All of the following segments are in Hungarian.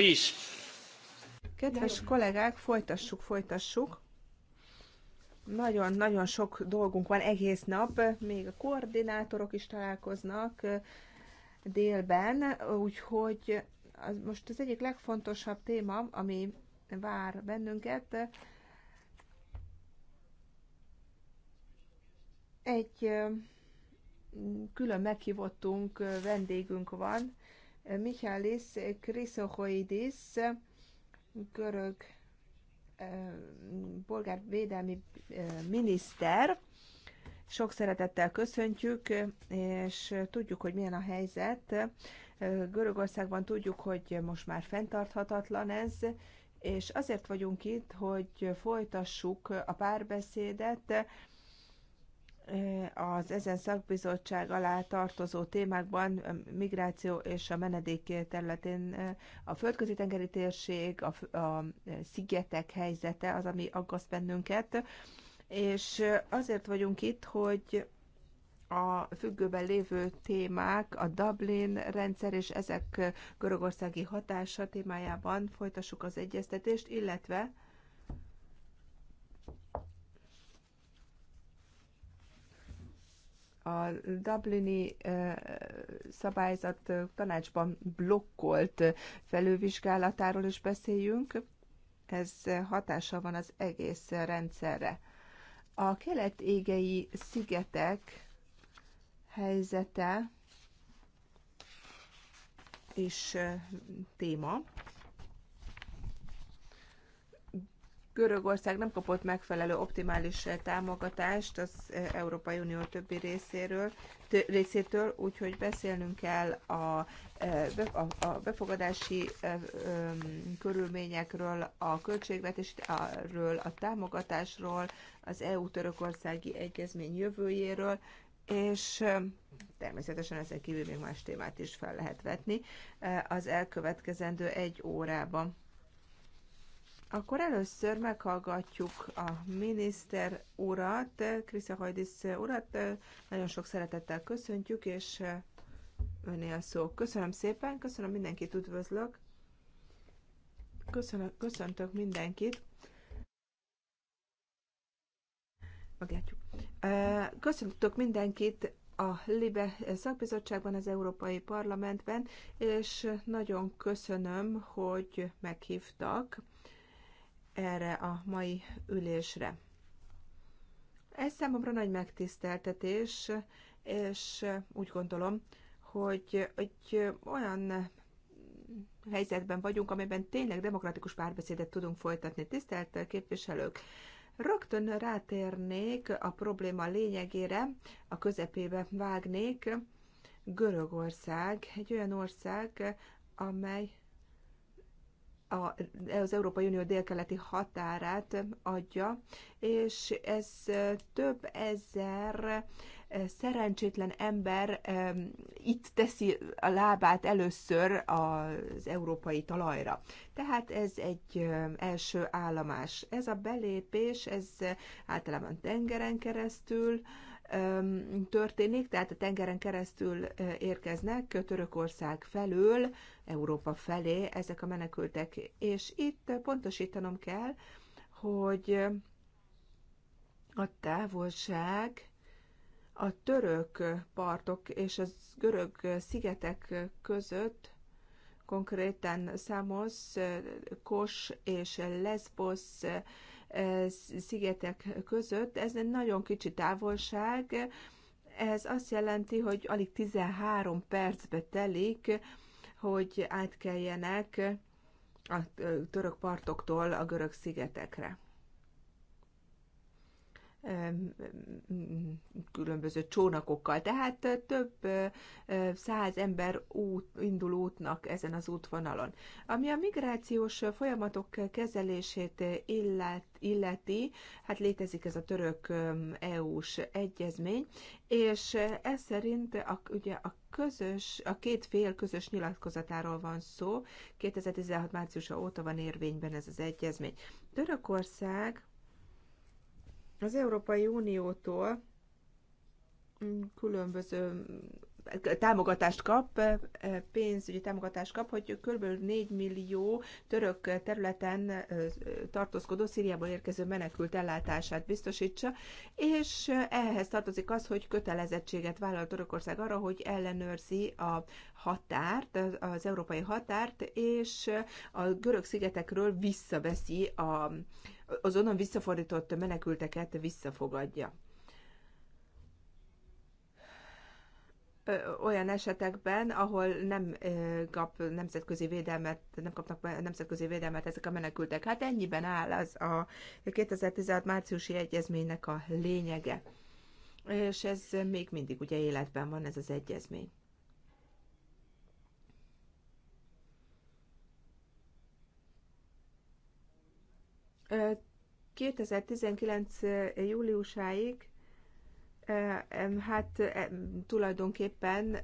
Is. Kedves kollégák, folytassuk, folytassuk. Nagyon-nagyon sok dolgunk van egész nap, még a koordinátorok is találkoznak délben, úgyhogy az, most az egyik legfontosabb téma, ami vár bennünket, egy külön meghívottunk, vendégünk van, Michalis Chrysochoidis, görög polgárvédelmi miniszter. Sok szeretettel köszöntjük, és tudjuk, hogy milyen a helyzet. Görögországban tudjuk, hogy most már fenntarthatatlan ez, és azért vagyunk itt, hogy folytassuk a párbeszédet, az ezen szakbizottság alá tartozó témákban, a migráció és a menedék területén a földközi tengeri térség, a, a szigetek helyzete az, ami aggaszt bennünket, és azért vagyunk itt, hogy a függőben lévő témák, a Dublin rendszer és ezek görögországi hatása témájában folytassuk az egyeztetést, illetve a Dublini szabályzat tanácsban blokkolt felővizsgálatáról is beszéljünk. Ez hatása van az egész rendszerre. A kelet-égei szigetek helyzete és téma. Görögország nem kapott megfelelő optimális eh, támogatást az eh, Európai Unió többi részéről, részétől, úgyhogy beszélnünk kell a, eh, a, befogadási körülményekről, a költségvetésről, a támogatásról, az EU-törökországi egyezmény jövőjéről, és természetesen ezen kívül még más témát is fel lehet vetni az elkövetkezendő egy órában. Akkor először meghallgatjuk a miniszter urat, Krisza Hajdis urat. Nagyon sok szeretettel köszöntjük, és önél szó. Köszönöm szépen, köszönöm mindenkit, üdvözlök. Köszönök, köszöntök mindenkit. Meglátjuk. Köszöntök mindenkit a LIBE szakbizottságban, az Európai Parlamentben, és nagyon köszönöm, hogy meghívtak erre a mai ülésre. Ez számomra nagy megtiszteltetés, és úgy gondolom, hogy egy olyan helyzetben vagyunk, amelyben tényleg demokratikus párbeszédet tudunk folytatni. Tisztelt képviselők! Rögtön rátérnék a probléma lényegére, a közepébe vágnék. Görögország egy olyan ország, amely a, az Európai Unió délkeleti határát adja, és ez több ezer szerencsétlen ember itt teszi a lábát először az európai talajra. Tehát ez egy első állomás. Ez a belépés, ez általában tengeren keresztül, történik, tehát a tengeren keresztül érkeznek Törökország felől, Európa felé ezek a menekültek. És itt pontosítanom kell, hogy a távolság a török partok és a görög szigetek között konkrétan Samos, Kos és Lesbos szigetek között. Ez egy nagyon kicsi távolság, ez azt jelenti, hogy alig 13 percbe telik, hogy átkeljenek a török partoktól a görög szigetekre különböző csónakokkal. Tehát több száz ember út, indul útnak ezen az útvonalon. Ami a migrációs folyamatok kezelését illet, illeti, hát létezik ez a török EU-s egyezmény, és ez szerint a, ugye a közös, a két fél közös nyilatkozatáról van szó. 2016 márciusa óta van érvényben ez az egyezmény. Törökország az Európai Uniótól különböző támogatást kap, pénzügyi támogatást kap, hogy kb. 4 millió török területen tartózkodó Szíriából érkező menekült ellátását biztosítsa, és ehhez tartozik az, hogy kötelezettséget vállal Törökország arra, hogy ellenőrzi a határt, az európai határt, és a görög szigetekről visszaveszi a az onnan visszafordított menekülteket visszafogadja. olyan esetekben, ahol nem kap nemzetközi védelmet, nem kapnak nemzetközi védelmet ezek a menekültek. Hát ennyiben áll az a 2016 márciusi egyezménynek a lényege. És ez még mindig ugye életben van ez az egyezmény. 2019. júliusáig hát tulajdonképpen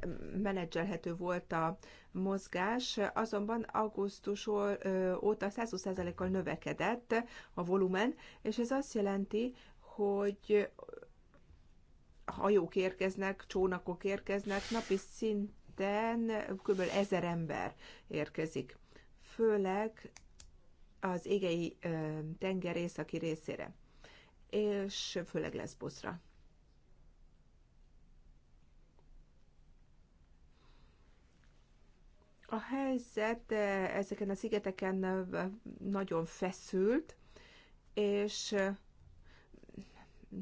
menedzselhető volt a mozgás, azonban augusztus óta 120%-kal növekedett a volumen, és ez azt jelenti, hogy hajók érkeznek, csónakok érkeznek, napi szinten kb. ezer ember érkezik. Főleg az égei tenger északi részére, és főleg Leszboszra. A helyzet ezeken a szigeteken nagyon feszült, és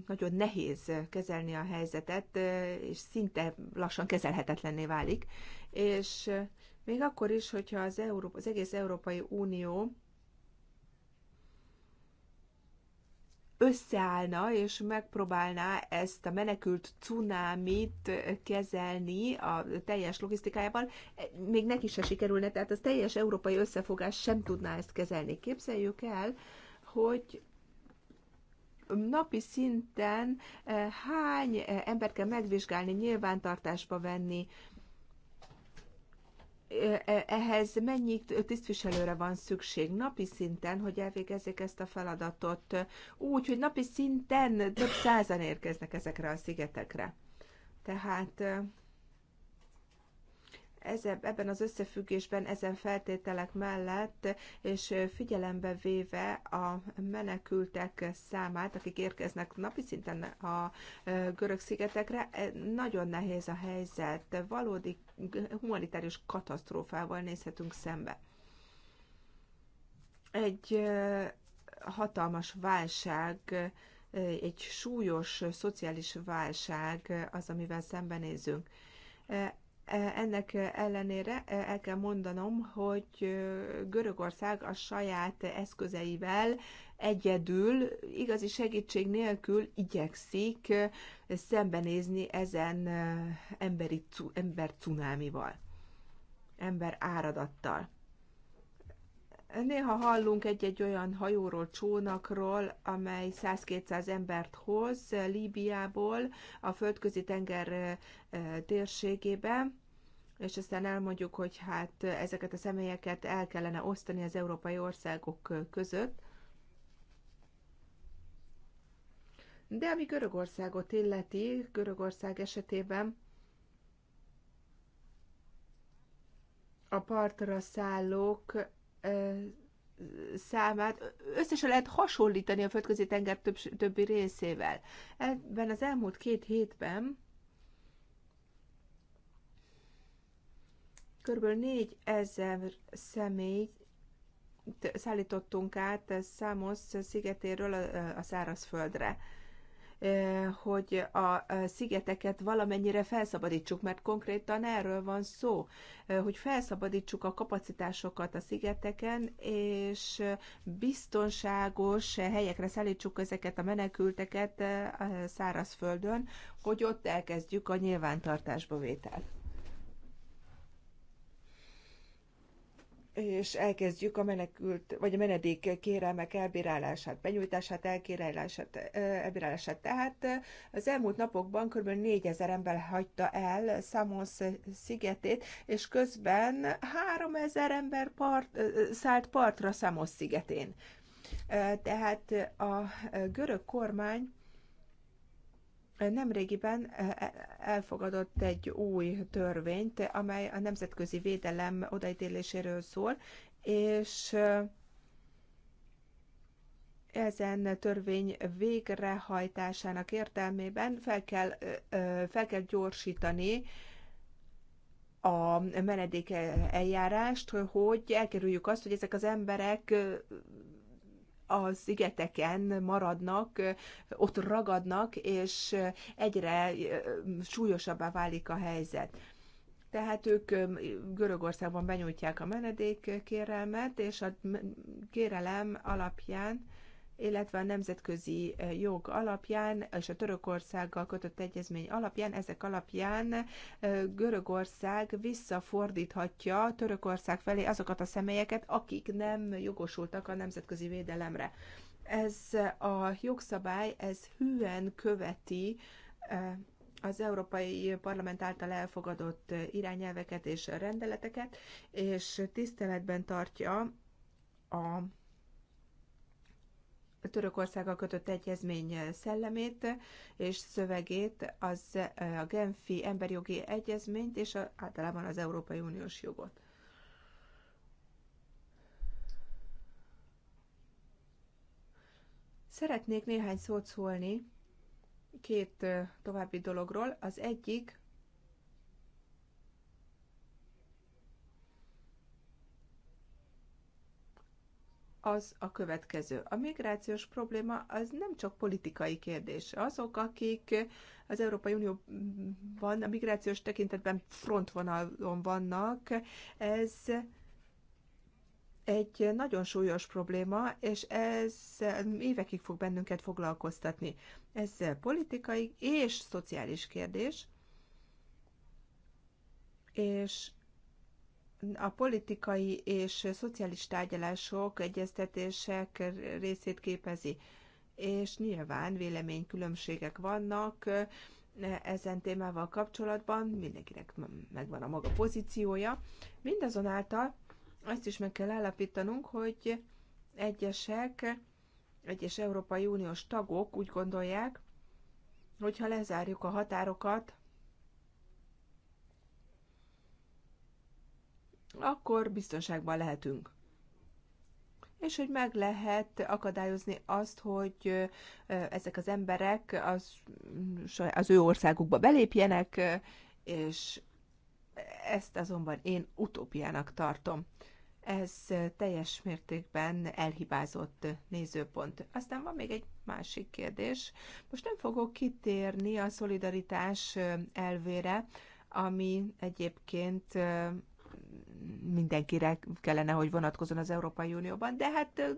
nagyon nehéz kezelni a helyzetet, és szinte lassan kezelhetetlenné válik. És még akkor is, hogyha az, Európa, az egész Európai Unió összeállna és megpróbálná ezt a menekült cunámit kezelni a teljes logisztikájával, még neki se sikerülne, tehát az teljes európai összefogás sem tudná ezt kezelni. Képzeljük el, hogy napi szinten eh, hány eh, embert kell megvizsgálni, nyilvántartásba venni, ehhez mennyi tisztviselőre van szükség napi szinten, hogy elvégezzék ezt a feladatot úgy, hogy napi szinten több százan érkeznek ezekre a szigetekre. Tehát ebben az összefüggésben, ezen feltételek mellett, és figyelembe véve a menekültek számát, akik érkeznek napi szinten a e, görög szigetekre, e, nagyon nehéz a helyzet, valódi humanitárius katasztrófával nézhetünk szembe. Egy e, hatalmas válság, egy súlyos szociális válság az, amivel szembenézünk E, ennek ellenére e, el kell mondanom, hogy Görögország a saját eszközeivel egyedül, igazi segítség nélkül igyekszik szembenézni ezen emberi, ember cunámival, ember áradattal. Néha hallunk egy-egy olyan hajóról, csónakról, amely 100-200 embert hoz Líbiából a földközi tenger térségébe, és aztán elmondjuk, hogy hát ezeket a személyeket el kellene osztani az európai országok között. De ami Görögországot illeti, Görögország esetében a partra szállók számát összesen lehet hasonlítani a földközi tenger több, többi részével. Ebben az elmúlt két hétben kb. 4000 személy szállítottunk át Számosz szigetéről a szárazföldre hogy a szigeteket valamennyire felszabadítsuk, mert konkrétan erről van szó, hogy felszabadítsuk a kapacitásokat a szigeteken, és biztonságos helyekre szállítsuk ezeket a menekülteket szárazföldön, hogy ott elkezdjük a nyilvántartásba vételt. és elkezdjük a menekült, vagy a menedék kérelmek elbírálását, benyújtását, elkérelását, elbírálását. Tehát az elmúlt napokban kb. 4000 ember hagyta el Samos szigetét, és közben 3000 ember part, szállt partra Samos szigetén. Tehát a görög kormány Nemrégiben e, e, elfogadott egy új törvényt, amely a nemzetközi védelem odaítéléséről szól, és e, ezen törvény végrehajtásának értelmében fel kell, fel kell gyorsítani a menedék eljárást, hogy elkerüljük azt, hogy ezek az emberek az szigeteken maradnak, ott ragadnak, és egyre súlyosabbá válik a helyzet. Tehát ők Görögországban benyújtják a menedékkérelmet, és a kérelem alapján illetve a nemzetközi eh, jog alapján és a Törökországgal kötött egyezmény alapján, ezek alapján eh, Görögország visszafordíthatja Törökország felé azokat a személyeket, akik nem jogosultak a nemzetközi védelemre. Ez a jogszabály, ez hűen követi eh, az Európai Parlament által elfogadott irányelveket és rendeleteket, és tiszteletben tartja a Törökországgal kötött egyezmény szellemét és szövegét, az a Genfi emberjogi egyezményt és a, általában az Európai Uniós jogot. Szeretnék néhány szót szólni két további dologról. Az egyik az a következő. A migrációs probléma az nem csak politikai kérdés. Azok, akik az Európai Unióban a migrációs tekintetben frontvonalon vannak, ez egy nagyon súlyos probléma, és ez évekig fog bennünket foglalkoztatni. Ez politikai és szociális kérdés, és a politikai és szociális tárgyalások, egyeztetések részét képezi. És nyilván véleménykülönbségek vannak ezen témával kapcsolatban, mindenkinek megvan a maga pozíciója. Mindazonáltal azt is meg kell állapítanunk, hogy egyesek, egyes Európai Uniós tagok úgy gondolják, hogyha lezárjuk a határokat, akkor biztonságban lehetünk. És hogy meg lehet akadályozni azt, hogy ezek az emberek az, az ő országukba belépjenek, és ezt azonban én utópiának tartom. Ez teljes mértékben elhibázott nézőpont. Aztán van még egy másik kérdés. Most nem fogok kitérni a szolidaritás elvére, ami egyébként mindenkire kellene, hogy vonatkozon az Európai Unióban, de hát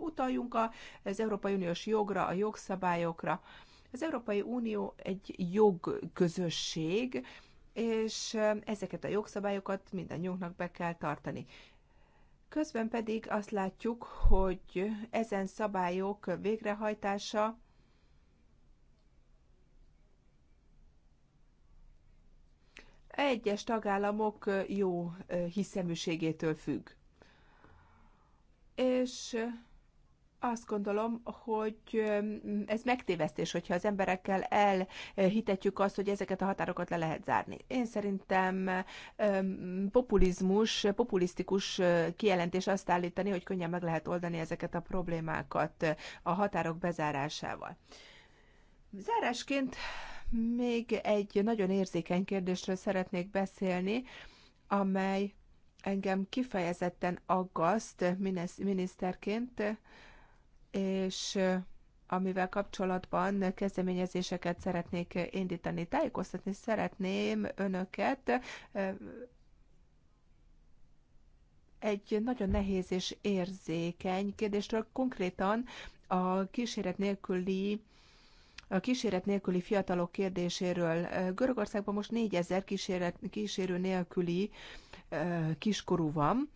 utaljunk az Európai Uniós jogra, a jogszabályokra. Az Európai Unió egy jogközösség, és ezeket a jogszabályokat mindannyiunknak be kell tartani. Közben pedig azt látjuk, hogy ezen szabályok végrehajtása egyes tagállamok jó hiszeműségétől függ. És azt gondolom, hogy ez megtévesztés, hogyha az emberekkel elhitetjük azt, hogy ezeket a határokat le lehet zárni. Én szerintem populizmus, populisztikus kijelentés azt állítani, hogy könnyen meg lehet oldani ezeket a problémákat a határok bezárásával. Zárásként még egy nagyon érzékeny kérdésről szeretnék beszélni, amely engem kifejezetten aggaszt miniszterként, és amivel kapcsolatban kezdeményezéseket szeretnék indítani. Tájékoztatni szeretném önöket egy nagyon nehéz és érzékeny kérdésről, konkrétan a kíséret nélküli a kíséret nélküli fiatalok kérdéséről. Görögországban most 4000 kíséret, kísérő nélküli kiskorú van,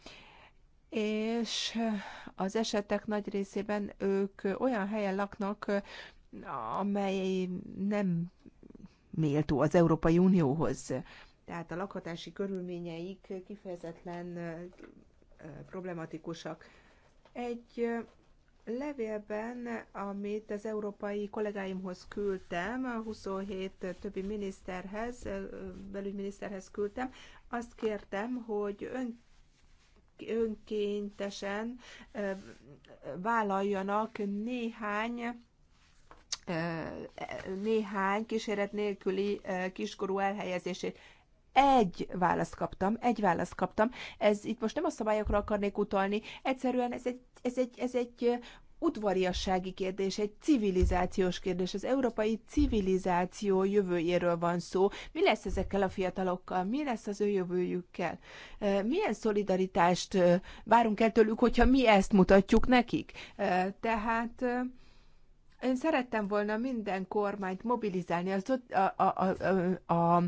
és az esetek nagy részében ők olyan helyen laknak, amely nem méltó az Európai Unióhoz. Tehát a lakhatási körülményeik kifejezetten problematikusak. Egy levélben, amit az európai kollégáimhoz küldtem, a 27 többi miniszterhez, belügyminiszterhez küldtem, azt kértem, hogy ön önkéntesen vállaljanak néhány e, néhány kíséret nélküli kiskorú elhelyezését egy választ kaptam, egy választ kaptam. Ez itt most nem a szabályokra akarnék utalni, egyszerűen ez egy, ez egy, ez egy udvariassági kérdés, egy civilizációs kérdés, az európai civilizáció jövőjéről van szó. Mi lesz ezekkel a fiatalokkal? Mi lesz az ő jövőjükkel? Milyen szolidaritást várunk el tőlük, hogyha mi ezt mutatjuk nekik? Tehát én szerettem volna minden kormányt mobilizálni, az, a, a, a, a, a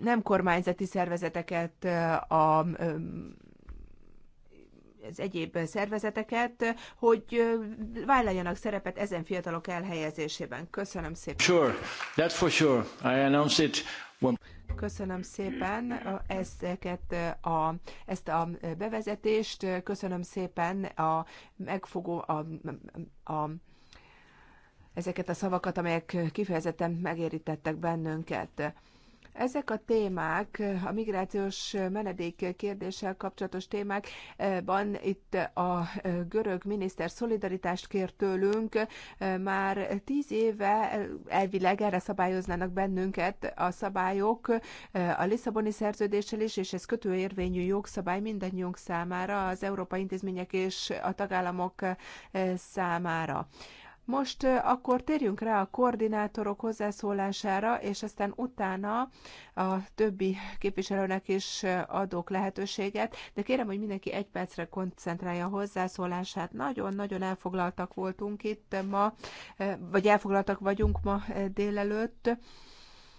nem kormányzati szervezeteket, a, az egyéb szervezeteket, hogy vállaljanak szerepet ezen fiatalok elhelyezésében. Köszönöm szépen. Sure, that for sure. I announce it when... Köszönöm szépen ezeket a, ezt a bevezetést, köszönöm szépen a megfogó, a, a ezeket a szavakat, amelyek kifejezetten megérítettek bennünket. Ezek a témák, a migrációs menedék kérdéssel kapcsolatos témákban itt a görög miniszter szolidaritást kér tőlünk. Már tíz éve elvileg erre szabályoznának bennünket a szabályok a Lisszaboni szerződéssel is, és ez kötőérvényű jogszabály mindannyiunk számára, az európai intézmények és a tagállamok számára. Most akkor térjünk rá a koordinátorok hozzászólására, és aztán utána a többi képviselőnek is adok lehetőséget, de kérem, hogy mindenki egy percre koncentrálja a hozzászólását. Nagyon-nagyon elfoglaltak voltunk itt ma, vagy elfoglaltak vagyunk ma délelőtt.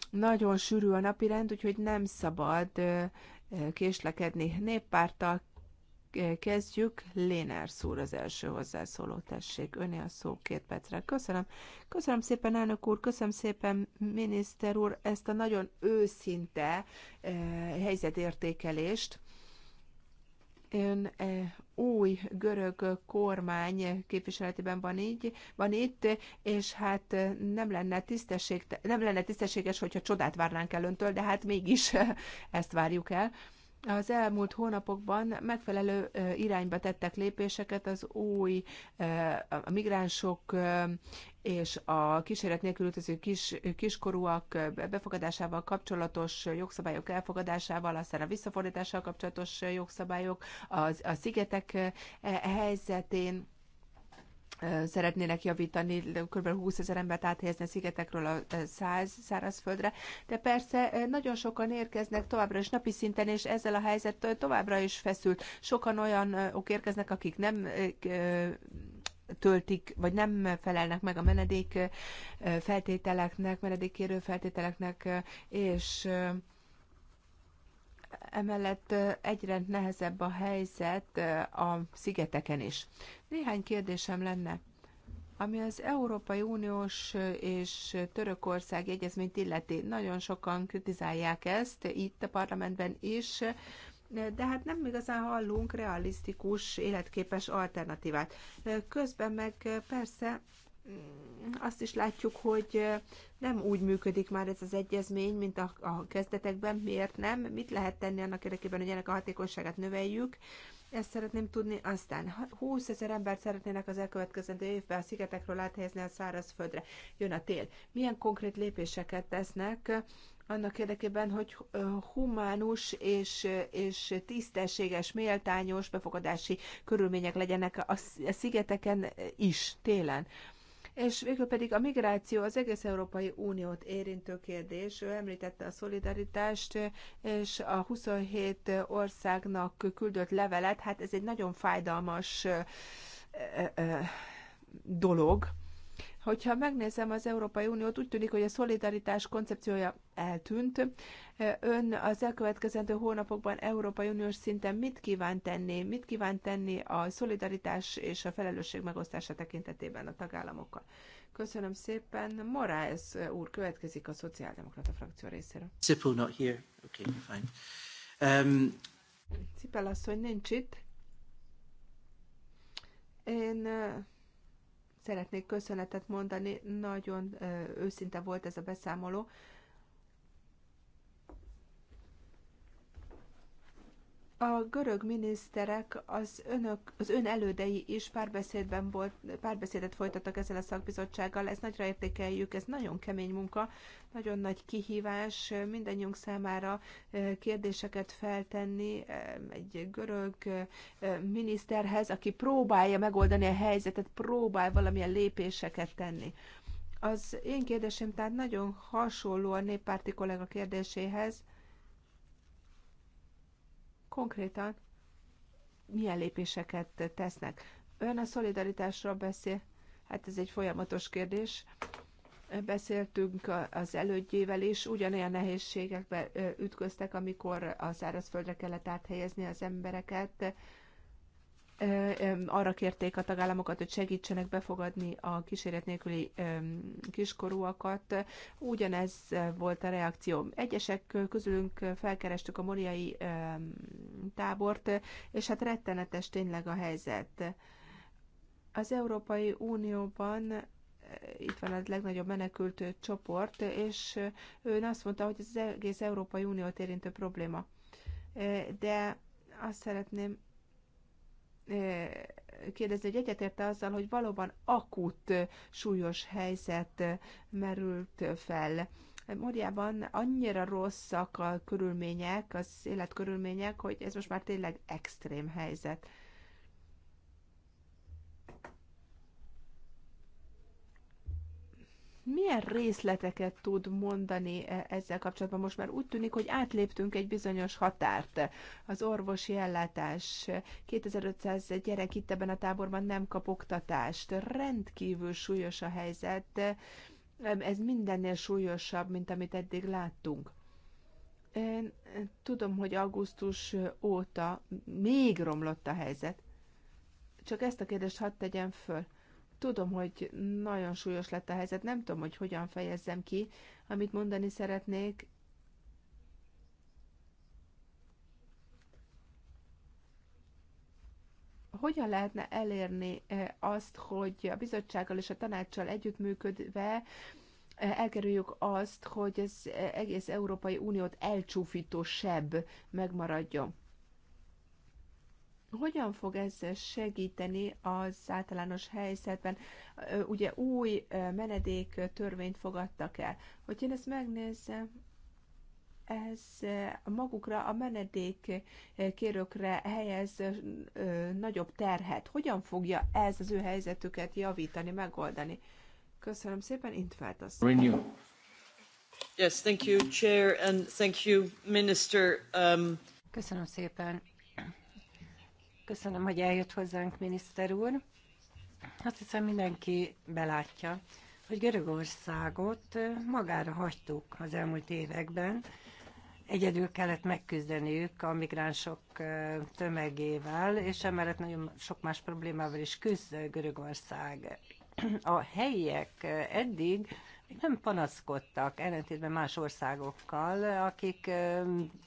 Nagyon sűrű a napirend, úgyhogy nem szabad késlekedni néppárttal kezdjük. Léner úr az első hozzászóló, tessék, öné a szó két percre. Köszönöm. Köszönöm szépen, elnök úr, köszönöm szépen, miniszter úr, ezt a nagyon őszinte eh, helyzetértékelést. Ön eh, új görög kormány képviseletében van így, van itt, és hát eh, nem lenne, tisztesség, nem lenne tisztességes, hogyha csodát várnánk el öntől, de hát mégis eh, ezt várjuk el. Eh, az elmúlt hónapokban megfelelő irányba tettek lépéseket az új a migránsok és a kíséret nélkül utazó kis, kiskorúak befogadásával kapcsolatos jogszabályok elfogadásával, aztán a visszafordítással kapcsolatos jogszabályok, az, a szigetek e, helyzetén szeretnének javítani, kb. 20 ezer embert áthelyezni a szigetekről a száz, szárazföldre, de persze nagyon sokan érkeznek továbbra is napi szinten, és ezzel a helyzet továbbra is feszült. Sokan olyanok érkeznek, akik nem töltik, vagy nem felelnek meg a menedék feltételeknek, menedékkérő feltételeknek, és Emellett egyre nehezebb a helyzet a szigeteken is. Néhány kérdésem lenne. Ami az Európai Uniós és Törökország egyezményt illeti, nagyon sokan kritizálják ezt itt a parlamentben is, de hát nem igazán hallunk realisztikus, életképes alternatívát. Közben meg persze Mm, azt is látjuk, hogy nem úgy működik már ez az egyezmény, mint a, a kezdetekben. Miért nem? Mit lehet tenni annak érdekében, hogy ennek a hatékonyságát növeljük? Ezt szeretném tudni. Aztán 20 ezer embert szeretnének az elkövetkezendő évben a szigetekről áthelyezni a szárazföldre. Jön a tél. Milyen konkrét lépéseket tesznek annak érdekében, hogy humánus és, és tisztességes, méltányos befogadási körülmények legyenek a szigeteken is télen? És végül pedig a migráció az egész Európai Uniót érintő kérdés. Ő említette a szolidaritást és a 27 országnak küldött levelet. Hát ez egy nagyon fájdalmas dolog Hogyha megnézem az Európai Uniót, úgy tűnik, hogy a szolidaritás koncepciója eltűnt. Ön az elkövetkezendő hónapokban Európai Uniós szinten mit kíván tenni? Mit kíván tenni a szolidaritás és a felelősség megosztása tekintetében a tagállamokkal? Köszönöm szépen. Moráez úr következik a Szociáldemokrata frakció részéről. Cipel not here. Okay, fine. Um... Cipel asszony nincs itt. Én Szeretnék köszönetet mondani, nagyon őszinte volt ez a beszámoló. A görög miniszterek az, önök, az ön elődei is párbeszédben volt, párbeszédet folytattak ezzel a szakbizottsággal, ezt nagyra értékeljük, ez nagyon kemény munka, nagyon nagy kihívás mindannyiunk számára eh, kérdéseket feltenni eh, egy görög eh, miniszterhez, aki próbálja megoldani a helyzetet, próbál valamilyen lépéseket tenni. Az én kérdésem tehát nagyon hasonló a néppárti kollega kérdéséhez, konkrétan milyen lépéseket tesznek. Ön a szolidaritásról beszél, hát ez egy folyamatos kérdés. Beszéltünk az elődjével is, ugyanolyan nehézségekbe ütköztek, amikor a szárazföldre kellett áthelyezni az embereket, arra kérték a tagállamokat, hogy segítsenek befogadni a kíséret nélküli kiskorúakat. Ugyanez volt a reakció. Egyesek közülünk felkerestük a moriai tábort, és hát rettenetes tényleg a helyzet. Az Európai Unióban itt van a legnagyobb menekült csoport, és ő azt mondta, hogy ez az egész Európai Uniót érintő probléma. De azt szeretném kérdezni, hogy egyetérte azzal, hogy valóban akut súlyos helyzet merült fel. Móriában annyira rosszak a körülmények, az életkörülmények, hogy ez most már tényleg extrém helyzet. Milyen részleteket tud mondani e, ezzel kapcsolatban? Most már úgy tűnik, hogy átléptünk egy bizonyos határt. Az orvosi ellátás, 2500 gyerek itt ebben a táborban nem kap oktatást. Rendkívül súlyos a helyzet. Ez mindennél súlyosabb, mint amit eddig láttunk. Én tudom, hogy augusztus óta még romlott a helyzet. Csak ezt a kérdést hadd tegyem föl Tudom, hogy nagyon súlyos lett a helyzet, nem tudom, hogy hogyan fejezzem ki, amit mondani szeretnék. Hogyan lehetne elérni eh, azt, hogy a bizottsággal és a tanácssal együttműködve eh, elkerüljük azt, hogy az eh, egész Európai Uniót elcsúfító seb megmaradjon? Hogyan fog ez segíteni az általános helyzetben? Ugye új menedék törvényt fogadtak el. Hogy én ezt megnézem, ez magukra a menedék kérőkre helyez nagyobb terhet. Hogyan fogja ez az ő helyzetüket javítani, megoldani? Köszönöm szépen, Intfeld Renew. Yes, thank you, Chair, and thank you, Minister. Um... Köszönöm szépen, Köszönöm, hogy eljött hozzánk, miniszter úr. Azt hiszem mindenki belátja, hogy Görögországot magára hagytuk az elmúlt években. Egyedül kellett megküzdeniük a migránsok tömegével, és emellett nagyon sok más problémával is küzd Görögország. A helyiek eddig nem panaszkodtak, ellentétben más országokkal, akik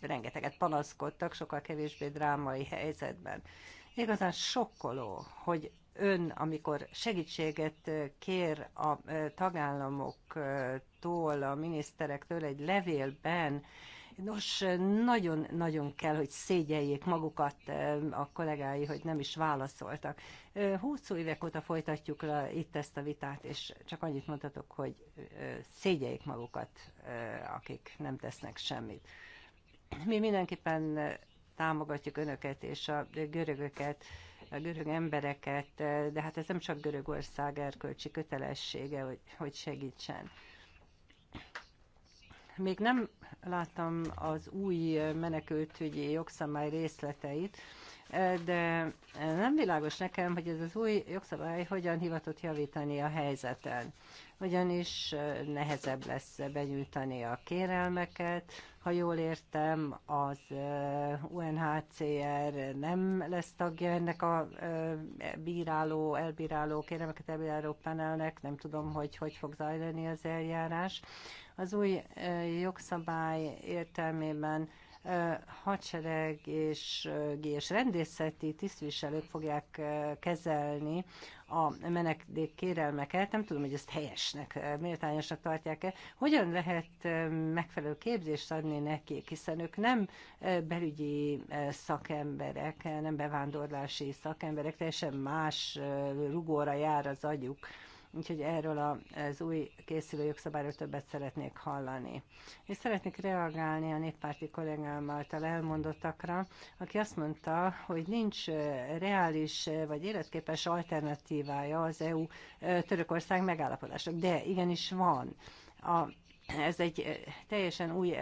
rengeteget panaszkodtak, sokkal kevésbé drámai helyzetben. Igazán sokkoló, hogy ön, amikor segítséget kér a tagállamoktól, a miniszterektől egy levélben, Nos, nagyon-nagyon kell, hogy szégyeljék magukat a kollégái, hogy nem is válaszoltak. Húszó évek óta folytatjuk le itt ezt a vitát, és csak annyit mondhatok, hogy szégyeljék magukat, akik nem tesznek semmit. Mi mindenképpen támogatjuk önöket és a görögöket, a görög embereket, de hát ez nem csak Görögország erkölcsi kötelessége, hogy, hogy segítsen. Még nem láttam az új menekültügyi jogszabály részleteit, de nem világos nekem, hogy ez az új jogszabály hogyan hivatott javítani a helyzeten. Ugyanis nehezebb lesz benyújtani a kérelmeket, ha jól értem, az UNHCR nem lesz tagja ennek a bíráló, elbíráló, kéremeket elbíráló panelnek, nem tudom, hogy hogy fog zajlani az eljárás. Az új jogszabály értelmében hadsereg és, és rendészeti tisztviselők fogják kezelni a menekdék kérelmeket. Nem tudom, hogy ezt helyesnek, méltányosnak tartják-e. Hogyan lehet megfelelő képzést adni nekik, hiszen ők nem belügyi szakemberek, nem bevándorlási szakemberek, teljesen más rugóra jár az agyuk Úgyhogy erről az új készülő jogszabályról többet szeretnék hallani. És szeretnék reagálni a néppárti kollégám által elmondottakra, aki azt mondta, hogy nincs reális vagy életképes alternatívája az EU-Törökország megállapodásnak. De igenis van. A ez egy teljesen új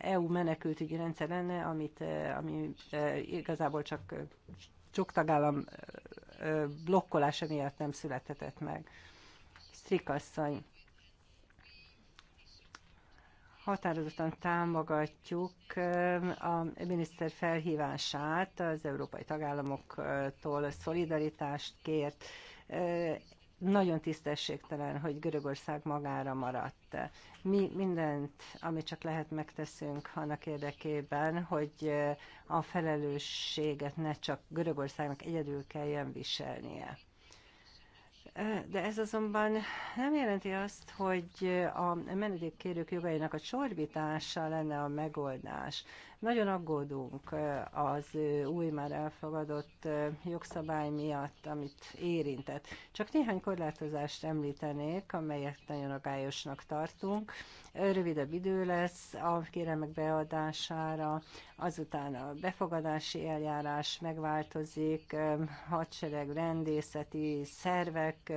EU e menekültügyi rendszer lenne, amit, ami igazából csak sok tagállam blokkolása miatt nem születhetett meg. Strikasszony. Határozottan támogatjuk a miniszter felhívását az európai tagállamoktól szolidaritást kért nagyon tisztességtelen, hogy Görögország magára maradt. Mi mindent, amit csak lehet, megteszünk annak érdekében, hogy a felelősséget ne csak Görögországnak egyedül kelljen viselnie. De ez azonban nem jelenti azt, hogy a menedékkérők jogainak a csorbítása lenne a megoldás. Nagyon aggódunk az új már elfogadott jogszabály miatt, amit érintett. Csak néhány korlátozást említenék, amelyet nagyon agályosnak tartunk. Rövidebb idő lesz a kérelmek beadására, azután a befogadási eljárás megváltozik, hadsereg, rendészeti szervek,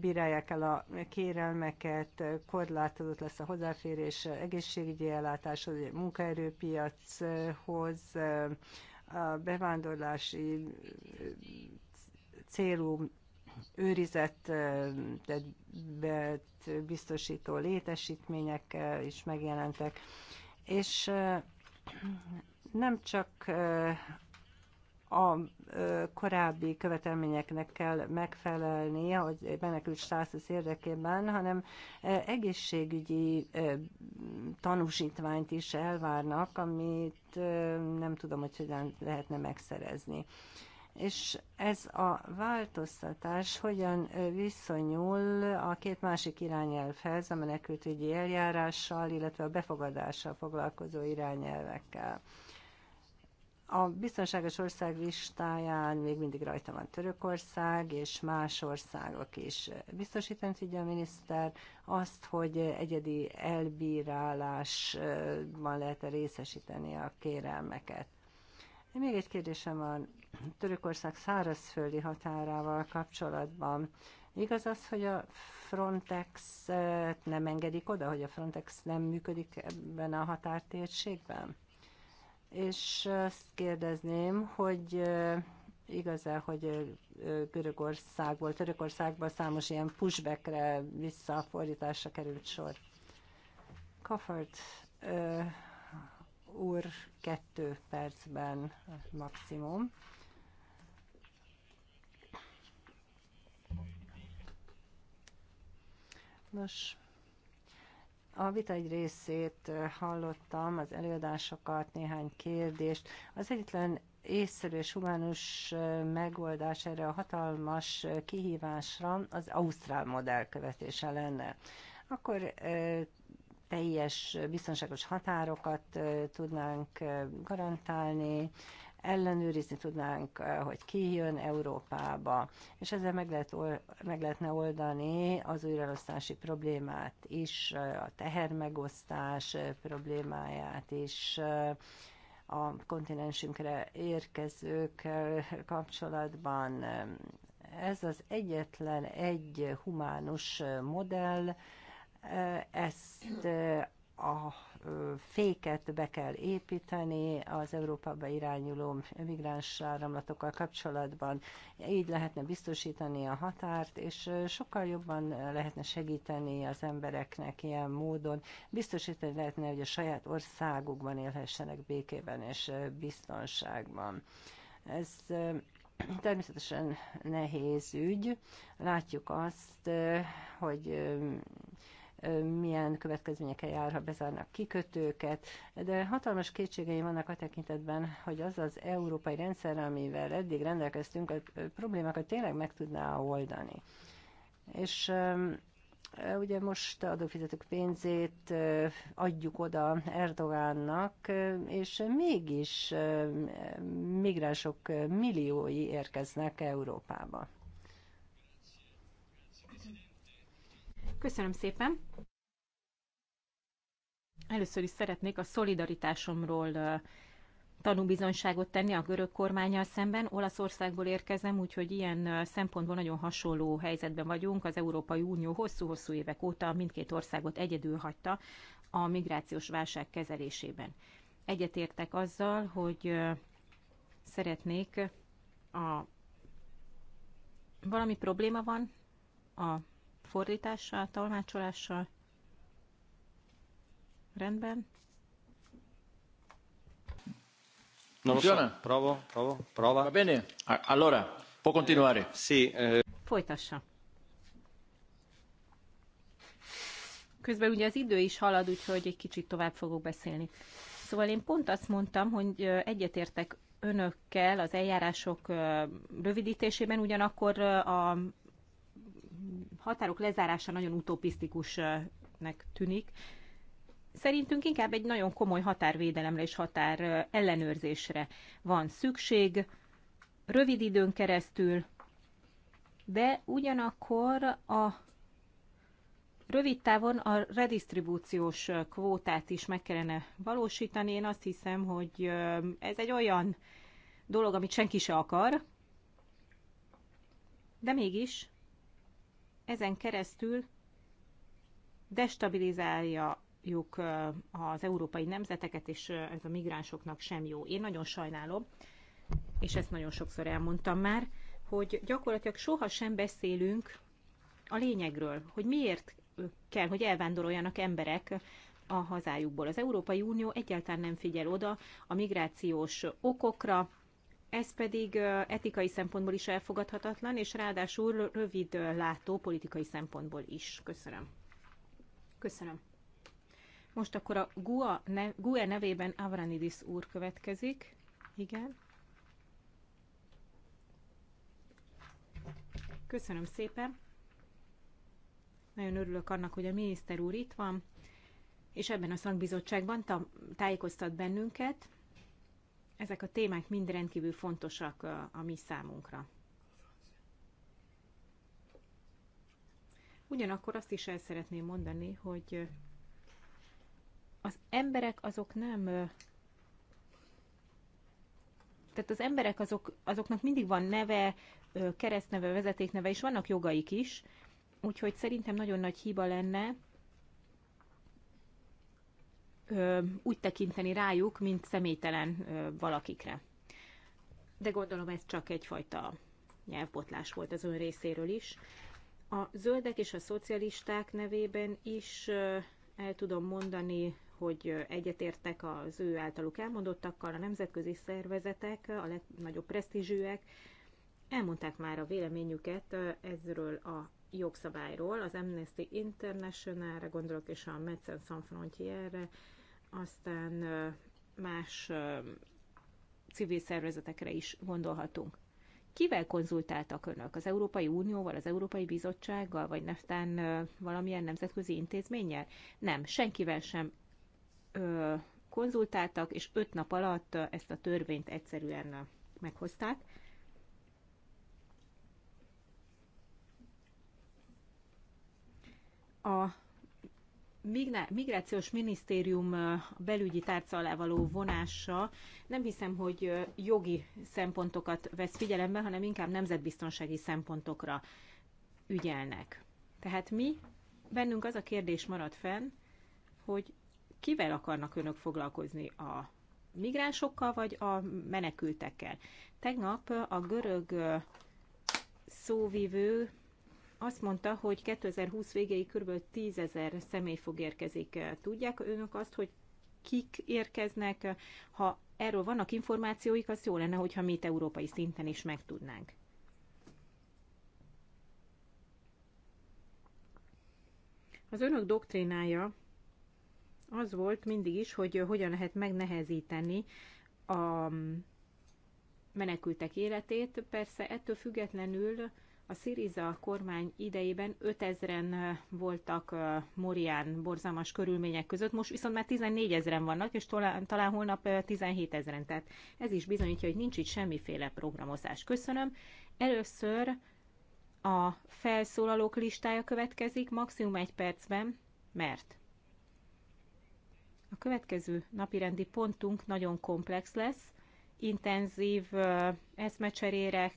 bírálják el a kérelmeket, korlátozott lesz a hozzáférés egészségügyi ellátáshoz, munkaerőpiachoz, a bevándorlási célú őrizetet biztosító létesítmények is megjelentek, és nem csak a korábbi követelményeknek kell megfelelni, hogy menekült státusz érdekében, hanem egészségügyi tanúsítványt is elvárnak, amit nem tudom, hogy hogyan lehetne megszerezni. És ez a változtatás hogyan viszonyul a két másik irányelvhez, a menekültügyi eljárással, illetve a befogadással foglalkozó irányelvekkel. A biztonságos ország listáján még mindig rajta van Törökország és más országok is. Biztosítani tudja a miniszter azt, hogy egyedi elbírálásban lehet -e részesíteni a kérelmeket. Még egy kérdésem van Törökország szárazföldi határával kapcsolatban. Igaz az, hogy a Frontex nem engedik oda, hogy a Frontex nem működik ebben a határtérségben? és azt kérdezném, hogy igaz-e, hogy Görögországból, Törökországból számos ilyen pushbackre, visszafordításra került sor. Kaffert úr kettő percben maximum. Nos, a vita egy részét hallottam, az előadásokat, néhány kérdést. Az egyetlen észszerű és humánus megoldás erre a hatalmas kihívásra az Ausztrál modell követése lenne. Akkor teljes biztonságos határokat tudnánk garantálni, ellenőrizni tudnánk, eh, hogy ki jön Európába, és ezzel meg, lehet, meg lehetne oldani az újraelosztási problémát is, eh, a tehermegosztás eh, problémáját is, a kontinensünkre érkezők kapcsolatban. Ez az egyetlen egy humánus modell, ezt a féket be kell építeni az Európába irányuló migráns áramlatokkal kapcsolatban. Így lehetne biztosítani a határt, és sokkal jobban lehetne segíteni az embereknek ilyen módon. Biztosítani lehetne, hogy a saját országukban élhessenek békében és biztonságban. Ez természetesen nehéz ügy. Látjuk azt, hogy milyen következményekkel jár, ha bezárnak kikötőket, de hatalmas kétségei vannak a tekintetben, hogy az az európai rendszer, amivel eddig rendelkeztünk, a problémákat tényleg meg tudná oldani. És ugye most adófizetők pénzét adjuk oda Erdogánnak, és mégis migránsok milliói érkeznek Európába. Köszönöm szépen! Először is szeretnék a szolidaritásomról tanúbizonyságot tenni a görög kormányjal szemben. Olaszországból érkezem, úgyhogy ilyen szempontból nagyon hasonló helyzetben vagyunk. Az Európai Unió hosszú-hosszú évek óta mindkét országot egyedül hagyta a migrációs válság kezelésében. Egyetértek azzal, hogy szeretnék a... Valami probléma van a fordítással, tolmácsolással? Rendben. Non so, provo, provo, prova. Va bene, allora, può continuare. Eh, sì. Eh. Folytassa. Közben ugye az idő is halad, úgyhogy egy kicsit tovább fogok beszélni. Szóval én pont azt mondtam, hogy egyetértek önökkel az eljárások rövidítésében, ugyanakkor a határok lezárása nagyon utopisztikusnak tűnik. Szerintünk inkább egy nagyon komoly határvédelemre és határ ellenőrzésre van szükség, rövid időn keresztül, de ugyanakkor a rövid távon a redistribúciós kvótát is meg kellene valósítani. Én azt hiszem, hogy ez egy olyan dolog, amit senki se akar, de mégis ezen keresztül destabilizálja az európai nemzeteket, és ez a migránsoknak sem jó. Én nagyon sajnálom, és ezt nagyon sokszor elmondtam már, hogy gyakorlatilag soha sem beszélünk a lényegről, hogy miért kell, hogy elvándoroljanak emberek a hazájukból. Az Európai Unió egyáltalán nem figyel oda a migrációs okokra, ez pedig etikai szempontból is elfogadhatatlan, és ráadásul rövid látó politikai szempontból is. Köszönöm. Köszönöm. Most akkor a GUA ne, GUE nevében Avranidis úr következik. Igen. Köszönöm szépen. Nagyon örülök annak, hogy a miniszter úr itt van, és ebben a szakbizottságban tájékoztat bennünket ezek a témák mind rendkívül fontosak a mi számunkra. Ugyanakkor azt is el szeretném mondani, hogy az emberek azok nem tehát az emberek azok, azoknak mindig van neve, keresztneve, vezetékneve, és vannak jogaik is, úgyhogy szerintem nagyon nagy hiba lenne, úgy tekinteni rájuk, mint személytelen valakikre. De gondolom ez csak egyfajta nyelvbotlás volt az ön részéről is. A zöldek és a szocialisták nevében is el tudom mondani, hogy egyetértek az ő általuk elmondottakkal, a nemzetközi szervezetek, a legnagyobb presztízsűek elmondták már a véleményüket ezről a jogszabályról, az Amnesty International-re gondolok, és a Medicine Sans Frontier-re, aztán más civil szervezetekre is gondolhatunk. Kivel konzultáltak önök? Az Európai Unióval, az Európai Bizottsággal, vagy neftán valamilyen nemzetközi intézménnyel? Nem, senkivel sem konzultáltak, és öt nap alatt ezt a törvényt egyszerűen meghozták. A migrációs minisztérium belügyi tárca alá való vonása nem hiszem, hogy jogi szempontokat vesz figyelembe, hanem inkább nemzetbiztonsági szempontokra ügyelnek. Tehát mi, bennünk az a kérdés marad fenn, hogy kivel akarnak önök foglalkozni a migránsokkal, vagy a menekültekkel. Tegnap a görög szóvivő azt mondta, hogy 2020 végéig kb. 10 ezer személy fog érkezik. Tudják önök azt, hogy kik érkeznek? Ha erről vannak információik, az jó lenne, hogyha mi itt európai szinten is megtudnánk. Az önök doktrinája az volt mindig is, hogy hogyan lehet megnehezíteni a menekültek életét. Persze ettől függetlenül a Sziriza kormány idejében 5000-en voltak Morián borzalmas körülmények között, most viszont már 14 ezeren vannak, és talán, talán holnap 17 ezeren. Tehát ez is bizonyítja, hogy nincs itt semmiféle programozás. Köszönöm. Először a felszólalók listája következik, maximum egy percben, mert a következő napirendi pontunk nagyon komplex lesz, intenzív eszmecserére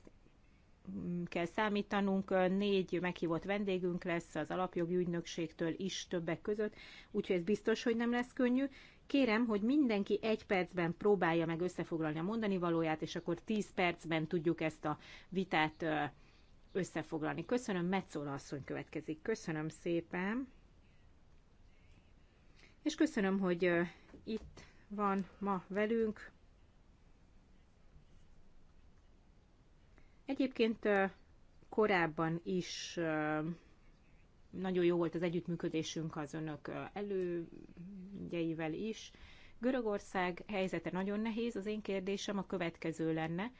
kell számítanunk, négy meghívott vendégünk lesz az alapjogi ügynökségtől is többek között, úgyhogy ez biztos, hogy nem lesz könnyű. Kérem, hogy mindenki egy percben próbálja meg összefoglalni a mondani valóját, és akkor tíz percben tudjuk ezt a vitát összefoglalni. Köszönöm, Metzola asszony következik. Köszönöm szépen. És köszönöm, hogy itt van ma velünk. Egyébként korábban is nagyon jó volt az együttműködésünk az önök elődjeivel is. Görögország helyzete nagyon nehéz, az én kérdésem a következő lenne.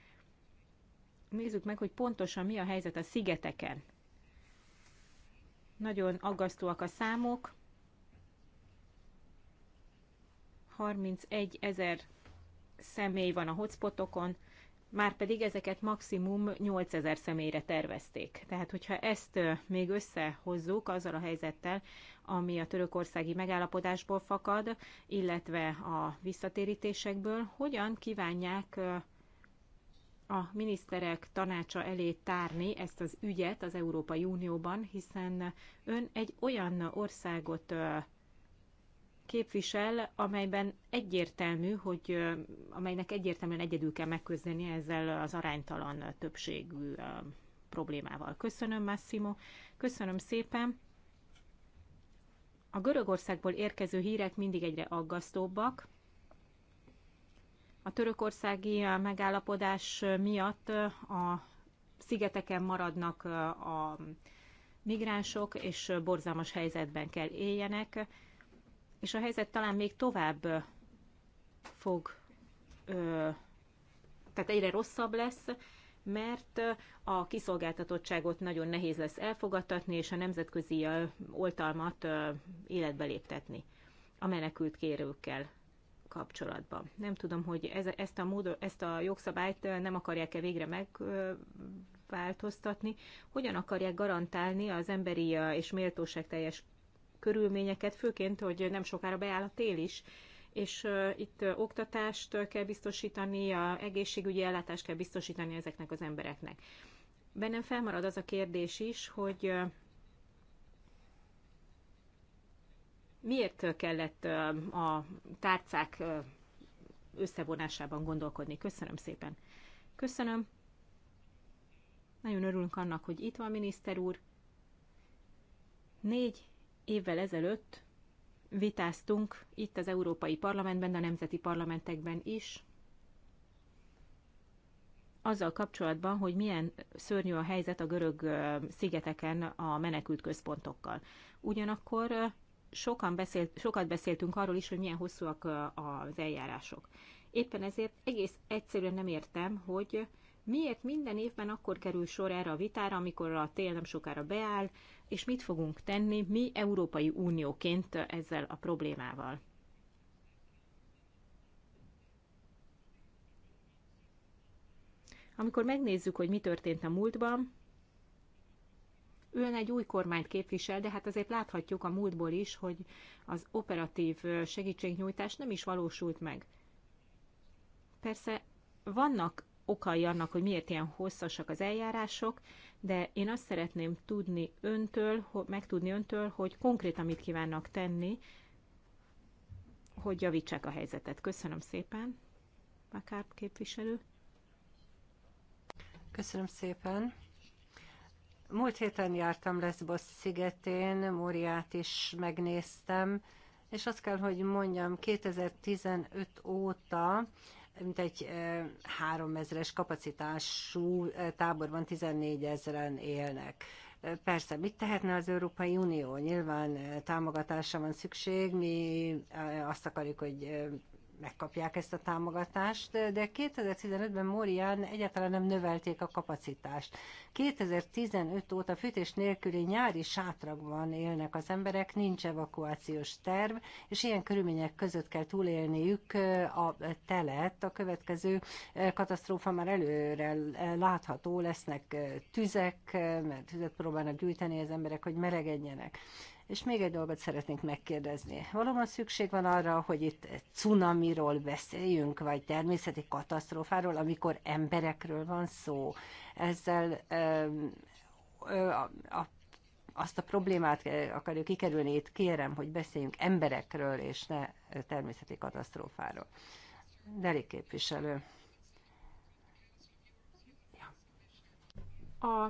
Nézzük meg, hogy pontosan mi a helyzet a szigeteken. Nagyon aggasztóak a számok. 31 ezer személy van a hotspotokon, márpedig ezeket maximum 8000 személyre tervezték. Tehát, hogyha ezt még összehozzuk azzal a helyzettel, ami a törökországi megállapodásból fakad, illetve a visszatérítésekből, hogyan kívánják a miniszterek tanácsa elé tárni ezt az ügyet az Európai Unióban, hiszen ön egy olyan országot képvisel, amelyben egyértelmű, hogy amelynek egyértelműen egyedül kell megküzdeni ezzel az aránytalan többségű problémával. Köszönöm, Massimo. Köszönöm szépen. A Görögországból érkező hírek mindig egyre aggasztóbbak. A törökországi megállapodás miatt a szigeteken maradnak a migránsok, és borzalmas helyzetben kell éljenek és a helyzet talán még tovább fog, tehát egyre rosszabb lesz, mert a kiszolgáltatottságot nagyon nehéz lesz elfogadtatni, és a nemzetközi oltalmat életbe léptetni a menekült kérőkkel kapcsolatban. Nem tudom, hogy ez, ezt, a módo, ezt a jogszabályt nem akarják-e végre megváltoztatni. Hogyan akarják garantálni az emberi és teljes körülményeket, főként, hogy nem sokára beáll a tél is, és itt oktatást kell biztosítani, a egészségügyi ellátást kell biztosítani ezeknek az embereknek. Bennem felmarad az a kérdés is, hogy miért kellett a tárcák összevonásában gondolkodni. Köszönöm szépen. Köszönöm. Nagyon örülünk annak, hogy itt van miniszter úr. Négy évvel ezelőtt vitáztunk itt az Európai Parlamentben, a nemzeti parlamentekben is, azzal kapcsolatban, hogy milyen szörnyű a helyzet a görög szigeteken a menekült központokkal. Ugyanakkor sokan beszélt, sokat beszéltünk arról is, hogy milyen hosszúak az eljárások. Éppen ezért egész egyszerűen nem értem, hogy Miért minden évben akkor kerül sor erre a vitára, amikor a tél nem sokára beáll, és mit fogunk tenni mi Európai Unióként ezzel a problémával? Amikor megnézzük, hogy mi történt a múltban, ön egy új kormányt képvisel, de hát azért láthatjuk a múltból is, hogy az operatív segítségnyújtás nem is valósult meg. Persze vannak okai annak, hogy miért ilyen hosszasak az eljárások, de én azt szeretném tudni öntől, megtudni öntől, hogy konkrétan mit kívánnak tenni, hogy javítsák a helyzetet. Köszönöm szépen, Makárt képviselő. Köszönöm szépen. Múlt héten jártam Lesbos szigetén, Móriát is megnéztem, és azt kell, hogy mondjam, 2015 óta mint egy háromezres kapacitású táborban 14 ezeren élnek. Persze, mit tehetne az Európai Unió? Nyilván támogatásra van szükség, mi azt akarjuk, hogy megkapják ezt a támogatást, de 2015-ben Morián egyáltalán nem növelték a kapacitást. 2015 óta fűtés nélküli nyári sátrakban élnek az emberek, nincs evakuációs terv, és ilyen körülmények között kell túlélniük a telet. A következő katasztrófa már előre látható, lesznek tüzek, mert tüzet próbálnak gyűjteni az emberek, hogy melegedjenek. És még egy dolgot szeretnénk megkérdezni. Valóban szükség van arra, hogy itt cunamiról beszéljünk, vagy természeti katasztrófáról, amikor emberekről van szó. Ezzel ö, ö, a, a, azt a problémát akarjuk kikerülni, itt kérem, hogy beszéljünk emberekről, és ne természeti katasztrófáról. Deli képviselő. A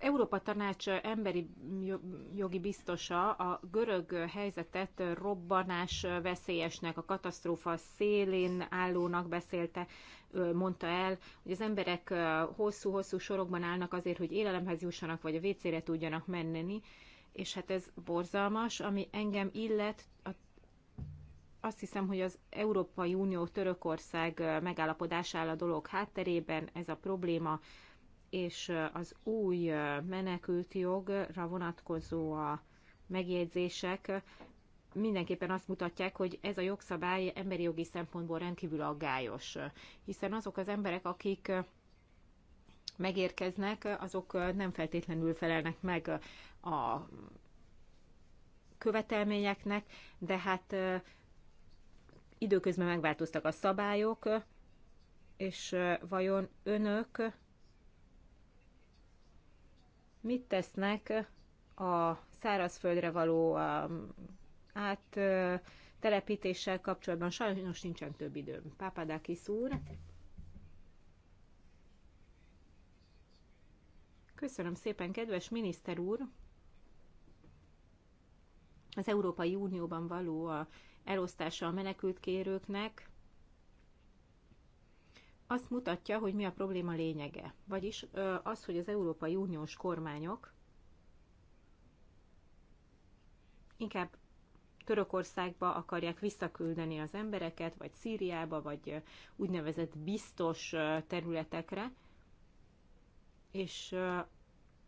Európa Tanács emberi jogi biztosa a görög helyzetet robbanás veszélyesnek, a katasztrófa szélén állónak beszélte, mondta el, hogy az emberek hosszú-hosszú sorokban állnak azért, hogy élelemhez jussanak, vagy a WC-re tudjanak menni, és hát ez borzalmas, ami engem illet, a azt hiszem, hogy az Európai Unió Törökország megállapodásáll a dolog hátterében, ez a probléma és az új menekült jogra vonatkozó a megjegyzések mindenképpen azt mutatják, hogy ez a jogszabály emberi jogi szempontból rendkívül aggályos, hiszen azok az emberek, akik megérkeznek, azok nem feltétlenül felelnek meg a követelményeknek, de hát időközben megváltoztak a szabályok, és vajon önök mit tesznek a szárazföldre való áttelepítéssel kapcsolatban. Sajnos nincsen több időm. Pápadákis úr. Köszönöm szépen, kedves miniszter úr! Az Európai Unióban való a elosztása a menekültkérőknek azt mutatja, hogy mi a probléma lényege. Vagyis az, hogy az Európai Uniós kormányok inkább Törökországba akarják visszaküldeni az embereket, vagy Szíriába, vagy úgynevezett biztos területekre, és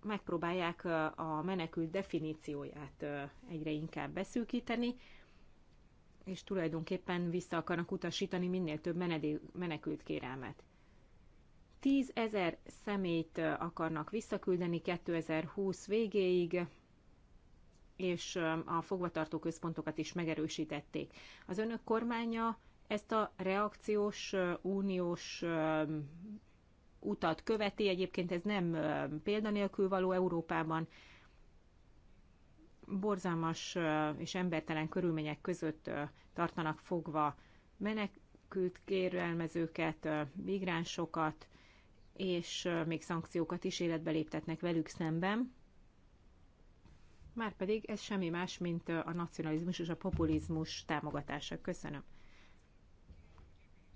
megpróbálják a menekült definícióját egyre inkább beszűkíteni, és tulajdonképpen vissza akarnak utasítani minél több menekült kérelmet. 10 ezer személyt akarnak visszaküldeni 2020 végéig, és a fogvatartó központokat is megerősítették. Az önök kormánya ezt a reakciós uniós utat követi, egyébként ez nem példanélkül való Európában, borzalmas és embertelen körülmények között tartanak fogva menekült kérelmezőket, migránsokat, és még szankciókat is életbe léptetnek velük szemben. Márpedig ez semmi más, mint a nacionalizmus és a populizmus támogatása. Köszönöm.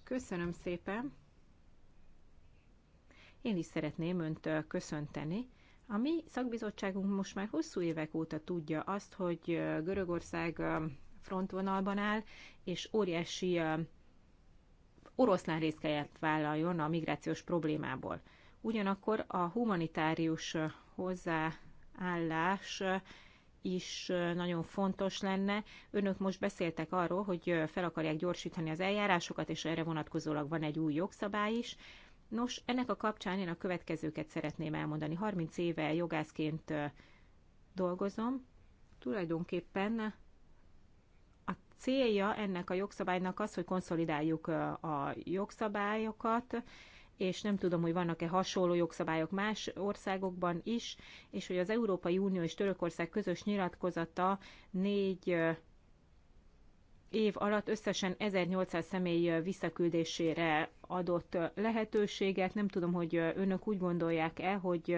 Köszönöm szépen. Én is szeretném Önt köszönteni, a mi szakbizottságunk most már hosszú évek óta tudja azt, hogy Görögország frontvonalban áll, és óriási oroszlán részkelyet vállaljon a migrációs problémából. Ugyanakkor a humanitárius hozzáállás is nagyon fontos lenne. Önök most beszéltek arról, hogy fel akarják gyorsítani az eljárásokat, és erre vonatkozólag van egy új jogszabály is. Nos, ennek a kapcsán én a következőket szeretném elmondani. 30 éve jogászként dolgozom. Tulajdonképpen a célja ennek a jogszabálynak az, hogy konszolidáljuk a jogszabályokat, és nem tudom, hogy vannak-e hasonló jogszabályok más országokban is, és hogy az Európai Unió és Törökország közös nyilatkozata négy év alatt összesen 1800 személy visszaküldésére adott lehetőséget. Nem tudom, hogy önök úgy gondolják-e, hogy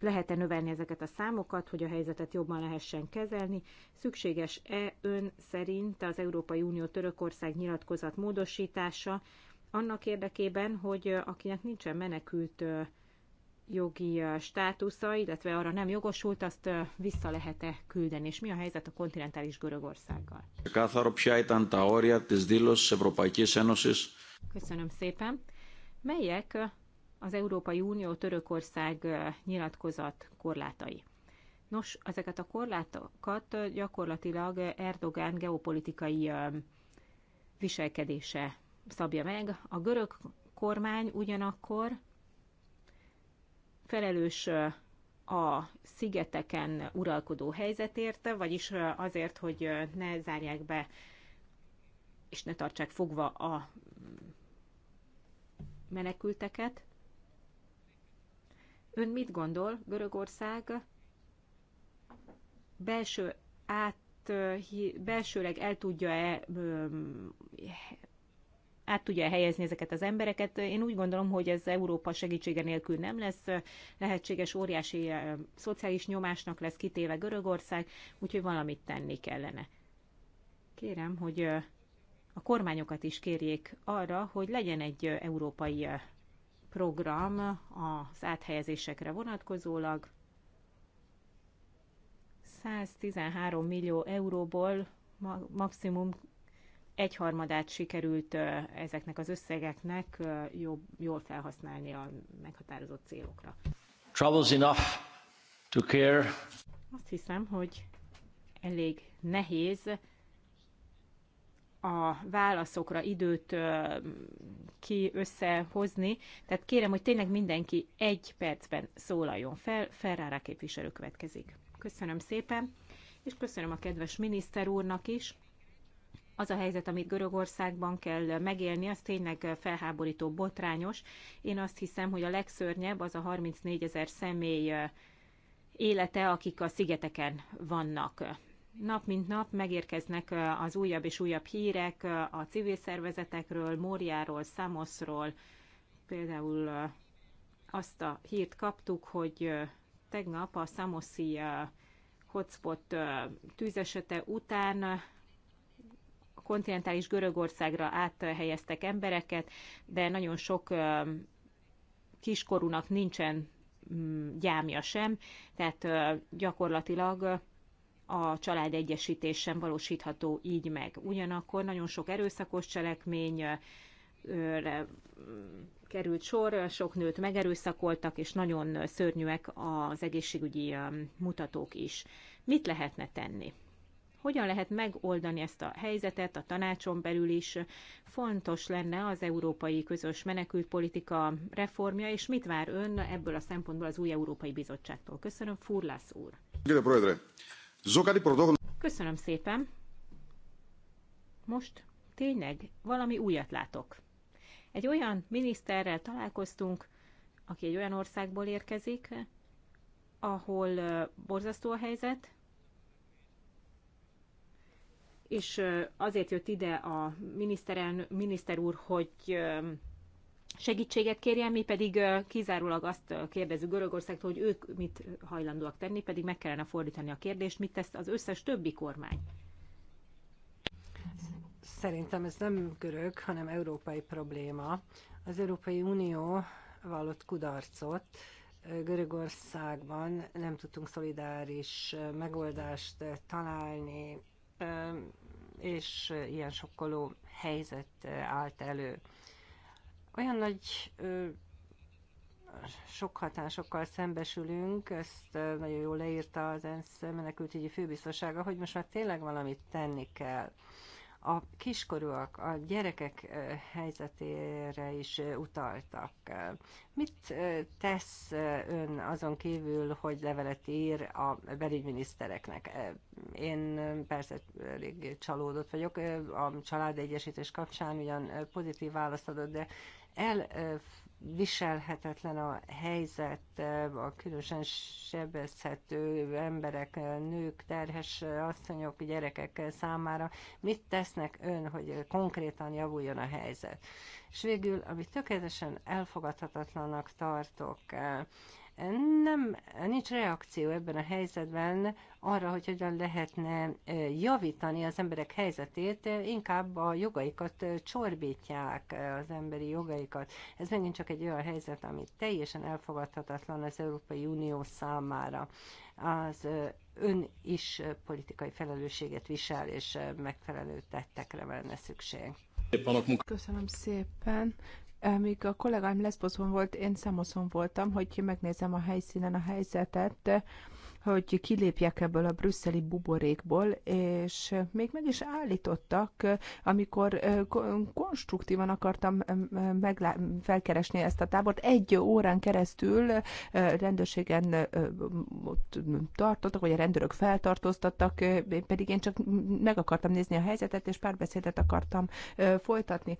lehet-e növelni ezeket a számokat, hogy a helyzetet jobban lehessen kezelni? Szükséges-e ön szerint az Európai Unió Törökország nyilatkozat módosítása annak érdekében, hogy akinek nincsen menekült jogi státusza, illetve arra nem jogosult, azt vissza lehet-e küldeni? És mi a helyzet a kontinentális Görögországgal? Ξεκάθαρο ποια Köszönöm szépen. Melyek az Európai Unió Törökország nyilatkozat korlátai? Nos, ezeket a korlátokat gyakorlatilag Erdogán geopolitikai viselkedése szabja meg. A görög kormány ugyanakkor felelős a szigeteken uralkodó helyzetért, vagyis azért, hogy ne zárják be és ne tartsák fogva a menekülteket. Ön mit gondol Görögország belső át, belsőleg el tudja-e át tudja helyezni ezeket az embereket. Én úgy gondolom, hogy ez Európa segítsége nélkül nem lesz lehetséges, óriási szociális nyomásnak lesz kitéve Görögország, úgyhogy valamit tenni kellene. Kérem, hogy a kormányokat is kérjék arra, hogy legyen egy európai program az áthelyezésekre vonatkozólag. 113 millió euróból maximum egyharmadát sikerült ezeknek az összegeknek jobb, jól felhasználni a meghatározott célokra. Troubles enough to care. Azt hiszem, hogy elég nehéz a válaszokra időt ki összehozni. Tehát kérem, hogy tényleg mindenki egy percben szólaljon fel. Ferrara képviselő következik. Köszönöm szépen, és köszönöm a kedves miniszter úrnak is. Az a helyzet, amit Görögországban kell megélni, az tényleg felháborító, botrányos. Én azt hiszem, hogy a legszörnyebb az a 34 ezer személy élete, akik a szigeteken vannak nap mint nap megérkeznek az újabb és újabb hírek a civil szervezetekről, Móriáról, Számoszról. Például azt a hírt kaptuk, hogy tegnap a Szamoszi hotspot tűzesete után a kontinentális Görögországra áthelyeztek embereket, de nagyon sok kiskorúnak nincsen mm, gyámja sem, tehát gyakorlatilag a család egyesítés sem valósítható így meg. Ugyanakkor nagyon sok erőszakos cselekmény került sor, sok nőt megerőszakoltak, és nagyon szörnyűek az egészségügyi mutatók is. Mit lehetne tenni? Hogyan lehet megoldani ezt a helyzetet a tanácson belül is? Fontos lenne az európai közös menekültpolitika reformja, és mit vár ön ebből a szempontból az új Európai Bizottságtól? Köszönöm, Furlász úr. Köszönöm, Köszönöm szépen. Most tényleg valami újat látok. Egy olyan miniszterrel találkoztunk, aki egy olyan országból érkezik, ahol borzasztó a helyzet, és azért jött ide a miniszter úr, hogy segítséget kérjen, mi pedig kizárólag azt kérdezzük Görögországtól, hogy ők mit hajlandóak tenni, pedig meg kellene fordítani a kérdést, mit tesz az összes többi kormány. Szerintem ez nem görög, hanem európai probléma. Az Európai Unió vallott kudarcot. Görögországban nem tudtunk szolidáris megoldást találni, és ilyen sokkoló helyzet állt elő. Olyan nagy sok hatásokkal szembesülünk, ezt nagyon jól leírta az ENSZ menekültügyi főbiztossága, hogy most már tényleg valamit tenni kell a kiskorúak, a gyerekek helyzetére is utaltak. Mit tesz ön azon kívül, hogy levelet ír a belügyminisztereknek? Én persze elég csalódott vagyok a családegyesítés kapcsán, ugyan pozitív választ adott, de el viselhetetlen a helyzet, a különösen sebezhető emberek, nők, terhes asszonyok, gyerekek számára. Mit tesznek ön, hogy konkrétan javuljon a helyzet? És végül, amit tökéletesen elfogadhatatlanak tartok, nem, nincs reakció ebben a helyzetben arra, hogy hogyan lehetne javítani az emberek helyzetét, inkább a jogaikat csorbítják, az emberi jogaikat. Ez megint csak egy olyan helyzet, ami teljesen elfogadhatatlan az Európai Unió számára. Az ön is politikai felelősséget visel, és megfelelő tettekre lenne szükség. Köszönöm szépen. Amíg a kollégám Leszboszon volt, én Szamoszon voltam, hogy megnézem a helyszínen a helyzetet, hogy kilépjek ebből a brüsszeli buborékból, és még meg is állítottak, amikor konstruktívan akartam felkeresni ezt a tábort. Egy órán keresztül rendőrségen ott tartottak, vagy a rendőrök feltartóztattak, pedig én csak meg akartam nézni a helyzetet, és párbeszédet akartam folytatni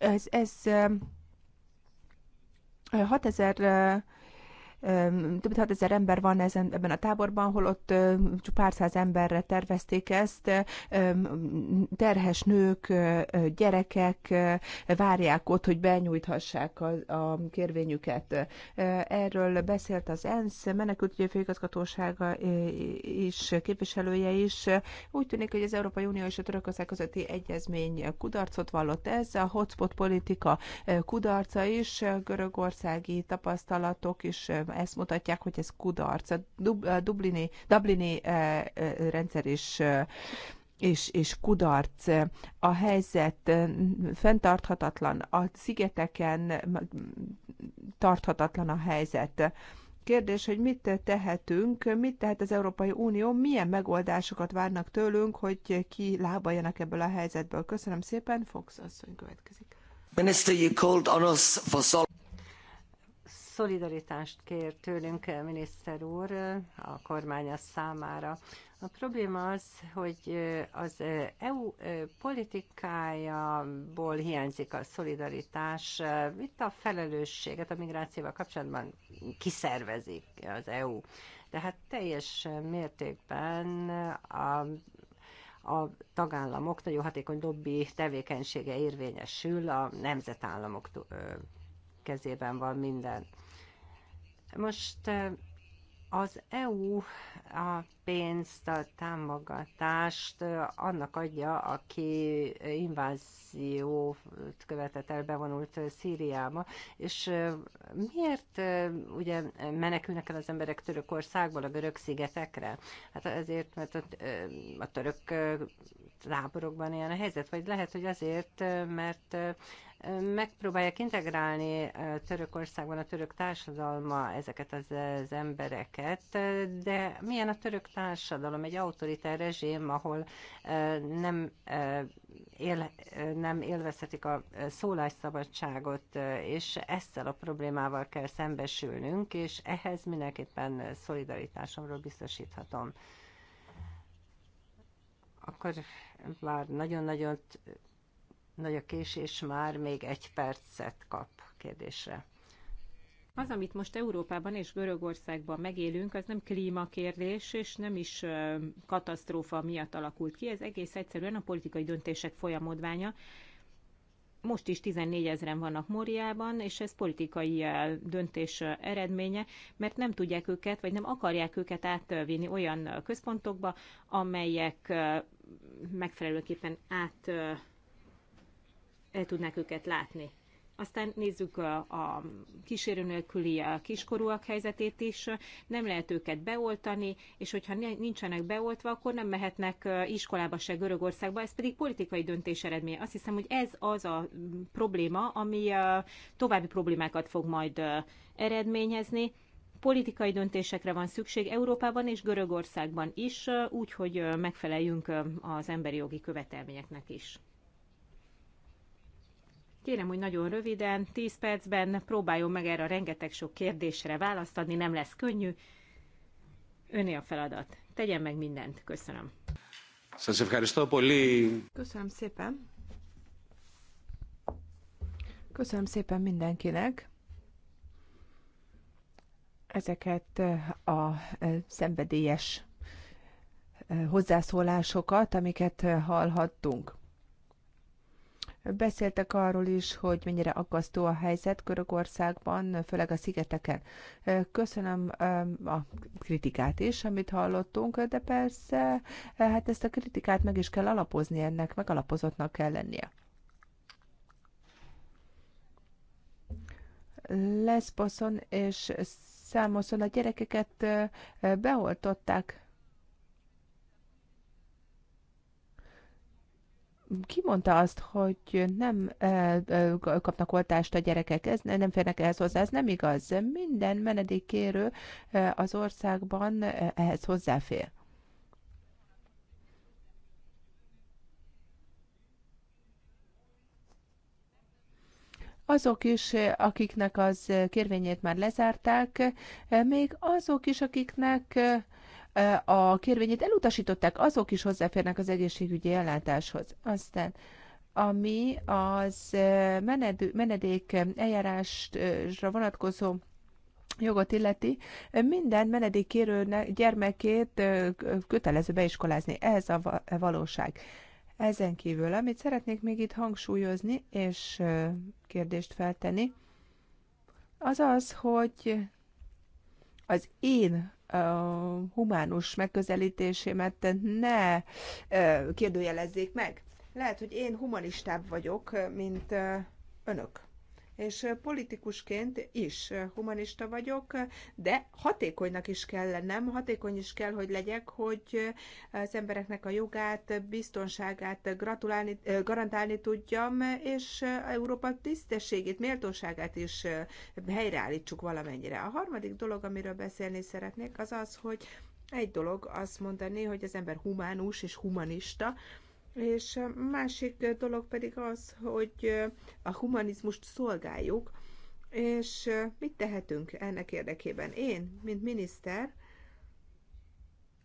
ez, ez 6000 több mint 6000 ember van ezen, ebben a táborban, hol csak pár száz emberre tervezték ezt. Terhes nők, gyerekek várják ott, hogy benyújthassák a, a kérvényüket. Erről beszélt az ENSZ menekült főigazgatósága is, képviselője is. Úgy tűnik, hogy az Európai Unió és a Törökország közötti egyezmény kudarcot vallott ez, a hotspot politika kudarca is, görögországi tapasztalatok is ezt mutatják, hogy ez kudarc. A dublini, dublini eh, eh, rendszer is és, eh, és kudarc, a helyzet fenntarthatatlan, a szigeteken tarthatatlan a helyzet. Kérdés, hogy mit tehetünk, mit tehet az Európai Unió, milyen megoldásokat várnak tőlünk, hogy ki lábaljanak ebből a helyzetből. Köszönöm szépen, Fox asszony következik. Minister, you called on us for szolidaritást kér tőlünk eh, miniszter úr eh, a kormánya számára. A probléma az, hogy eh, az EU politikájából hiányzik a szolidaritás. Itt a felelősséget a migrációval kapcsolatban kiszervezik az EU. Tehát teljes mértékben a a tagállamok nagyon hatékony dobbi tevékenysége érvényesül a nemzetállamok kezében van minden. Most az EU a pénzt, a támogatást annak adja, aki inváziót követett el, bevonult Szíriába, és miért ugye menekülnek el az emberek Törökországból a görög szigetekre? Hát azért, mert a, a török táborokban ilyen a helyzet, vagy lehet, hogy azért, mert megpróbálják integrálni Törökországban a török társadalma ezeket az, az embereket, de milyen a török társadalom? Egy autoritár rezsim, ahol nem, él, nem élvezhetik a szólásszabadságot, és ezzel a problémával kell szembesülnünk, és ehhez mindenképpen szolidaritásomról biztosíthatom. Akkor már nagyon-nagyon nagy a késés már, még egy percet kap kérdésre. Az, amit most Európában és Görögországban megélünk, az nem klímakérdés, és nem is katasztrófa miatt alakult ki, ez egész egyszerűen a politikai döntések folyamodványa. Most is 14 ezeren vannak Móriában, és ez politikai döntés eredménye, mert nem tudják őket, vagy nem akarják őket átvinni olyan központokba, amelyek megfelelőképpen át el tudnák őket látni. Aztán nézzük a, a kísérő nélküli a kiskorúak helyzetét is. Nem lehet őket beoltani, és hogyha nincsenek beoltva, akkor nem mehetnek iskolába se Görögországba. Ez pedig politikai döntés eredménye. Azt hiszem, hogy ez az a probléma, ami további problémákat fog majd eredményezni. Politikai döntésekre van szükség Európában és Görögországban is, úgy, hogy megfeleljünk az emberi jogi követelményeknek is. Kérem, hogy nagyon röviden, 10 percben próbáljon meg erre a rengeteg sok kérdésre választ adni, nem lesz könnyű. Öné a feladat. Tegyen meg mindent. Köszönöm. Köszönöm szépen. Köszönöm szépen mindenkinek ezeket a e, szenvedélyes e, hozzászólásokat, amiket e, hallhattunk. Beszéltek arról is, hogy mennyire aggasztó a helyzet Görögországban, főleg a szigeteken. Köszönöm a kritikát is, amit hallottunk, de persze, hát ezt a kritikát meg is kell alapozni, ennek meg alapozottnak kell lennie. Lesboszon és Számoszon a gyerekeket eh, beoltották kimondta azt, hogy nem e, e, kapnak oltást a gyerekek, ez nem férnek ehhez hozzá, ez nem igaz. Minden menedékkérő e, az országban ehhez hozzáfér. azok is, akiknek az kérvényét már lezárták, még azok is, akiknek a kérvényét elutasították, azok is hozzáférnek az egészségügyi ellátáshoz. Aztán ami az menedő, menedék eljárásra vonatkozó jogot illeti, minden menedékkérőnek gyermekét kötelező beiskolázni. Ez a e valóság. Ezen kívül, amit szeretnék még itt hangsúlyozni és kérdést feltenni, az az, hogy az én humánus megközelítésémet ne kérdőjelezzék meg. Lehet, hogy én humanistább vagyok, mint önök és politikusként is humanista vagyok, de hatékonynak is kell lennem, hatékony is kell, hogy legyek, hogy az embereknek a jogát, biztonságát gratulálni, garantálni tudjam, és Európa tisztességét, méltóságát is helyreállítsuk valamennyire. A harmadik dolog, amiről beszélni szeretnék, az az, hogy egy dolog azt mondani, hogy az ember humánus és humanista, és a másik dolog pedig az, hogy a humanizmust szolgáljuk, és mit tehetünk ennek érdekében? Én, mint miniszter,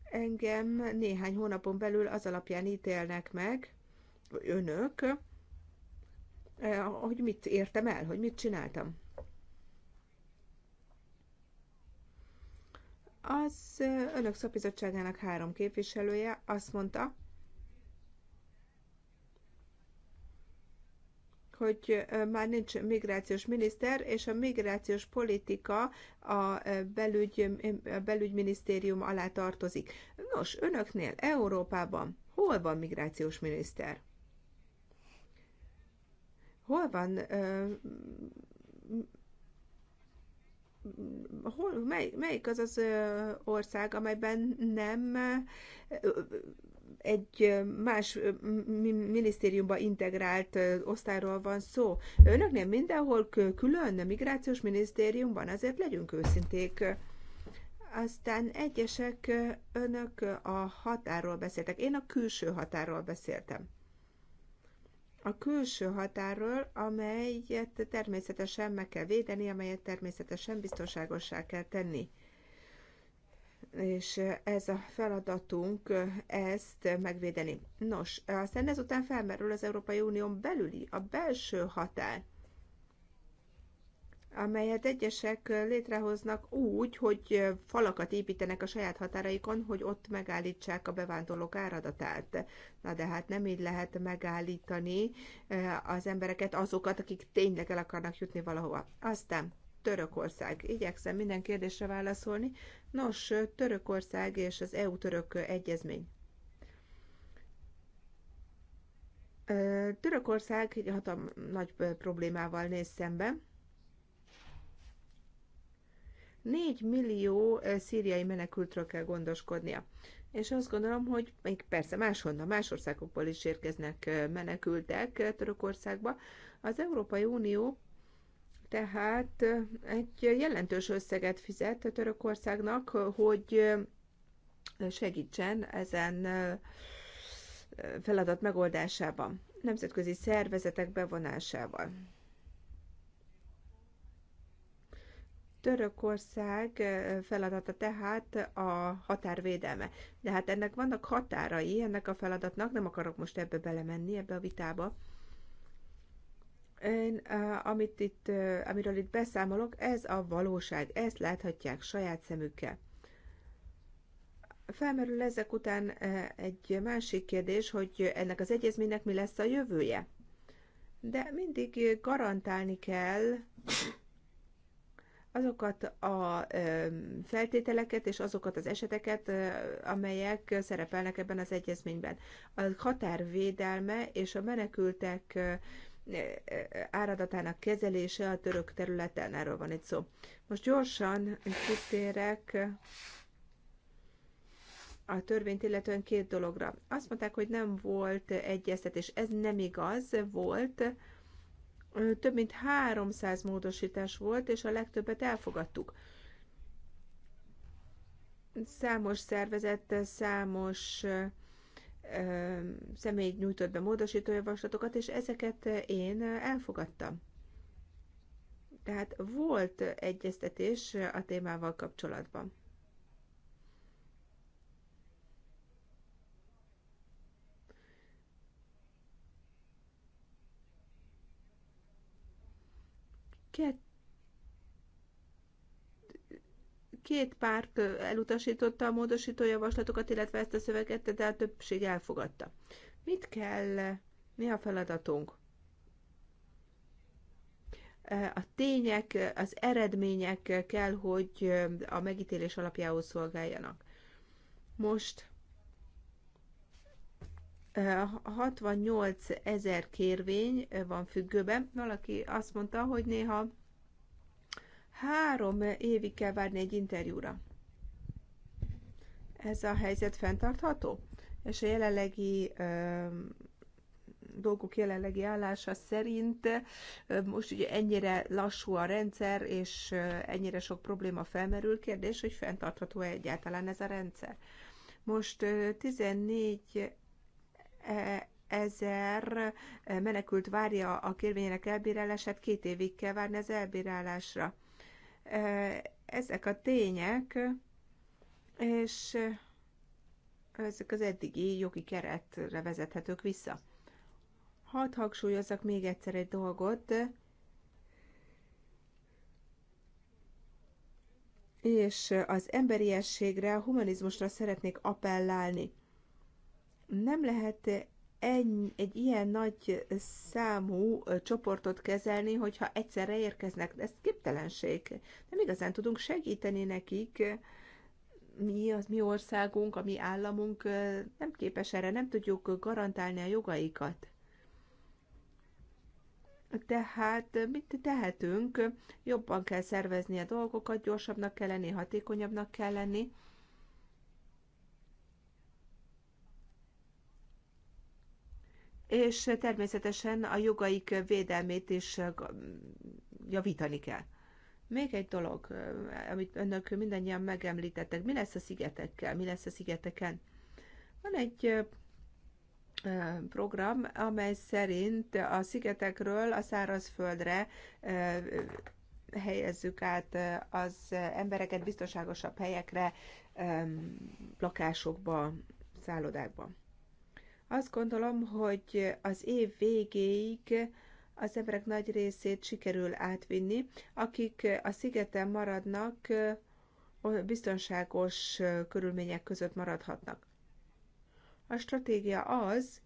engem néhány hónapon belül az alapján ítélnek meg önök, hogy mit értem el, hogy mit csináltam. Az önök szakbizottságának három képviselője azt mondta, hogy már nincs migrációs miniszter, és a migrációs politika a, belügy, a belügyminisztérium alá tartozik. Nos, önöknél Európában hol van migrációs miniszter? Hol van Uh, hol, mely, melyik az az ország, amelyben nem egy más minisztériumba integrált osztályról van szó. Önök nem mindenhol külön a migrációs minisztériumban, azért legyünk őszinték. Aztán egyesek önök a határól beszéltek. Én a külső határról beszéltem. A külső határról, amelyet természetesen meg kell védeni, amelyet természetesen biztonságosá kell tenni és ez a feladatunk ezt megvédeni. Nos, aztán ezután felmerül az Európai Unión belüli, a belső határ, amelyet egyesek létrehoznak úgy, hogy falakat építenek a saját határaikon, hogy ott megállítsák a bevándorlók áradatát. Na de hát nem így lehet megállítani az embereket, azokat, akik tényleg el akarnak jutni valahova. Aztán Törökország. Igyekszem minden kérdésre válaszolni. Nos, Törökország és az EU-török egyezmény. Törökország egy hatalmas nagy problémával néz szembe. 4 millió szíriai menekültről kell gondoskodnia. És azt gondolom, hogy még persze máshonnan, más országokból is érkeznek menekültek Törökországba. Az Európai Unió tehát egy jelentős összeget fizet a Törökországnak, hogy segítsen ezen feladat megoldásában, nemzetközi szervezetek bevonásával. Törökország feladata tehát a határvédelme. De hát ennek vannak határai, ennek a feladatnak, nem akarok most ebbe belemenni, ebbe a vitába. Én, amit itt, amiről itt beszámolok, ez a valóság, ezt láthatják saját szemükkel. Felmerül ezek után egy másik kérdés, hogy ennek az egyezménynek mi lesz a jövője. De mindig garantálni kell azokat a feltételeket és azokat az eseteket, amelyek szerepelnek ebben az egyezményben. A határvédelme és a menekültek áradatának kezelése a török területen, erről van itt szó. Most gyorsan kitérek a törvényt illetően két dologra. Azt mondták, hogy nem volt egyeztetés. Ez nem igaz, volt. Több mint 300 módosítás volt, és a legtöbbet elfogadtuk. Számos szervezet, számos személy nyújtott be módosító javaslatokat, és ezeket én elfogadtam. Tehát volt egyeztetés a témával kapcsolatban. Két Két párt elutasította a módosító javaslatokat, illetve ezt a szöveget, de a többség elfogadta. Mit kell, mi a feladatunk? A tények, az eredmények kell, hogy a megítélés alapjául szolgáljanak. Most 68 ezer kérvény van függőben. Valaki azt mondta, hogy néha Három évig kell várni egy interjúra. Ez a helyzet fenntartható? És a jelenlegi ö, dolgok jelenlegi állása szerint most ugye ennyire lassú a rendszer, és ennyire sok probléma felmerül. Kérdés, hogy fenntartható-e egyáltalán ez a rendszer? Most 14 e, ezer menekült várja a kérvényének elbírálását, két évig kell várni az elbírálásra. Ezek a tények, és ezek az eddigi jogi keretre vezethetők vissza. Hadd hangsúlyozzak még egyszer egy dolgot, és az emberiességre, a humanizmusra szeretnék appellálni. Nem lehet egy, egy ilyen nagy számú csoportot kezelni, hogyha egyszerre érkeznek. Ez képtelenség. Nem igazán tudunk segíteni nekik. Mi az mi országunk, a mi államunk nem képes erre, nem tudjuk garantálni a jogaikat. Tehát mit tehetünk? Jobban kell szervezni a dolgokat, gyorsabbnak kell lenni, hatékonyabbnak kell lenni és természetesen a jogaik védelmét is eh, javítani kell. Még egy dolog, eh, amit önök mindannyian megemlítettek, mi lesz a szigetekkel, mi lesz a szigeteken? Van egy eh, program, amely szerint a szigetekről a szárazföldre helyezzük át az embereket biztonságosabb helyekre, lakásokba, szállodákba. Azt gondolom, hogy az év végéig az emberek nagy részét sikerül átvinni, akik a szigeten maradnak, biztonságos körülmények között maradhatnak. A stratégia az,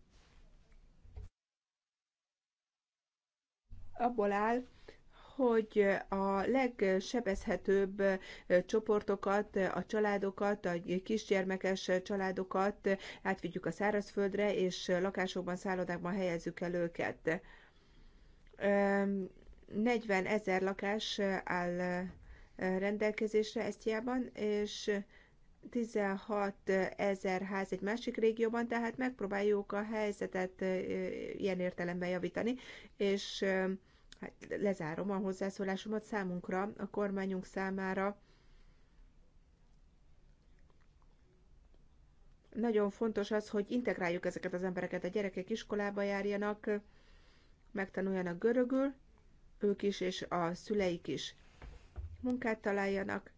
abból áll, hogy a legsebezhetőbb csoportokat, a családokat, a kisgyermekes családokat átvigyük a szárazföldre, és lakásokban, szállodákban helyezzük el őket. 40 ezer lakás áll rendelkezésre Esztiában, és 16 ezer ház egy másik régióban, tehát megpróbáljuk a helyzetet ilyen értelemben javítani, és hát lezárom a hozzászólásomat számunkra, a kormányunk számára. Nagyon fontos az, hogy integráljuk ezeket az embereket, a gyerekek iskolába járjanak, megtanuljanak görögül, ők is és a szüleik is munkát találjanak,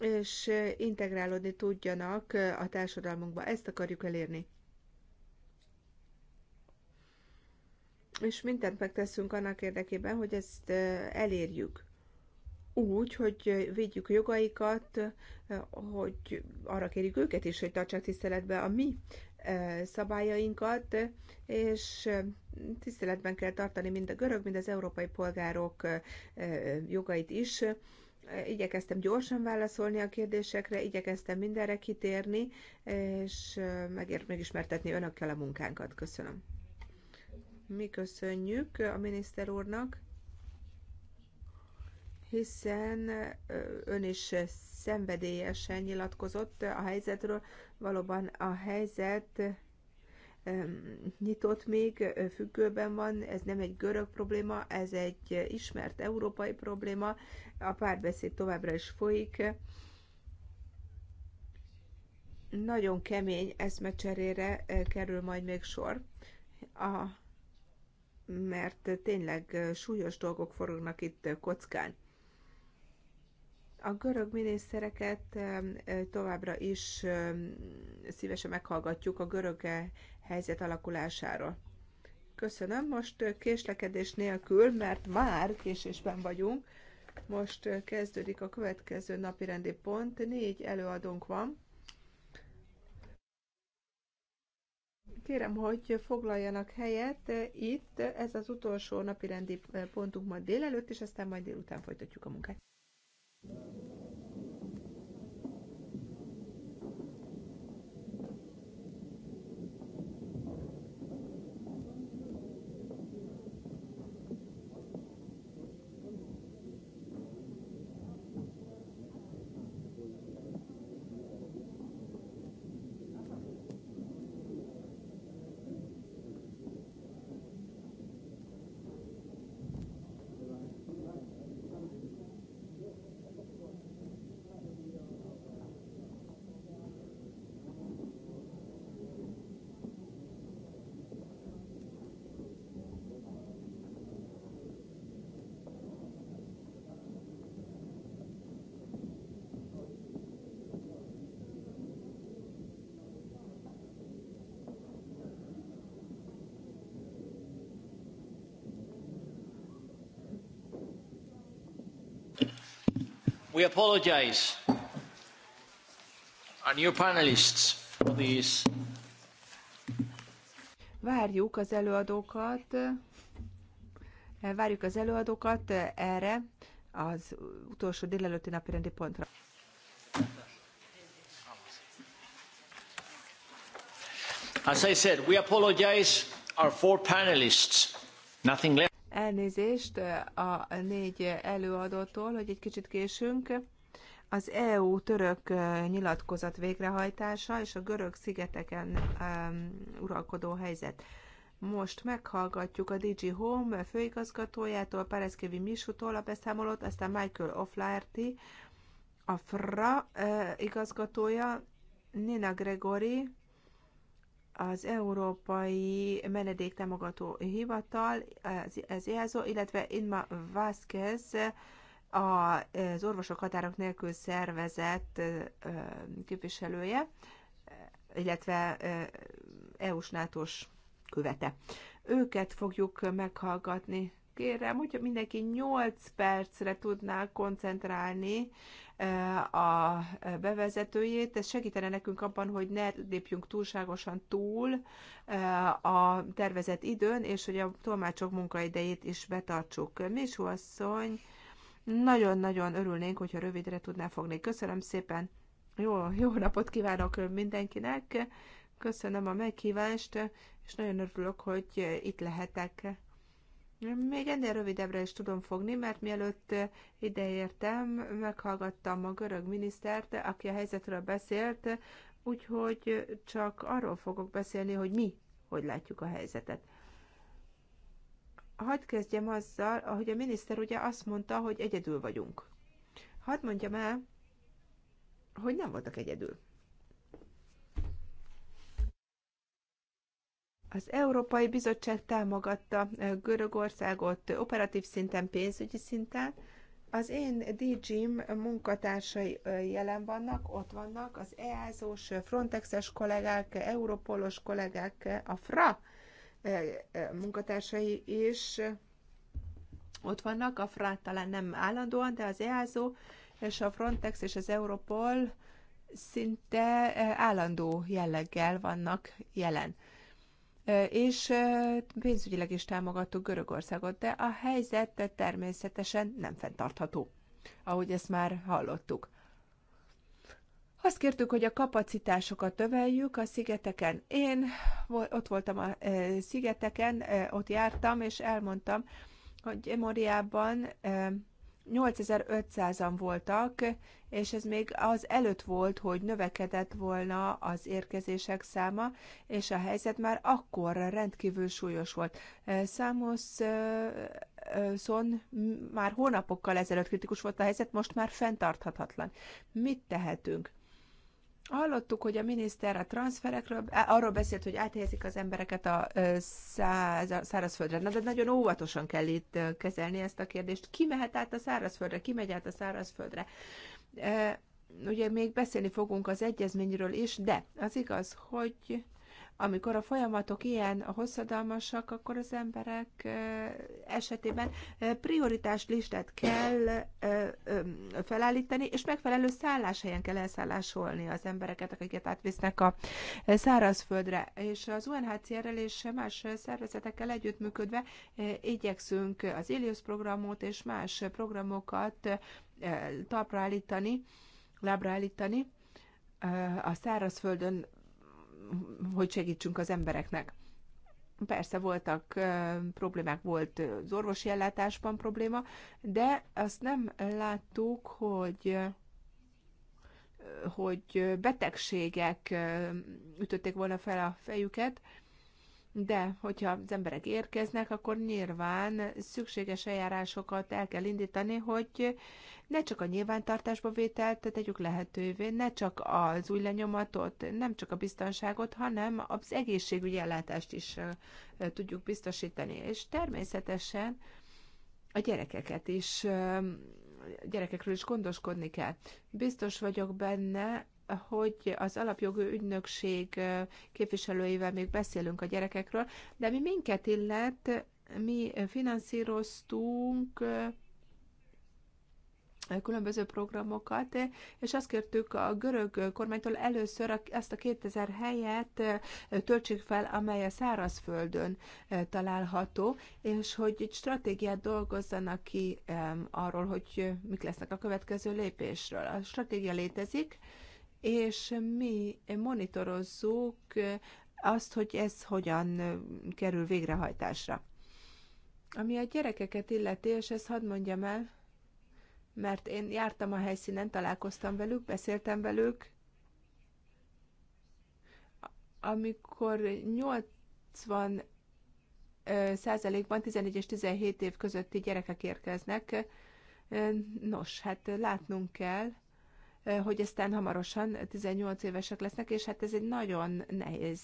és integrálódni tudjanak a társadalmunkba. Ezt akarjuk elérni. és mindent megteszünk annak érdekében, hogy ezt elérjük. Úgy, hogy védjük jogaikat, hogy arra kérjük őket is, hogy tartsák tiszteletbe a mi szabályainkat, és tiszteletben kell tartani mind a görög, mind az európai polgárok jogait is. Igyekeztem gyorsan válaszolni a kérdésekre, igyekeztem mindenre kitérni, és megismertetni önökkel a munkánkat. Köszönöm. Mi köszönjük a miniszter úrnak, hiszen ön is szenvedélyesen nyilatkozott a helyzetről. Valóban a helyzet nyitott még, függőben van, ez nem egy görög probléma, ez egy ismert európai probléma, a párbeszéd továbbra is folyik. Nagyon kemény eszmecserére kerül majd még sor. A mert tényleg súlyos dolgok forognak itt kockán. A görög minisztereket továbbra is szívesen meghallgatjuk a görög helyzet alakulásáról. Köszönöm, most késlekedés nélkül, mert már késésben vagyunk, most kezdődik a következő napi rendi pont, négy előadónk van. Kérem, hogy foglaljanak helyet itt, ez az utolsó napirendi pontunk ma délelőtt, és aztán majd délután folytatjuk a munkát. We apologize, our new panelists, for these. Várjuk az előadókat, várjuk az előadókat erre az utolsó délelőtti napi rendi pontra. As I said, we apologize our four panelists. Nothing left. Elnézést a négy előadótól, hogy egy kicsit késünk. Az EU-török nyilatkozat végrehajtása és a görög szigeteken uralkodó helyzet. Most meghallgatjuk a DG Home főigazgatójától, Pereszkévi Misutól a beszámolót, aztán Michael O'Flaherty, a FRA igazgatója, Nina Gregory, az Európai Menedéktámogató Hivatal, ez jelző, illetve Inma Vázquez, az Orvosok Határok Nélkül szervezett képviselője, illetve EU-s NATO-s követe. Őket fogjuk meghallgatni. Kérem, hogyha mindenki 8 percre tudná koncentrálni a bevezetőjét. Ez segítene nekünk abban, hogy ne lépjünk túlságosan túl eh, a tervezett időn, és hogy a tolmácsok munkaidejét is betartsuk. Misú asszony, nagyon-nagyon örülnénk, hogyha rövidre tudná fogni. Köszönöm szépen, jó, jó napot kívánok mindenkinek, köszönöm a meghívást, és nagyon örülök, hogy itt lehetek. Még ennél rövidebbre is tudom fogni, mert mielőtt eh, ideértem, meghallgattam a görög minisztert, aki a helyzetről beszélt, úgyhogy csak arról fogok beszélni, hogy mi hogy látjuk a helyzetet. Hadd kezdjem azzal, ahogy a miniszter ugye azt mondta, hogy egyedül vagyunk. Hadd mondjam el, hogy nem voltak egyedül. Az Európai Bizottság támogatta Görögországot operatív szinten, pénzügyi szinten. Az én dg munkatársai jelen vannak, ott vannak az EASO-s, Frontexes kollégák, Európolos kollégák, a FRA munkatársai is ott vannak, a FRA talán nem állandóan, de az EASO és a Frontex és az Europol szinte állandó jelleggel vannak jelen és pénzügyileg is támogattuk Görögországot, de a helyzet természetesen nem fenntartható, ahogy ezt már hallottuk. Azt kértük, hogy a kapacitásokat töveljük a szigeteken. Én ott voltam a szigeteken, ott jártam, és elmondtam, hogy Moriában 8500-an voltak, és ez még az előtt volt, hogy növekedett volna az érkezések száma, és a helyzet már akkor rendkívül súlyos volt. Számos szon már hónapokkal ezelőtt kritikus volt a helyzet, most már fenntarthatatlan. Mit tehetünk? Hallottuk, hogy a miniszter a transferekről, arról beszélt, hogy áthelyezik az embereket a szárazföldre. Na, de nagyon óvatosan kell itt kezelni ezt a kérdést. Ki mehet át a szárazföldre? Ki megy át a szárazföldre? Ugye még beszélni fogunk az egyezményről is, de az igaz, hogy amikor a folyamatok ilyen hosszadalmasak, akkor az emberek esetében prioritás listát kell felállítani, és megfelelő szálláshelyen kell elszállásolni az embereket, akiket átvisznek a szárazföldre. És az UNHCR-rel és más szervezetekkel együttműködve igyekszünk az Ilius programot és más programokat talpra állítani, lábra állítani a szárazföldön hogy segítsünk az embereknek. Persze voltak problémák, volt az orvosi ellátásban probléma, de azt nem láttuk, hogy hogy betegségek ütötték volna fel a fejüket, de hogyha az emberek érkeznek, akkor nyilván szükséges eljárásokat el kell indítani, hogy ne csak a nyilvántartásba vételt tegyük lehetővé, ne csak az új lenyomatot, nem csak a biztonságot, hanem az egészségügyi ellátást is tudjuk biztosítani. És természetesen a gyerekeket is, a gyerekekről is gondoskodni kell. Biztos vagyok benne, hogy az alapjogú ügynökség képviselőivel még beszélünk a gyerekekről, de mi minket illet, mi finanszíroztunk különböző programokat, és azt kértük a görög kormánytól először ezt a 2000 helyet töltsék fel, amely a szárazföldön található, és hogy egy stratégiát dolgozzanak ki arról, hogy mik lesznek a következő lépésről. A stratégia létezik, és mi monitorozzuk azt, hogy ez hogyan kerül végrehajtásra. Ami a gyerekeket illeti, és ezt hadd mondjam el, mert én jártam a helyszínen, találkoztam velük, beszéltem velük. Amikor 80 százalékban 11 és 17 év közötti gyerekek érkeznek, nos, hát látnunk kell, hogy aztán hamarosan 18 évesek lesznek, és hát ez egy nagyon nehéz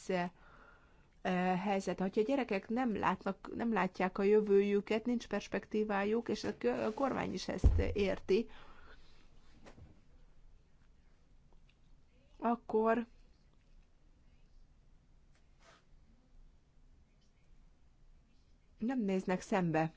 helyzet. Ha a gyerekek nem, látnak, nem látják a jövőjüket, nincs perspektívájuk, és a kormány is ezt érti, akkor nem néznek szembe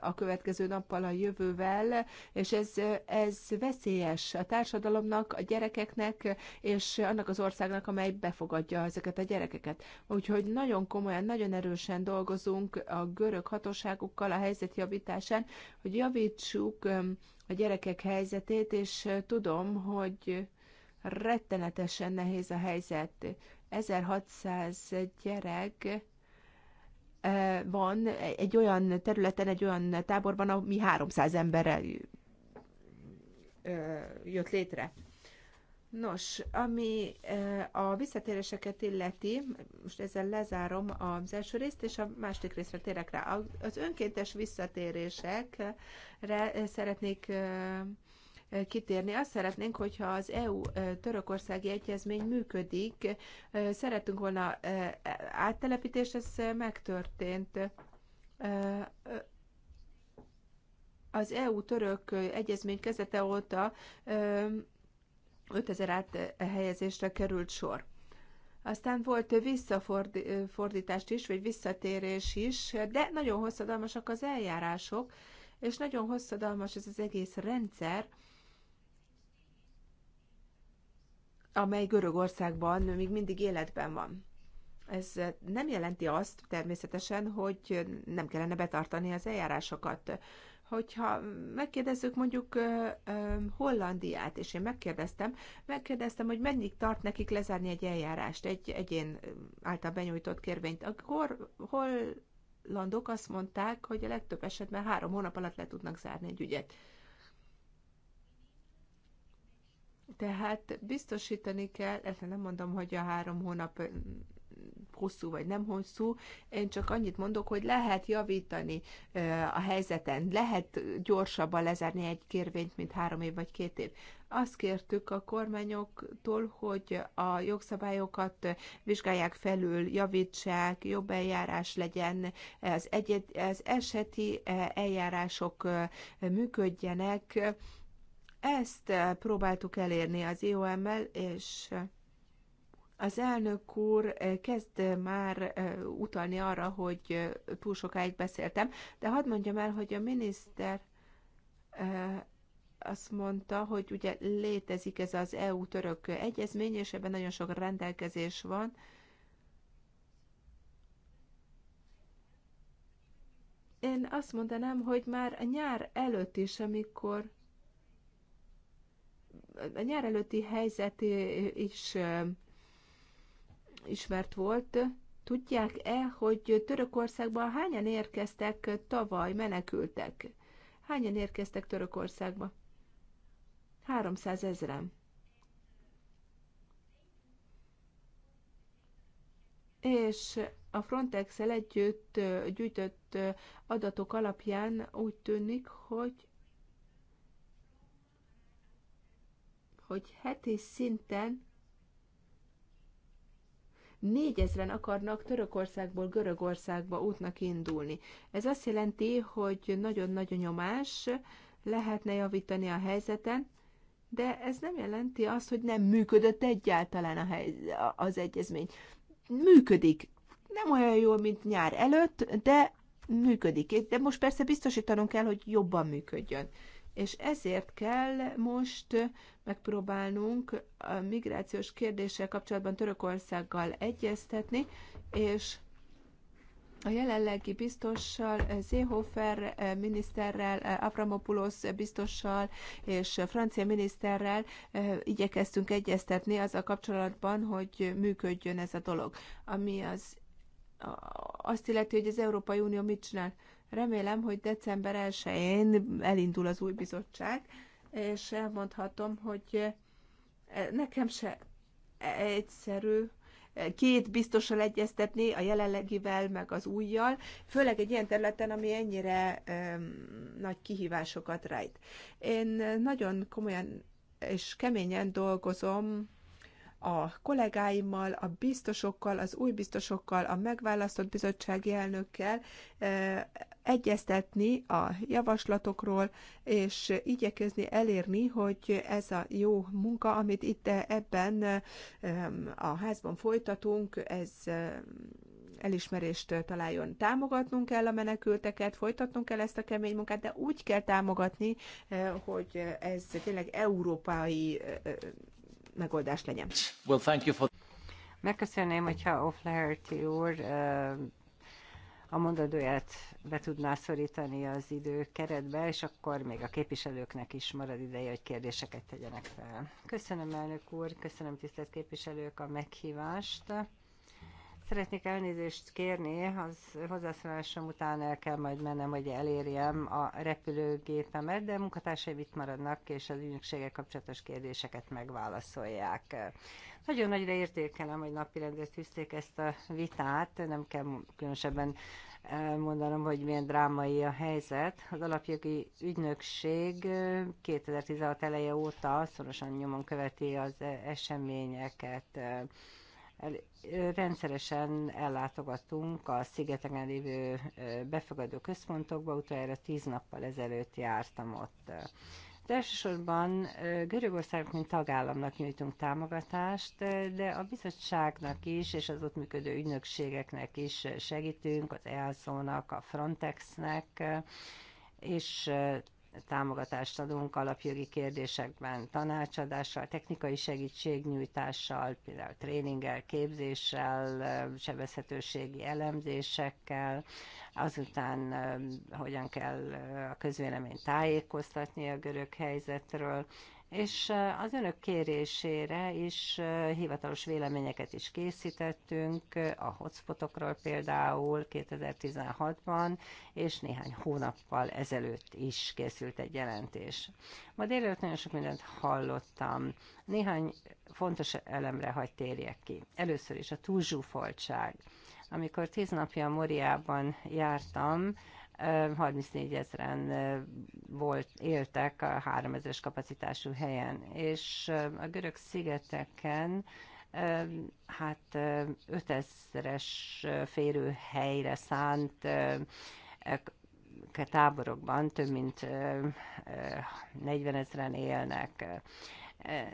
a következő nappal, a jövővel, és ez, ez veszélyes a társadalomnak, a gyerekeknek, és annak az országnak, amely befogadja ezeket a gyerekeket. Úgyhogy nagyon komolyan, nagyon erősen dolgozunk a görög hatóságokkal a helyzet javításán, hogy javítsuk a gyerekek helyzetét, és tudom, hogy rettenetesen nehéz a helyzet. 1600 gyerek van egy olyan területen, egy olyan táborban, ami 300 emberrel jött létre. Nos, ami a visszatéréseket illeti, most ezzel lezárom az első részt, és a második részre térek rá. Az önkéntes visszatérésekre szeretnék kitérni. Azt szeretnénk, hogyha az EU-törökországi egyezmény működik. szeretünk volna áttelepítés, ez megtörtént. Az EU-török egyezmény kezdete óta 5000 áthelyezésre került sor. Aztán volt visszafordítást is, vagy visszatérés is, de nagyon hosszadalmasak az eljárások, és nagyon hosszadalmas ez az egész rendszer, amely Görögországban még mindig életben van. Ez nem jelenti azt természetesen, hogy nem kellene betartani az eljárásokat. Hogyha megkérdezzük mondjuk Hollandiát, és én megkérdeztem, megkérdeztem, hogy mennyit tart nekik lezárni egy eljárást, egy egyén által benyújtott kérvényt, akkor hollandok azt mondták, hogy a legtöbb esetben három hónap alatt le tudnak zárni egy ügyet. Tehát biztosítani kell, ezt nem mondom, hogy a három hónap hosszú vagy nem hosszú, én csak annyit mondok, hogy lehet javítani a helyzeten, lehet gyorsabban lezárni egy kérvényt, mint három év vagy két év. Azt kértük a kormányoktól, hogy a jogszabályokat vizsgálják felül, javítsák, jobb eljárás legyen, az, egyed, az eseti eljárások működjenek, ezt eh, próbáltuk elérni az IOM-mel, és eh, az elnök úr eh, kezd már utalni arra, hogy túl sokáig beszéltem, de hadd mondjam el, hogy a miniszter azt mondta, hogy ugye létezik ez az EU-török egyezmény, és ebben nagyon sok rendelkezés van. Én azt mondanám, hogy már a nyár előtt is, amikor a nyár előtti helyzet is ismert volt. Tudják-e, hogy Törökországban hányan érkeztek tavaly menekültek? Hányan érkeztek Törökországba? 300 ezeren. És a frontex együtt gyűjtött adatok alapján úgy tűnik, hogy hogy heti szinten négyezren akarnak Törökországból Görögországba útnak indulni. Ez azt jelenti, hogy nagyon nagyon nyomás, lehetne javítani a helyzeten, de ez nem jelenti azt, hogy nem működött egyáltalán a hely, az egyezmény. Működik. Nem olyan jól, mint nyár előtt, de működik. De most persze biztosítanunk kell, hogy jobban működjön és ezért kell most megpróbálnunk a migrációs kérdéssel kapcsolatban Törökországgal egyeztetni, és a jelenlegi biztossal, Zéhofer eh, miniszterrel, eh, Avramopoulos biztossal és francia miniszterrel eh, igyekeztünk egyeztetni az a kapcsolatban, hogy működjön ez a dolog. Ami az azt illeti, hogy az Európai Unió mit csinál. Remélem, hogy december 1-én elindul az új bizottság, és elmondhatom, hogy eh, nekem se egyszerű eh, két biztosan egyeztetni, a jelenlegivel, meg az újjal, főleg egy ilyen területen, ami ennyire nagy kihívásokat rejt. Én nagyon komolyan és keményen dolgozom a kollégáimmal, a biztosokkal, az új biztosokkal, a megválasztott bizottsági elnökkel eh, egyeztetni a javaslatokról, és igyekezni elérni, hogy ez a jó munka, amit itt eh, ebben eh, a házban folytatunk, ez elismerést találjon. Támogatnunk kell a menekülteket, folytatnunk kell ezt a kemény munkát, de úgy kell támogatni, hogy ez tényleg európai megoldás legyen. Well, thank you for... Megköszönném, hogyha O'Flaherty úr a mondandóját be tudná szorítani az idő keretbe, és akkor még a képviselőknek is marad ideje, hogy kérdéseket tegyenek fel. Köszönöm, elnök úr, köszönöm tisztelt képviselők a meghívást. Szeretnék elnézést kérni, az hozzászólásom után el kell majd mennem, hogy elérjem a repülőgépemet, de munkatársai itt maradnak, és az ügynökségek kapcsolatos kérdéseket megválaszolják. Nagyon nagyra értékelem, hogy napirendre tűzték ezt a vitát, nem kell különösebben mondanom, hogy milyen drámai a helyzet. Az alapjogi ügynökség 2016 eleje óta szorosan nyomon követi az eseményeket rendszeresen ellátogatunk a szigeteken lévő befogadó központokba, utoljára tíz nappal ezelőtt jártam ott. De elsősorban Görögországnak, mint tagállamnak nyújtunk támogatást, de a bizottságnak is, és az ott működő ügynökségeknek is segítünk, az EASO-nak, a Frontexnek, és támogatást adunk alapjogi kérdésekben, tanácsadással, technikai segítségnyújtással, például tréninggel, képzéssel, sebezhetőségi elemzésekkel, azután eh, hogyan kell eh, a közvéleményt tájékoztatni a görög helyzetről, és eh, az önök kérésére is eh, hivatalos véleményeket is készítettünk, eh, a hotspotokról például 2016-ban, és néhány hónappal ezelőtt is készült egy jelentés. Ma délelőtt nagyon sok mindent hallottam. Néhány fontos elemre hagy térjek ki. Először is a túlzsúfoltság. Amikor tíz napja Moriában jártam, 34 ezeren volt, éltek a 3000 kapacitású helyen, és a görög szigeteken hát 5000-es férőhelyre szánt e, táborokban több mint 40 ezeren élnek. E,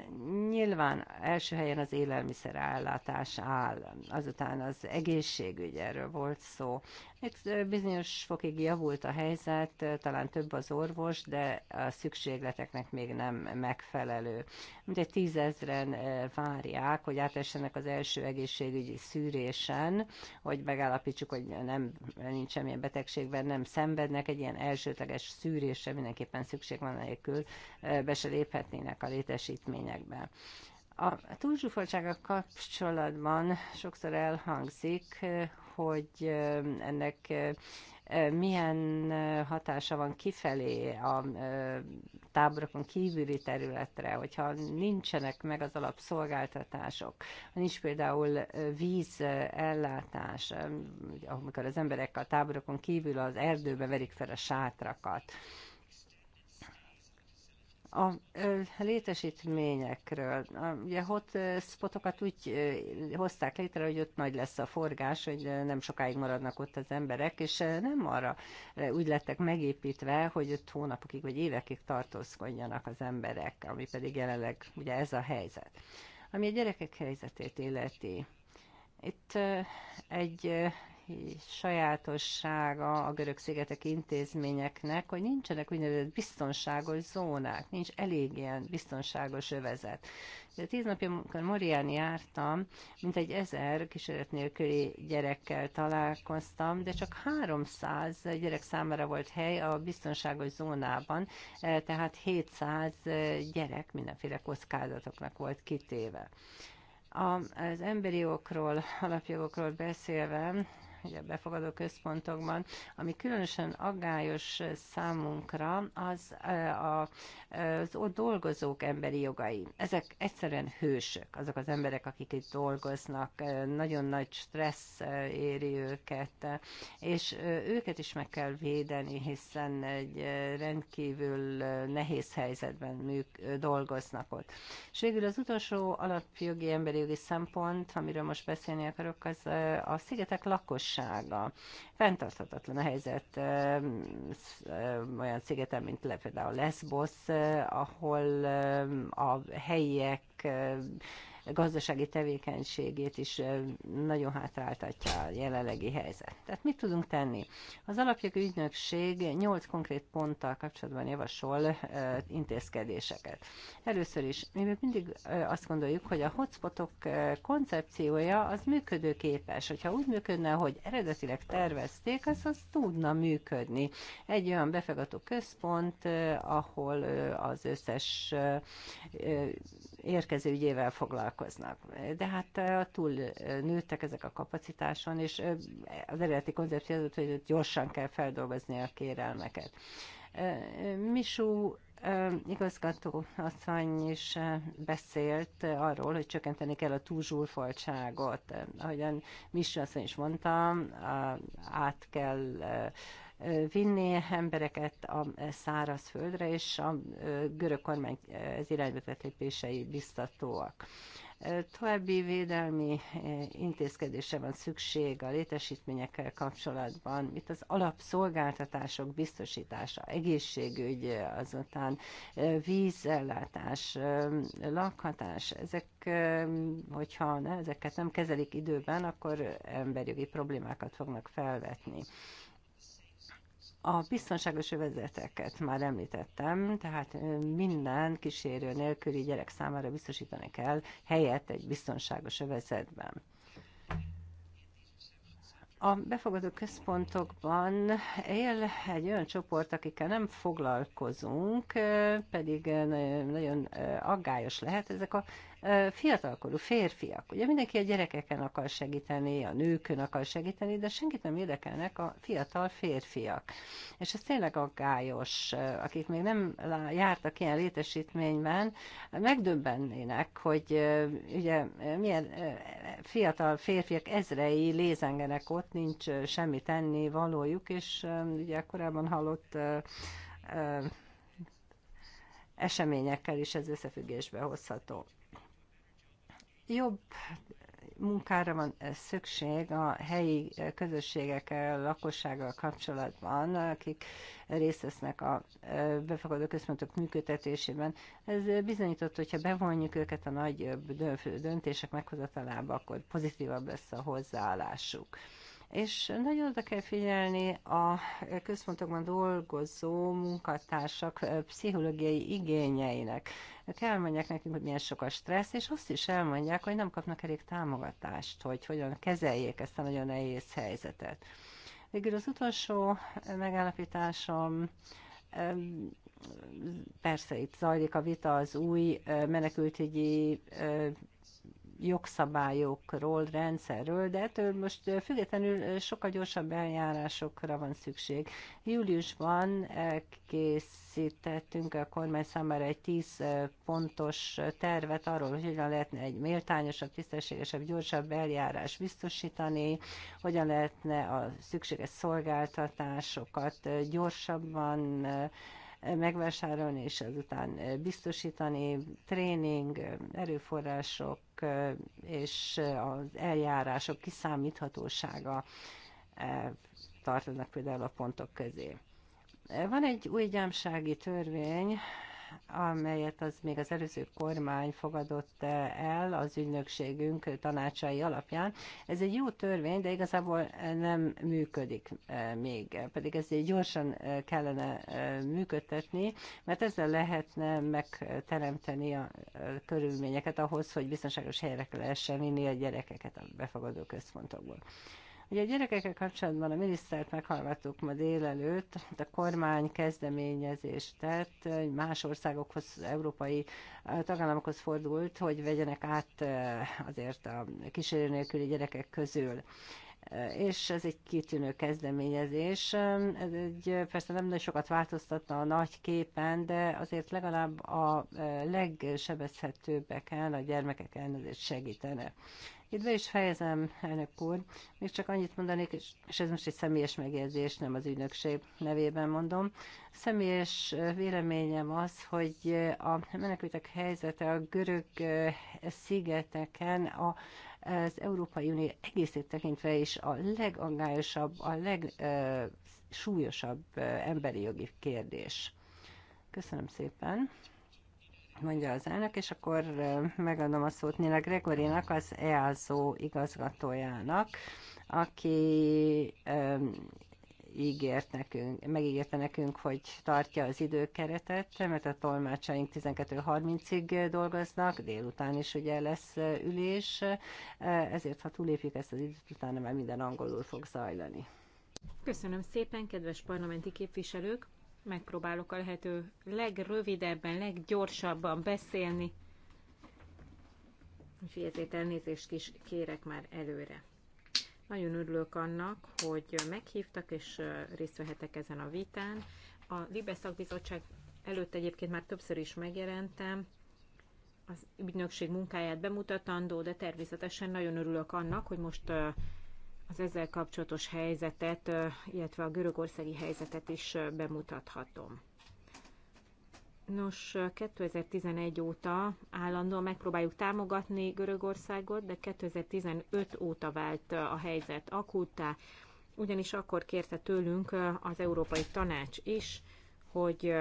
nyilván első helyen az élelmiszerellátás áll, azután az egészségügy, erről volt szó, itt hát, bizonyos fokig javult a helyzet, talán több az orvos, de a szükségleteknek még nem megfelelő. Mintegy tízezren várják, hogy átessenek az első egészségügyi szűrésen, hogy megállapítsuk, hogy nem, nincs semmilyen betegségben, nem szenvednek. Egy ilyen elsőleges szűrésre mindenképpen szükség van nélkül, be se léphetnének a létesítményekbe. A túlzsúfoltsága kapcsolatban sokszor elhangzik, hogy ennek milyen hatása van kifelé a táborokon kívüli területre, hogyha nincsenek meg az alapszolgáltatások, nincs például vízellátás, amikor az emberek a táborokon kívül az erdőbe verik fel a sátrakat. A létesítményekről. Ugye hotspotokat úgy hozták létre, hogy ott nagy lesz a forgás, hogy nem sokáig maradnak ott az emberek, és nem arra úgy lettek megépítve, hogy ott hónapokig vagy évekig tartózkodjanak az emberek, ami pedig jelenleg ugye ez a helyzet. Ami a gyerekek helyzetét illeti. Itt egy sajátossága a görög szigetek intézményeknek, hogy nincsenek úgynevezett biztonságos zónák, nincs elég ilyen biztonságos övezet. De tíz napja, amikor Morián jártam, mint egy ezer kísérlet nélküli gyerekkel találkoztam, de csak 300 gyerek számára volt hely a biztonságos zónában, e, tehát 700 gyerek mindenféle kockázatoknak volt kitéve. Az emberi jogokról, alapjogokról beszélve, vagy a befogadó központokban. Ami különösen aggályos számunkra, az eh, a, az ott dolgozók emberi jogai. Ezek egyszerűen hősök, azok az emberek, akik itt dolgoznak, eh, nagyon nagy stressz eh, éri őket, és őket is meg kell védeni, hiszen egy rendkívül nehéz helyzetben műk, dolgoznak ott. És végül az utolsó alapjogi emberi jogi szempont, amiről most beszélni akarok, az a szigetek lakos válsága. Fenntarthatatlan a helyzet olyan szigeten, mint például Lesbos, ahol a helyiek gazdasági tevékenységét is nagyon hátráltatja a jelenlegi helyzet. Tehát mit tudunk tenni? Az alapjogi ügynökség 8 konkrét ponttal kapcsolatban javasol intézkedéseket. Először is, mi még mindig azt gondoljuk, hogy a hotspotok koncepciója az működőképes. Hogyha úgy működne, hogy eredetileg tervezték, az az tudna működni. Egy olyan befogadó központ, ahol az összes érkező ügyével foglalkoznak. De hát túl nőttek ezek a kapacitáson, és az eredeti koncepció az, hogy gyorsan kell feldolgozni a kérelmeket. Misú igazgató asszony is beszélt arról, hogy csökkenteni kell a túlzsúfoltságot. Ahogyan Misú asszony is mondta, át kell vinni embereket a szárazföldre, és a görög kormány az irányvetett lépései biztatóak. További védelmi intézkedése van szükség a létesítményekkel kapcsolatban, itt az alapszolgáltatások biztosítása, egészségügy, azután vízellátás, lakhatás, ezek, hogyha ne, ezeket nem kezelik időben, akkor emberjogi problémákat fognak felvetni. A biztonságos övezeteket már említettem, tehát minden kísérő nélküli gyerek számára biztosítani kell helyet egy biztonságos övezetben. A befogadó központokban él egy olyan csoport, akikkel nem foglalkozunk, pedig nagyon aggályos lehet, ezek a fiatalkorú férfiak. Ugye mindenki a gyerekeken akar segíteni, a nőkön akar segíteni, de senkit nem érdekelnek a fiatal férfiak. És ez tényleg aggályos, akik még nem jártak ilyen létesítményben, megdöbbennének, hogy ugye milyen fiatal férfiak ezrei lézengenek ott, nincs semmi tenni valójuk, és ugye korábban hallott eseményekkel is ez összefüggésbe hozható. Jobb munkára van szükség a helyi közösségekkel, eh, lakossággal kapcsolatban, akik részt vesznek a eh, befogadó központok működtetésében. Ez bizonyított, hogyha bevonjuk őket a nagy eh, döntések meghozatalába, akkor pozitívabb lesz a hozzáállásuk és nagyon oda kell figyelni a központokban dolgozó munkatársak pszichológiai igényeinek. Ők elmondják nekünk, hogy milyen sok a stressz, és azt is elmondják, hogy nem kapnak elég támogatást, hogy hogyan kezeljék ezt a nagyon nehéz helyzetet. Végül az utolsó megállapításom, persze itt zajlik a vita az új menekültügyi jogszabályokról, rendszerről, de ettől hát, most függetlenül sokkal gyorsabb eljárásokra van szükség. Júliusban készítettünk a kormány számára egy 10 pontos tervet arról, hogy hogyan lehetne egy méltányosabb, tisztességesebb, gyorsabb eljárás biztosítani, hogyan lehetne a szükséges szolgáltatásokat gyorsabban megvásárolni, és azután eh, biztosítani, tréning, eh, erőforrások eh, és az eljárások kiszámíthatósága tartoznak például a pontok közé. Van egy új gyámsági törvény, amelyet az még az előző kormány fogadott eh, el az ügynökségünk tanácsai alapján. Ez egy jó törvény, de igazából eh, nem működik eh, még, pedig ez gyorsan kellene működtetni, mert ezzel lehetne megteremteni a körülményeket ahhoz, hogy biztonságos helyre lehessen vinni a gyerekeket a befogadó központokból. Ugye a gyerekekkel kapcsolatban a minisztert meghallgattuk ma délelőtt, a kormány kezdeményezést tett, más országokhoz, európai tagállamokhoz fordult, hogy vegyenek át azért a kísérő nélküli gyerekek közül és ez egy kitűnő kezdeményezés. Ez egy, persze nem nagyon sokat változtatna a nagy képen, de azért legalább a legsebezhetőbbeken, a gyermekek azért segítene. Itt be is fejezem, elnök úr. Még csak annyit mondanék, és, ez most egy személyes megjegyzés, nem az ügynökség nevében mondom. A személyes véleményem az, hogy a menekültek helyzete a görög szigeteken a az Európai Unió egészét tekintve is a legangályosabb, a legsúlyosabb emberi jogi kérdés. Köszönöm szépen mondja az elnök, és akkor megadom a szót Nina Gregorinak, az EASO igazgatójának, aki ígért nekünk, megígérte nekünk, hogy tartja az időkeretet, mert a tolmácsaink 12.30-ig dolgoznak, délután is ugye lesz ülés, ezért ha túlépjük ezt az időt, utána már minden angolul fog zajlani. Köszönöm szépen, kedves parlamenti képviselők! Megpróbálok a lehető legrövidebben, leggyorsabban beszélni. Úgyhogy ezért elnézést is kérek már előre. Nagyon örülök annak, hogy meghívtak és részt vehetek ezen a vitán. A Libe szakbizottság előtt egyébként már többször is megjelentem, az ügynökség munkáját bemutatandó, de természetesen nagyon örülök annak, hogy most az ezzel kapcsolatos helyzetet, illetve a görögországi helyzetet is bemutathatom. Nos, 2011 óta állandóan megpróbáljuk támogatni Görögországot, de 2015 óta vált a helyzet Akutá, ugyanis akkor kérte tőlünk az Európai Tanács is, hogy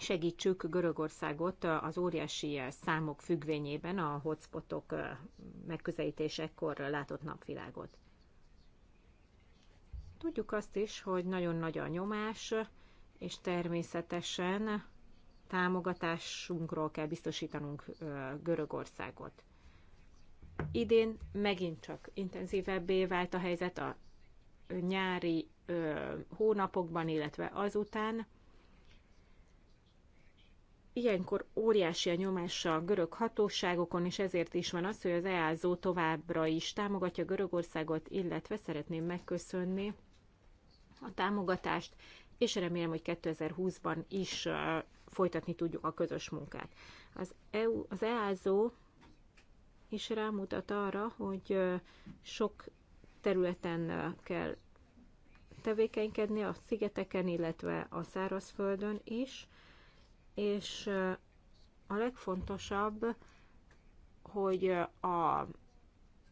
segítsük Görögországot az óriási eh, számok függvényében a hotspotok eh, megközelítésekor látott napvilágot. Tudjuk azt is, hogy nagyon nagy a nyomás, és természetesen támogatásunkról kell biztosítanunk eh, Görögországot. Idén megint csak intenzívebbé vált a helyzet a nyári hónapokban, illetve azután, ilyenkor óriási a nyomás a görög hatóságokon, és ezért is van az, hogy az EASO továbbra is támogatja Görögországot, illetve szeretném megköszönni a támogatást, és remélem, hogy 2020-ban is folytatni tudjuk a közös munkát. Az, EU, az EASO is rámutat arra, hogy sok területen kell tevékenykedni, a szigeteken, illetve a szárazföldön is, és a legfontosabb, hogy a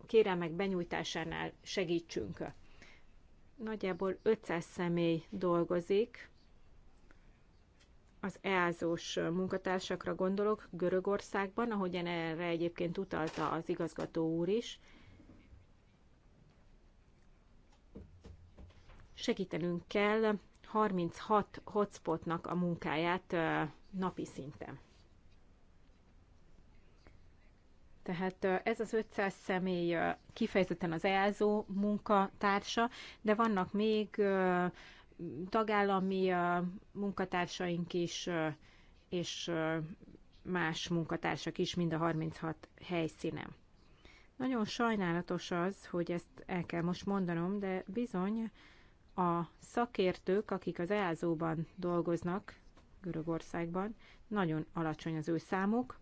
kérelmek benyújtásánál segítsünk. Nagyjából 500 személy dolgozik, az EASO-s munkatársakra gondolok Görögországban, ahogyan erre egyébként utalta az igazgató úr is. Segítenünk kell 36 hotspotnak a munkáját napi szinten. Tehát ez az 500 személy kifejezetten az EASO munkatársa, de vannak még tagállami munkatársaink is, és más munkatársak is, mind a 36 helyszínen. Nagyon sajnálatos az, hogy ezt el kell most mondanom, de bizony a szakértők, akik az EASO-ban dolgoznak, Görögországban, nagyon alacsony az ő számuk,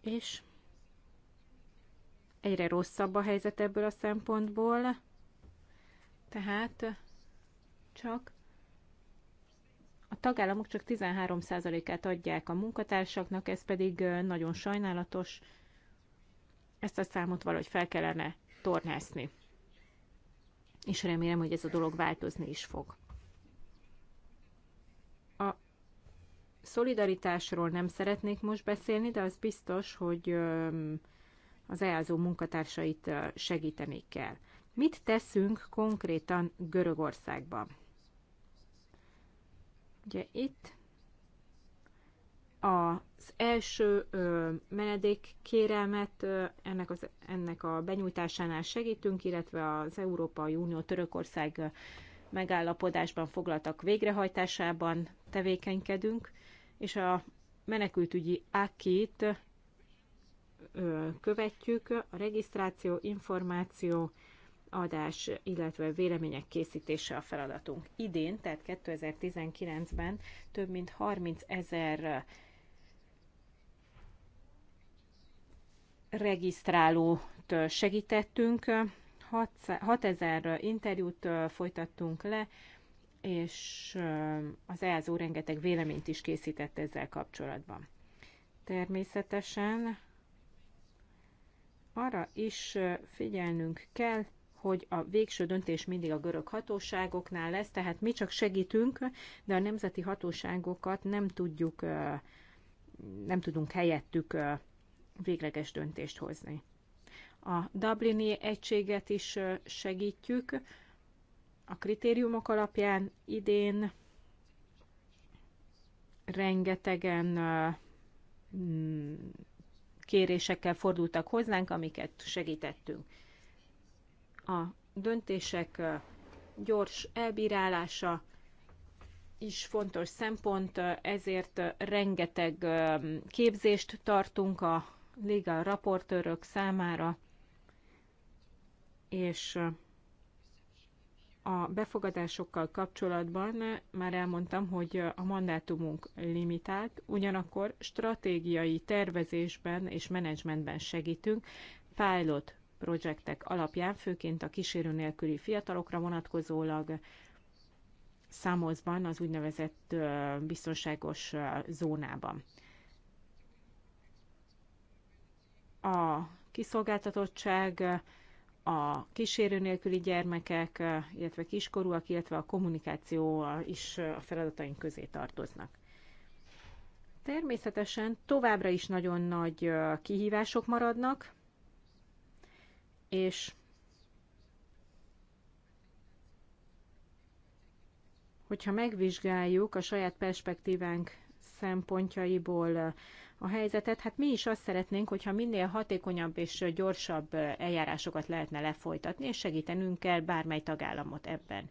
és egyre rosszabb a helyzet ebből a szempontból, tehát csak a tagállamok csak 13%-át adják a munkatársaknak, ez pedig nagyon sajnálatos. Ezt a számot valahogy fel kellene tornászni és remélem, hogy ez a dolog változni is fog. A szolidaritásról nem szeretnék most beszélni, de az biztos, hogy az EASO munkatársait segíteni kell. Mit teszünk konkrétan Görögországban? Ugye itt az első menedékkérelmet ennek, az, ennek a benyújtásánál segítünk, illetve az Európai Unió Törökország megállapodásban foglaltak végrehajtásában tevékenykedünk, és a menekültügyi akit követjük, a regisztráció, információ, adás, illetve vélemények készítése a feladatunk. Idén, tehát 2019-ben több mint 30 ezer regisztrálót segítettünk, 6000 interjút folytattunk le, és az EASO rengeteg véleményt is készített ezzel kapcsolatban. Természetesen arra is figyelnünk kell, hogy a végső döntés mindig a görög hatóságoknál lesz, tehát mi csak segítünk, de a nemzeti hatóságokat nem tudjuk, nem tudunk helyettük végleges döntést hozni. A Dublini egységet is segítjük a kritériumok alapján idén rengetegen mm, kérésekkel fordultak hozzánk, amiket segítettünk. A döntések gyors elbírálása is fontos szempont, ezért rengeteg képzést tartunk a Liga raportőrök számára, és a befogadásokkal kapcsolatban már elmondtam, hogy a mandátumunk limitált, ugyanakkor stratégiai tervezésben és menedzsmentben segítünk, pilot projektek alapján, főként a kísérő nélküli fiatalokra vonatkozólag számozban az úgynevezett biztonságos zónában. a kiszolgáltatottság, a kísérő nélküli gyermekek, illetve kiskorúak, illetve a kommunikáció is a feladataink közé tartoznak. Természetesen továbbra is nagyon nagy kihívások maradnak, és hogyha megvizsgáljuk a saját perspektívánk szempontjaiból a helyzetet. Hát mi is azt szeretnénk, hogyha minél hatékonyabb és gyorsabb eljárásokat lehetne lefolytatni, és segítenünk kell bármely tagállamot ebben.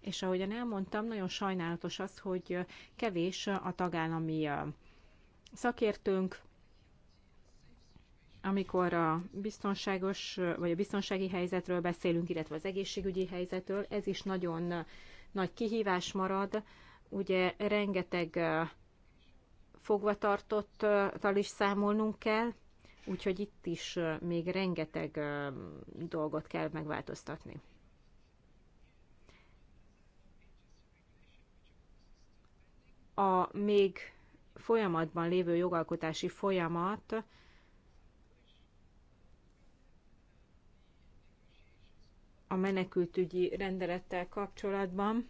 És ahogyan elmondtam, nagyon sajnálatos az, hogy kevés a tagállami szakértőnk, amikor a biztonságos, vagy a biztonsági helyzetről beszélünk, illetve az egészségügyi helyzetről, ez is nagyon nagy kihívás marad. Ugye rengeteg fogvatartottal is számolnunk kell, úgyhogy itt is még rengeteg dolgot kell megváltoztatni. A még folyamatban lévő jogalkotási folyamat a menekültügyi rendelettel kapcsolatban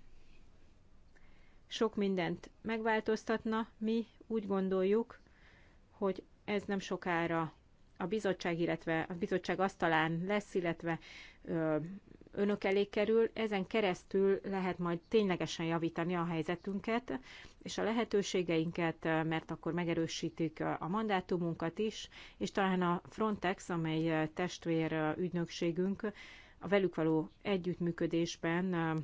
sok mindent megváltoztatna, mi úgy gondoljuk, hogy ez nem sokára a bizottság, illetve a bizottság asztalán lesz, illetve ö, önök elé kerül, ezen keresztül lehet majd ténylegesen javítani a helyzetünket és a lehetőségeinket, mert akkor megerősítik a mandátumunkat is, és talán a Frontex, amely testvér ügynökségünk, a velük való együttműködésben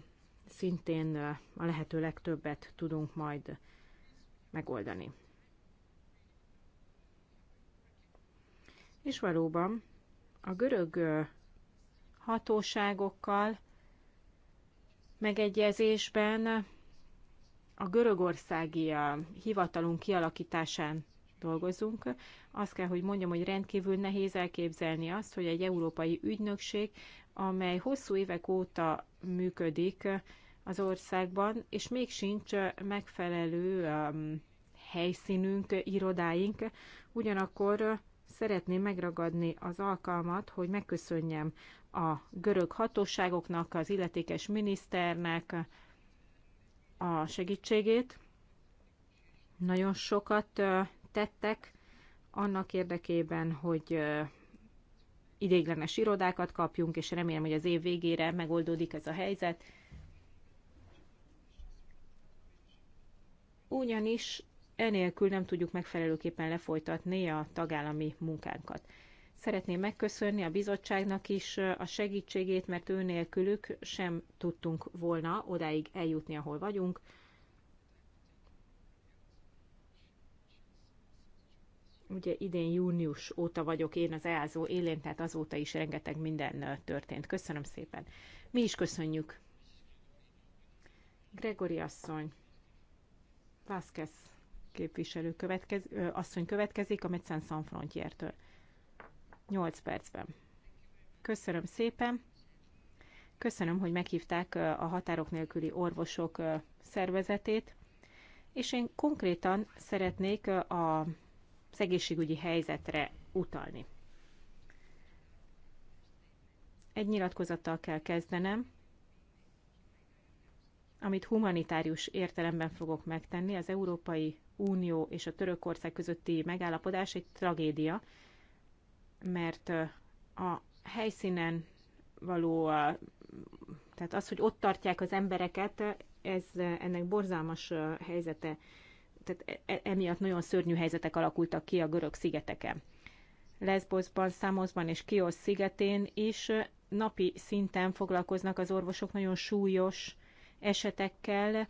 szintén a lehető legtöbbet tudunk majd megoldani. És valóban a görög hatóságokkal megegyezésben a görögországi hivatalunk kialakításán dolgozunk. Azt kell, hogy mondjam, hogy rendkívül nehéz elképzelni azt, hogy egy európai ügynökség, amely hosszú évek óta működik, az országban, és még sincs megfelelő helyszínünk, irodáink. Ugyanakkor szeretném megragadni az alkalmat, hogy megköszönjem a görög hatóságoknak, az illetékes miniszternek a segítségét. Nagyon sokat tettek annak érdekében, hogy idéglenes irodákat kapjunk, és remélem, hogy az év végére megoldódik ez a helyzet ugyanis enélkül nem tudjuk megfelelőképpen lefolytatni a tagállami munkánkat. Szeretném megköszönni a bizottságnak is a segítségét, mert ő nélkülük sem tudtunk volna odáig eljutni, ahol vagyunk. Ugye idén június óta vagyok én az EASO élén, tehát azóta is rengeteg minden történt. Köszönöm szépen. Mi is köszönjük. Gregori asszony. Vázquez képviselő következ, ö, asszony következik a Medecin Sans Frontiertől. 8 percben. Köszönöm szépen. Köszönöm, hogy meghívták a határok nélküli orvosok szervezetét, és én konkrétan szeretnék a egészségügyi helyzetre utalni. Egy nyilatkozattal kell kezdenem amit humanitárius értelemben fogok megtenni, az Európai Unió és a Törökország közötti megállapodás egy tragédia, mert a helyszínen való, tehát az, hogy ott tartják az embereket, ez ennek borzalmas helyzete, tehát e, e, emiatt nagyon szörnyű helyzetek alakultak ki a görög szigeteken. Lesbosban, Számoszban és Kiosz szigetén is napi szinten foglalkoznak az orvosok nagyon súlyos esetekkel,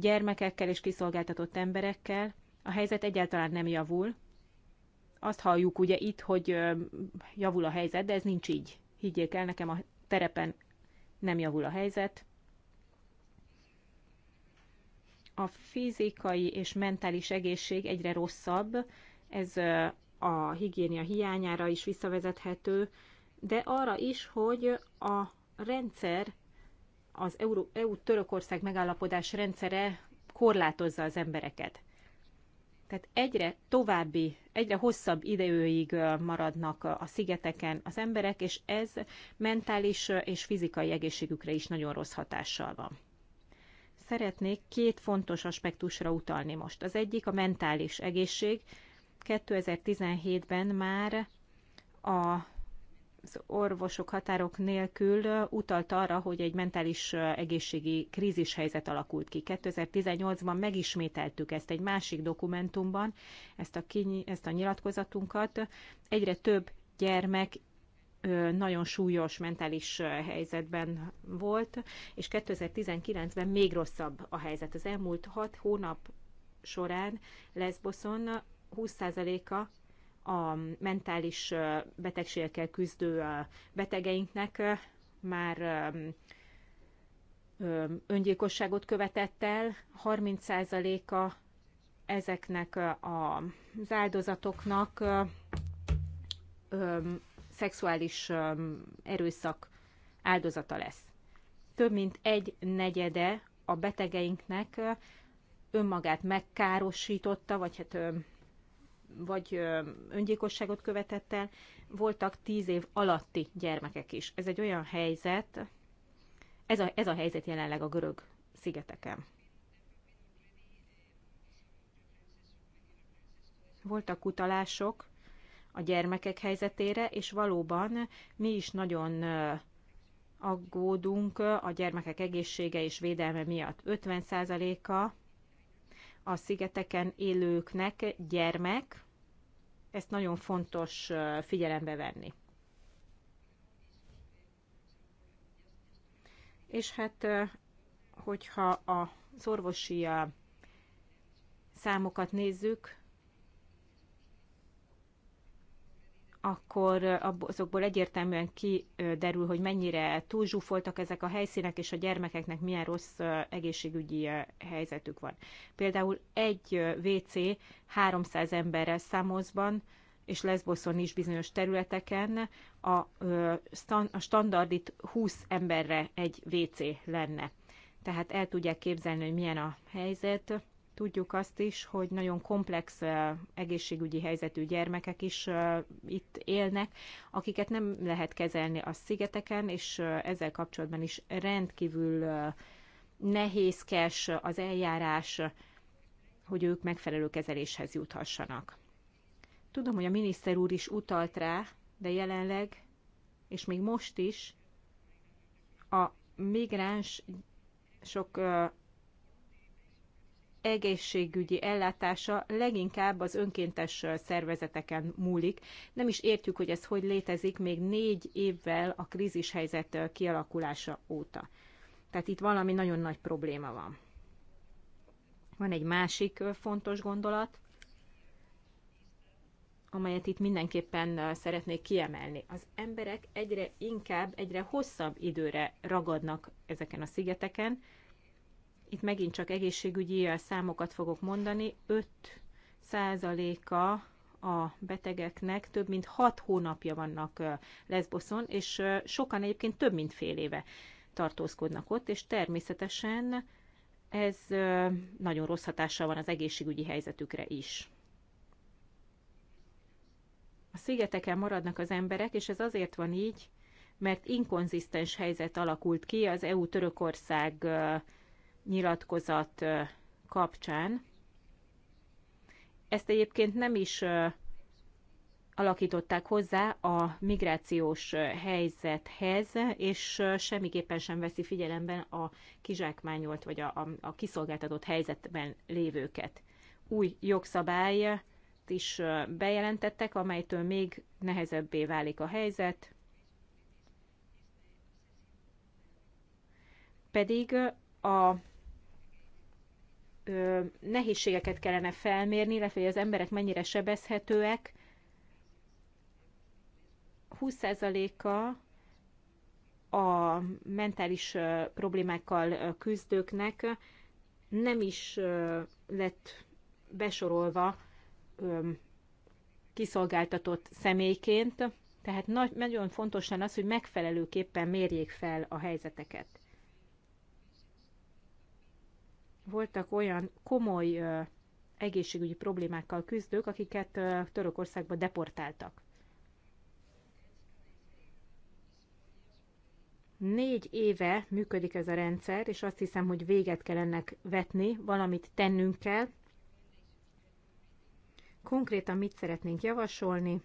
gyermekekkel és kiszolgáltatott emberekkel. A helyzet egyáltalán nem javul. Azt halljuk ugye itt, hogy javul a helyzet, de ez nincs így. Higgyék el, nekem a terepen nem javul a helyzet. A fizikai és mentális egészség egyre rosszabb, ez a higiénia hiányára is visszavezethető, de arra is, hogy a rendszer az EU-Törökország megállapodás rendszere korlátozza az embereket. Tehát egyre további, egyre hosszabb időig maradnak a szigeteken az emberek, és ez mentális és fizikai egészségükre is nagyon rossz hatással van. Szeretnék két fontos aspektusra utalni most. Az egyik a mentális egészség. 2017-ben már a az orvosok határok nélkül utalt arra, hogy egy mentális egészségi krízis helyzet alakult ki. 2018-ban megismételtük ezt egy másik dokumentumban, ezt a, kiny- ezt a nyilatkozatunkat. Egyre több gyermek nagyon súlyos mentális helyzetben volt, és 2019-ben még rosszabb a helyzet. Az elmúlt hat hónap során Lesboszon 20%-a a mentális betegségekkel küzdő betegeinknek már öngyilkosságot követett el, 30%-a ezeknek az áldozatoknak szexuális erőszak áldozata lesz. Több mint egy negyede a betegeinknek önmagát megkárosította, vagy hát vagy öngyilkosságot követett el, voltak tíz év alatti gyermekek is. Ez egy olyan helyzet, ez a, ez a helyzet jelenleg a görög szigeteken. Voltak utalások a gyermekek helyzetére, és valóban mi is nagyon aggódunk a gyermekek egészsége és védelme miatt. 50%-a a szigeteken élőknek gyermek, ezt nagyon fontos figyelembe venni. És hát, hogyha az orvosi számokat nézzük, akkor azokból egyértelműen kiderül, hogy mennyire túlzsúfoltak ezek a helyszínek, és a gyermekeknek milyen rossz egészségügyi helyzetük van. Például egy WC 300 emberrel számozban, és leszboszon is bizonyos területeken a, a standard itt 20 emberre egy WC lenne. Tehát el tudják képzelni, hogy milyen a helyzet. Tudjuk azt is, hogy nagyon komplex egészségügyi helyzetű gyermekek is itt élnek, akiket nem lehet kezelni a szigeteken, és ezzel kapcsolatban is rendkívül nehézkes az eljárás, hogy ők megfelelő kezeléshez juthassanak. Tudom, hogy a miniszter úr is utalt rá, de jelenleg, és még most is, a migráns sok egészségügyi ellátása leginkább az önkéntes szervezeteken múlik. Nem is értjük, hogy ez hogy létezik még négy évvel a krízishelyzet kialakulása óta. Tehát itt valami nagyon nagy probléma van. Van egy másik fontos gondolat, amelyet itt mindenképpen szeretnék kiemelni. Az emberek egyre inkább, egyre hosszabb időre ragadnak ezeken a szigeteken, itt megint csak egészségügyi számokat fogok mondani. 5%-a a betegeknek több mint 6 hónapja vannak leszboszon, és sokan egyébként több mint fél éve tartózkodnak ott, és természetesen ez nagyon rossz hatással van az egészségügyi helyzetükre is. A szigeteken maradnak az emberek, és ez azért van így, mert inkonzisztens helyzet alakult ki az EU-Törökország nyilatkozat kapcsán. Ezt egyébként nem is alakították hozzá a migrációs helyzethez, és semmiképpen sem veszi figyelemben a kizsákmányolt vagy a, a, a kiszolgáltatott helyzetben lévőket. Új jogszabály is bejelentettek, amelytől még nehezebbé válik a helyzet. Pedig a ö, nehézségeket kellene felmérni, illetve hogy az emberek mennyire sebezhetőek. 20%-a a mentális problémákkal küzdőknek nem is lett besorolva kiszolgáltatott személyként, tehát nagy, nagyon fontos lenne az, hogy megfelelőképpen mérjék fel a helyzeteket voltak olyan komoly egészségügyi problémákkal küzdők, akiket Törökországba deportáltak. Négy éve működik ez a rendszer, és azt hiszem, hogy véget kell ennek vetni, valamit tennünk kell. Konkrétan mit szeretnénk javasolni?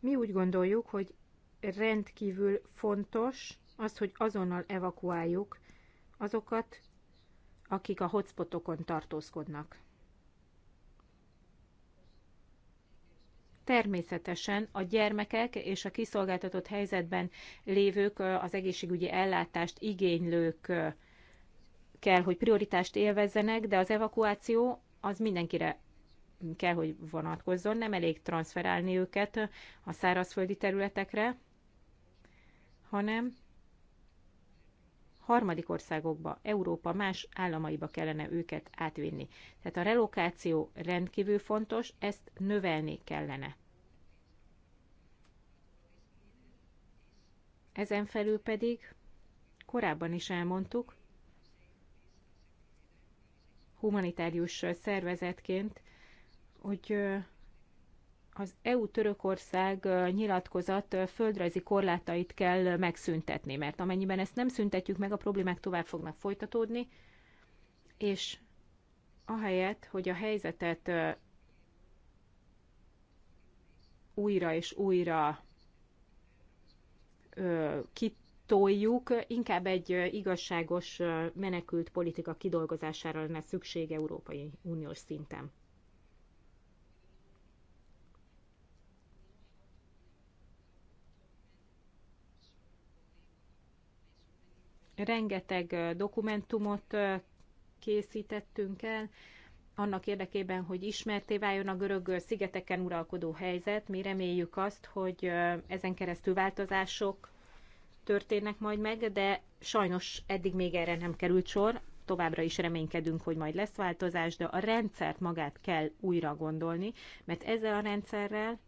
Mi úgy gondoljuk, hogy rendkívül fontos az, hogy azonnal evakuáljuk azokat, akik a hotspotokon tartózkodnak. Természetesen a gyermekek és a kiszolgáltatott helyzetben lévők, az egészségügyi ellátást igénylők kell, hogy prioritást élvezzenek, de az evakuáció az mindenkire kell, hogy vonatkozzon. Nem elég transferálni őket a szárazföldi területekre, hanem harmadik országokba, Európa más államaiba kellene őket átvinni. Tehát a relokáció rendkívül fontos, ezt növelni kellene. Ezen felül pedig, korábban is elmondtuk, humanitárius szervezetként, hogy az EU-Törökország nyilatkozat földrajzi korlátait kell megszüntetni, mert amennyiben ezt nem szüntetjük meg, a problémák tovább fognak folytatódni, és ahelyett, hogy a helyzetet újra és újra kitoljuk, inkább egy igazságos menekült politika kidolgozására lenne szükség Európai Uniós szinten. Rengeteg dokumentumot készítettünk el, annak érdekében, hogy ismerté váljon a görög szigeteken uralkodó helyzet. Mi reméljük azt, hogy ezen keresztül változások történnek majd meg, de sajnos eddig még erre nem került sor. Továbbra is reménykedünk, hogy majd lesz változás, de a rendszert magát kell újra gondolni, mert ezzel a rendszerrel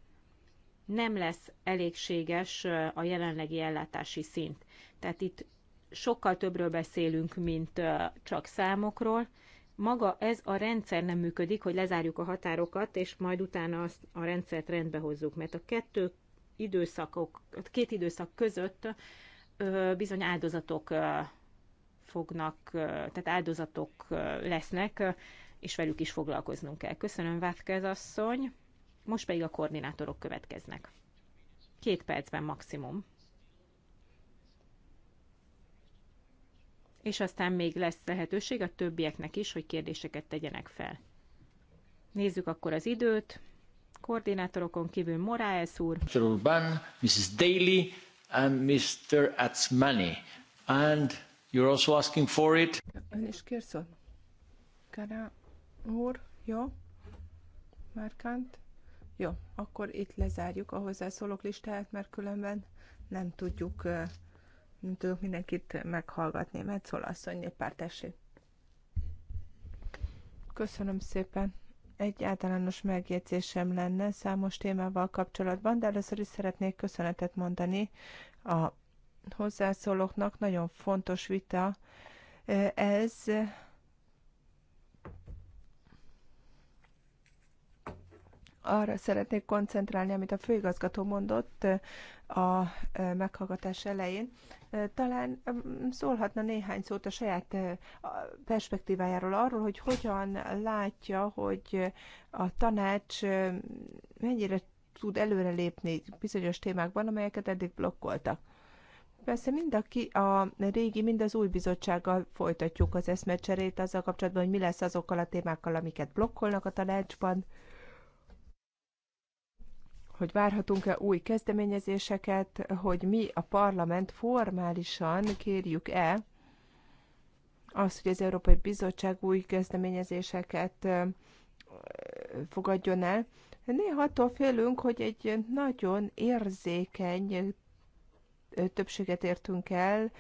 nem lesz elégséges a jelenlegi ellátási szint. Tehát itt sokkal többről beszélünk, mint csak számokról. Maga ez a rendszer nem működik, hogy lezárjuk a határokat, és majd utána azt a rendszert rendbe hozzuk, mert a kettő időszakok, a két időszak között bizony áldozatok fognak, tehát áldozatok lesznek, és velük is foglalkoznunk kell. Köszönöm, Vázquez asszony. Most pedig a koordinátorok következnek. Két percben maximum. és aztán még lesz lehetőség a többieknek is, hogy kérdéseket tegyenek fel. Nézzük akkor az időt. Koordinátorokon kívül Moraes úr. Mr. Urban, Mrs. Daly and Mr. Atzmani. And you're also asking for it. Ön is kérsz Kara úr, jó? Márkánt? Jó, akkor itt lezárjuk a hozzászólók listáját, mert különben nem tudjuk nem tudok mindenkit meghallgatni, mert szól asszony néppárt tessék. Köszönöm szépen. Egy általános megjegyzésem lenne számos témával kapcsolatban, de először is szeretnék köszönetet mondani a hozzászólóknak. Nagyon fontos vita ez arra szeretnék koncentrálni, amit a főigazgató mondott a meghallgatás elején. Talán szólhatna néhány szót a saját perspektívájáról arról, hogy hogyan látja, hogy a tanács mennyire tud előrelépni bizonyos témákban, amelyeket eddig blokkoltak. Persze mind a, ki, a régi, mind az új bizottsággal folytatjuk az eszmecserét azzal kapcsolatban, hogy mi lesz azokkal a témákkal, amiket blokkolnak a tanácsban, hogy várhatunk-e új kezdeményezéseket, hogy mi a parlament formálisan kérjük-e azt, hogy az Európai Bizottság új kezdeményezéseket fogadjon el. Néha attól félünk, hogy egy nagyon érzékeny többséget értünk el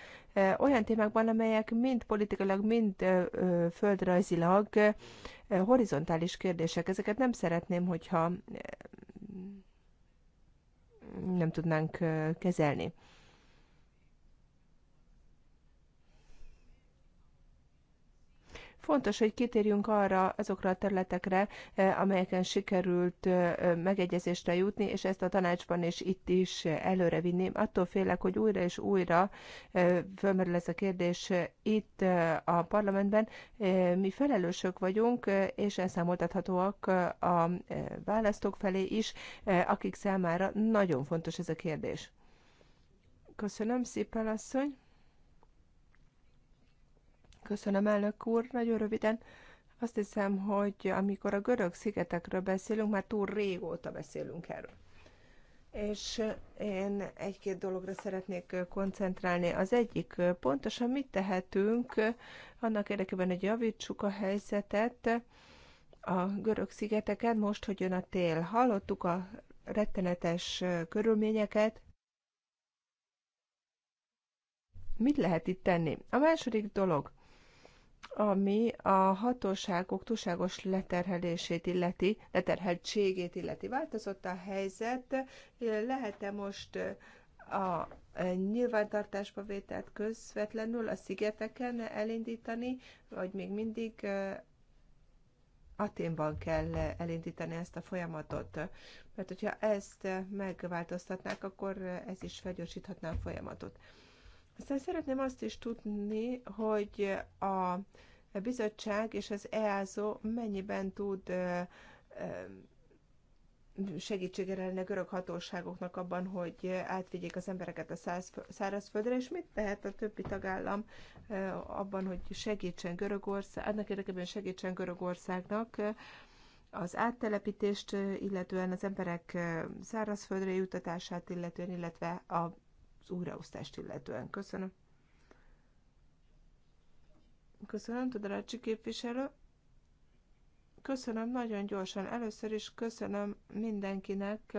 olyan témákban, amelyek mind politikailag, mind földrajzilag horizontális kérdések. Ezeket nem szeretném, hogyha nem tudnánk kezelni. Fontos, hogy kitérjünk arra azokra a területekre, eh, amelyeken sikerült eh, megegyezésre jutni, és ezt a tanácsban és itt is előrevinni. Attól félek, hogy újra és újra eh, fölmerül ez a kérdés itt a parlamentben. Mi felelősök vagyunk, és elszámoltathatóak a választók felé is, akik számára nagyon fontos ez a kérdés. Köszönöm szépen, asszony! Köszönöm, elnök úr. Nagyon röviden. Azt hiszem, hogy amikor a görög szigetekről beszélünk, már túl régóta beszélünk erről. És én egy-két dologra szeretnék koncentrálni. Az egyik, pontosan mit tehetünk annak érdekében, hogy javítsuk a helyzetet a görög szigeteken, most, hogy jön a tél. Hallottuk a rettenetes körülményeket, mit lehet itt tenni? A második dolog, ami a hatóságok túlságos leterhelését illeti, leterheltségét illeti. Változott a helyzet, lehet-e most a nyilvántartásba vételt közvetlenül a szigeteken elindítani, vagy még mindig Aténban kell elindítani ezt a folyamatot. Mert hogyha ezt megváltoztatnák, akkor ez is felgyorsíthatná a folyamatot. Aztán szeretném azt is tudni, hogy a bizottság és az EASO mennyiben tud segítségére lenni a görög hatóságoknak abban, hogy átvigyék az embereket a száraz, szárazföldre, és mit tehet a többi tagállam abban, hogy segítsen Görögország, annak érdekében segítsen Görögországnak az áttelepítést, illetően az emberek szárazföldre jutatását, illetően, illetve a az újraosztást illetően. Köszönöm. Köszönöm, Tudorácsi képviselő. Köszönöm nagyon gyorsan. Először is köszönöm mindenkinek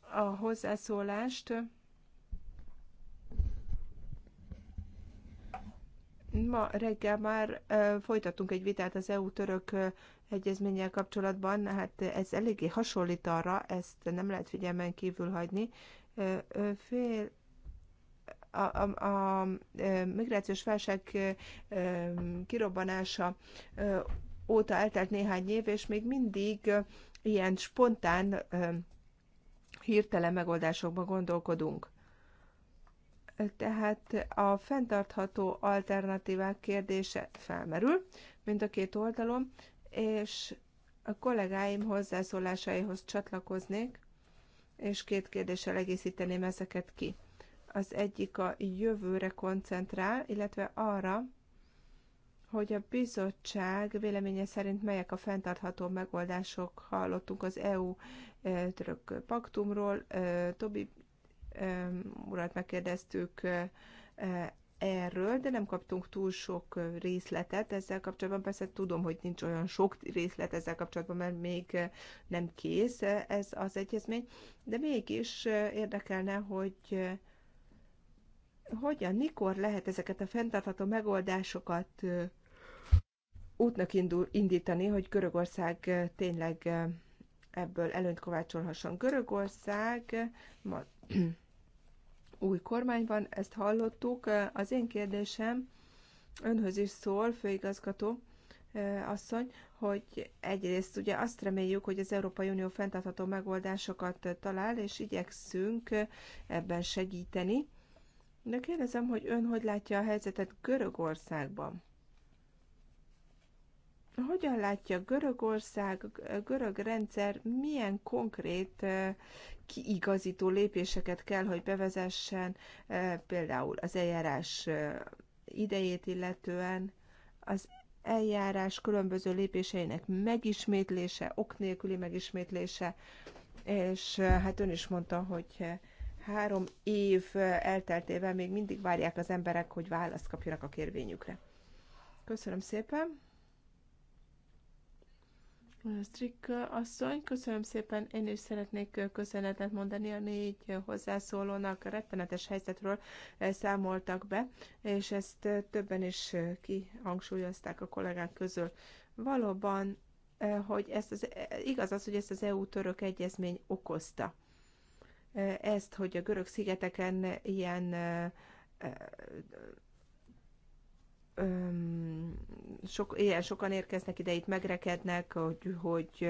a hozzászólást. Ma reggel már folytattunk egy vitát az EU-török egyezménnyel kapcsolatban, hát ez eléggé hasonlít arra, ezt nem lehet figyelmen kívül hagyni, fél a, a, a migrációs válság kirobbanása óta eltelt néhány év, és még mindig ilyen spontán, hirtelen megoldásokba gondolkodunk. Tehát a fenntartható alternatívák kérdése felmerül mind a két oldalon, és a kollégáim hozzászólásaihoz csatlakoznék és két kérdéssel egészíteném ezeket ki. Az egyik a jövőre koncentrál, illetve arra, hogy a bizottság véleménye szerint melyek a fenntartható megoldások, hallottunk az EU e, török paktumról, e, Tobi e, urat megkérdeztük erről, de nem kaptunk túl sok részletet ezzel kapcsolatban. Persze tudom, hogy nincs olyan sok részlet ezzel kapcsolatban, mert még nem kész ez az egyezmény, de mégis érdekelne, hogy hogyan, mikor lehet ezeket a fenntartható megoldásokat útnak indul, indítani, hogy Görögország tényleg ebből előnyt kovácsolhasson. Görögország ma új kormány van, ezt hallottuk. Az én kérdésem önhöz is szól, főigazgató eh, asszony, hogy egyrészt ugye azt reméljük, hogy az Európai Unió fenntartható megoldásokat talál, és igyekszünk ebben segíteni. De kérdezem, hogy ön hogy látja a helyzetet Görögországban? Hogyan látja Görögország, görög rendszer, milyen konkrét kiigazító lépéseket kell, hogy bevezessen, például az eljárás idejét illetően, az eljárás különböző lépéseinek megismétlése, ok nélküli megismétlése, és hát ön is mondta, hogy három év elteltével még mindig várják az emberek, hogy választ kapjanak a kérvényükre. Köszönöm szépen! Strik asszony, köszönöm szépen. Én is szeretnék köszönetet mondani a négy hozzászólónak. Rettenetes helyzetről számoltak be, és ezt többen is kihangsúlyozták a kollégák közül. Valóban, hogy ezt az, igaz az, hogy ezt az EU-török egyezmény okozta. Ezt, hogy a görög szigeteken ilyen sok, ilyen sokan érkeznek ide, itt megrekednek, hogy, hogy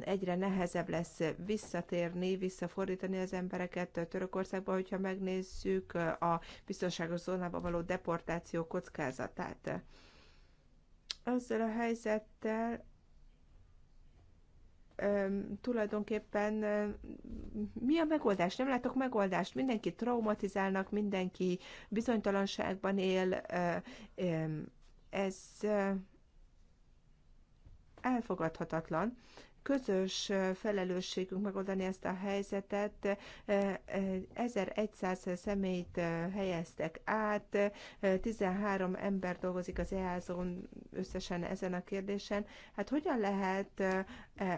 egyre nehezebb lesz visszatérni, visszafordítani az embereket Törökországba, hogyha megnézzük a biztonságos zónába való deportáció kockázatát. Ezzel a helyzettel tulajdonképpen mi a megoldás? Nem látok megoldást. Mindenki traumatizálnak, mindenki bizonytalanságban él. Ez elfogadhatatlan közös felelősségünk megoldani ezt a helyzetet. 1100 személyt helyeztek át, 13 ember dolgozik az easo összesen ezen a kérdésen. Hát hogyan lehet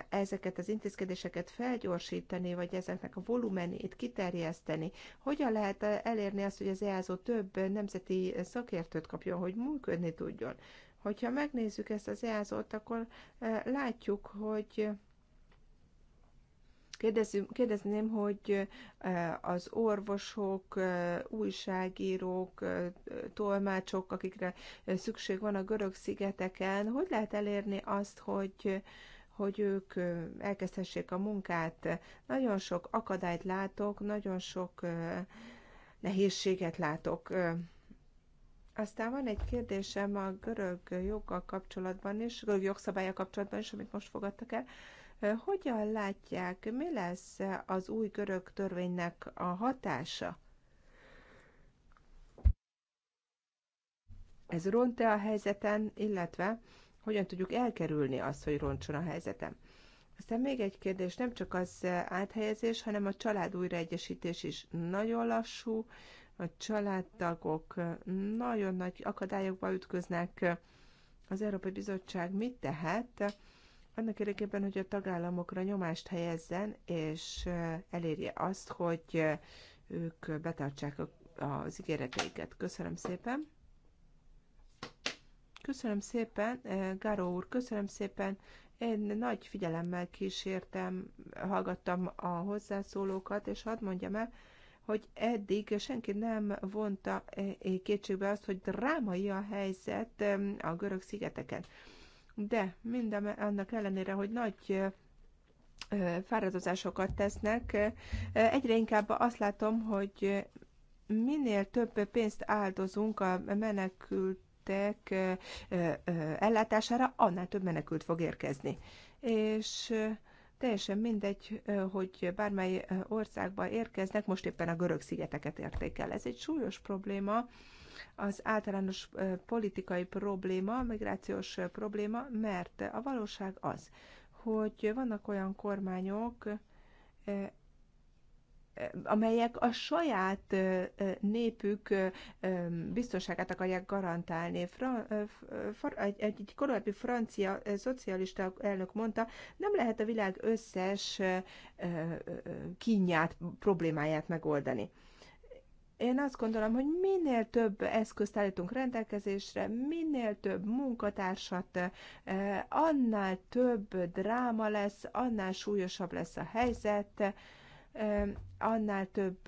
ezeket az intézkedéseket felgyorsítani, vagy ezeknek a volumenét kiterjeszteni? Hogyan lehet elérni azt, hogy az EASO több nemzeti szakértőt kapjon, hogy működni tudjon? Hogyha megnézzük ezt az easz akkor e, látjuk, hogy kérdezném, hogy e, az orvosok, e, újságírók, tolmácsok, akikre szükség van a görög szigeteken, hogy lehet elérni azt, hogy, hogy ők elkezdhessék a munkát. Nagyon sok akadályt látok, nagyon sok nehézséget látok. Aztán van egy kérdésem a görög joggal kapcsolatban is, görög jogszabálya kapcsolatban is, amit most fogadtak el. Hogyan látják, mi lesz az új görög törvénynek a hatása? Ez ront-e a helyzeten, illetve hogyan tudjuk elkerülni azt, hogy roncson a helyzetem? Aztán még egy kérdés, nem csak az áthelyezés, hanem a család újraegyesítés is nagyon lassú, a családtagok nagyon nagy akadályokba ütköznek. Az Európai Bizottság mit tehet annak érdekében, hogy a tagállamokra nyomást helyezzen, és elérje azt, hogy ők betartsák az ígéreteiket. Köszönöm szépen! Köszönöm szépen, Gáró úr, köszönöm szépen. Én nagy figyelemmel kísértem, hallgattam a hozzászólókat, és hadd mondjam el, hogy eddig senki nem vonta eh, eh, kétségbe azt, hogy drámai a helyzet a görög szigeteken. De minden annak ellenére, hogy nagy eh, fáradozásokat tesznek, egyre inkább azt látom, hogy minél több pénzt áldozunk a menekültek ellátására, annál több menekült fog érkezni. És Teljesen mindegy, hogy bármely országba érkeznek, most éppen a görög szigeteket érték el. Ez egy súlyos probléma, az általános politikai probléma, migrációs probléma, mert a valóság az, hogy vannak olyan kormányok, amelyek a saját népük biztonságát akarják garantálni. Fra, fra, egy, egy korábbi francia szocialista elnök mondta, nem lehet a világ összes kínját, problémáját megoldani. Én azt gondolom, hogy minél több eszközt állítunk rendelkezésre, minél több munkatársat, annál több dráma lesz, annál súlyosabb lesz a helyzet, annál több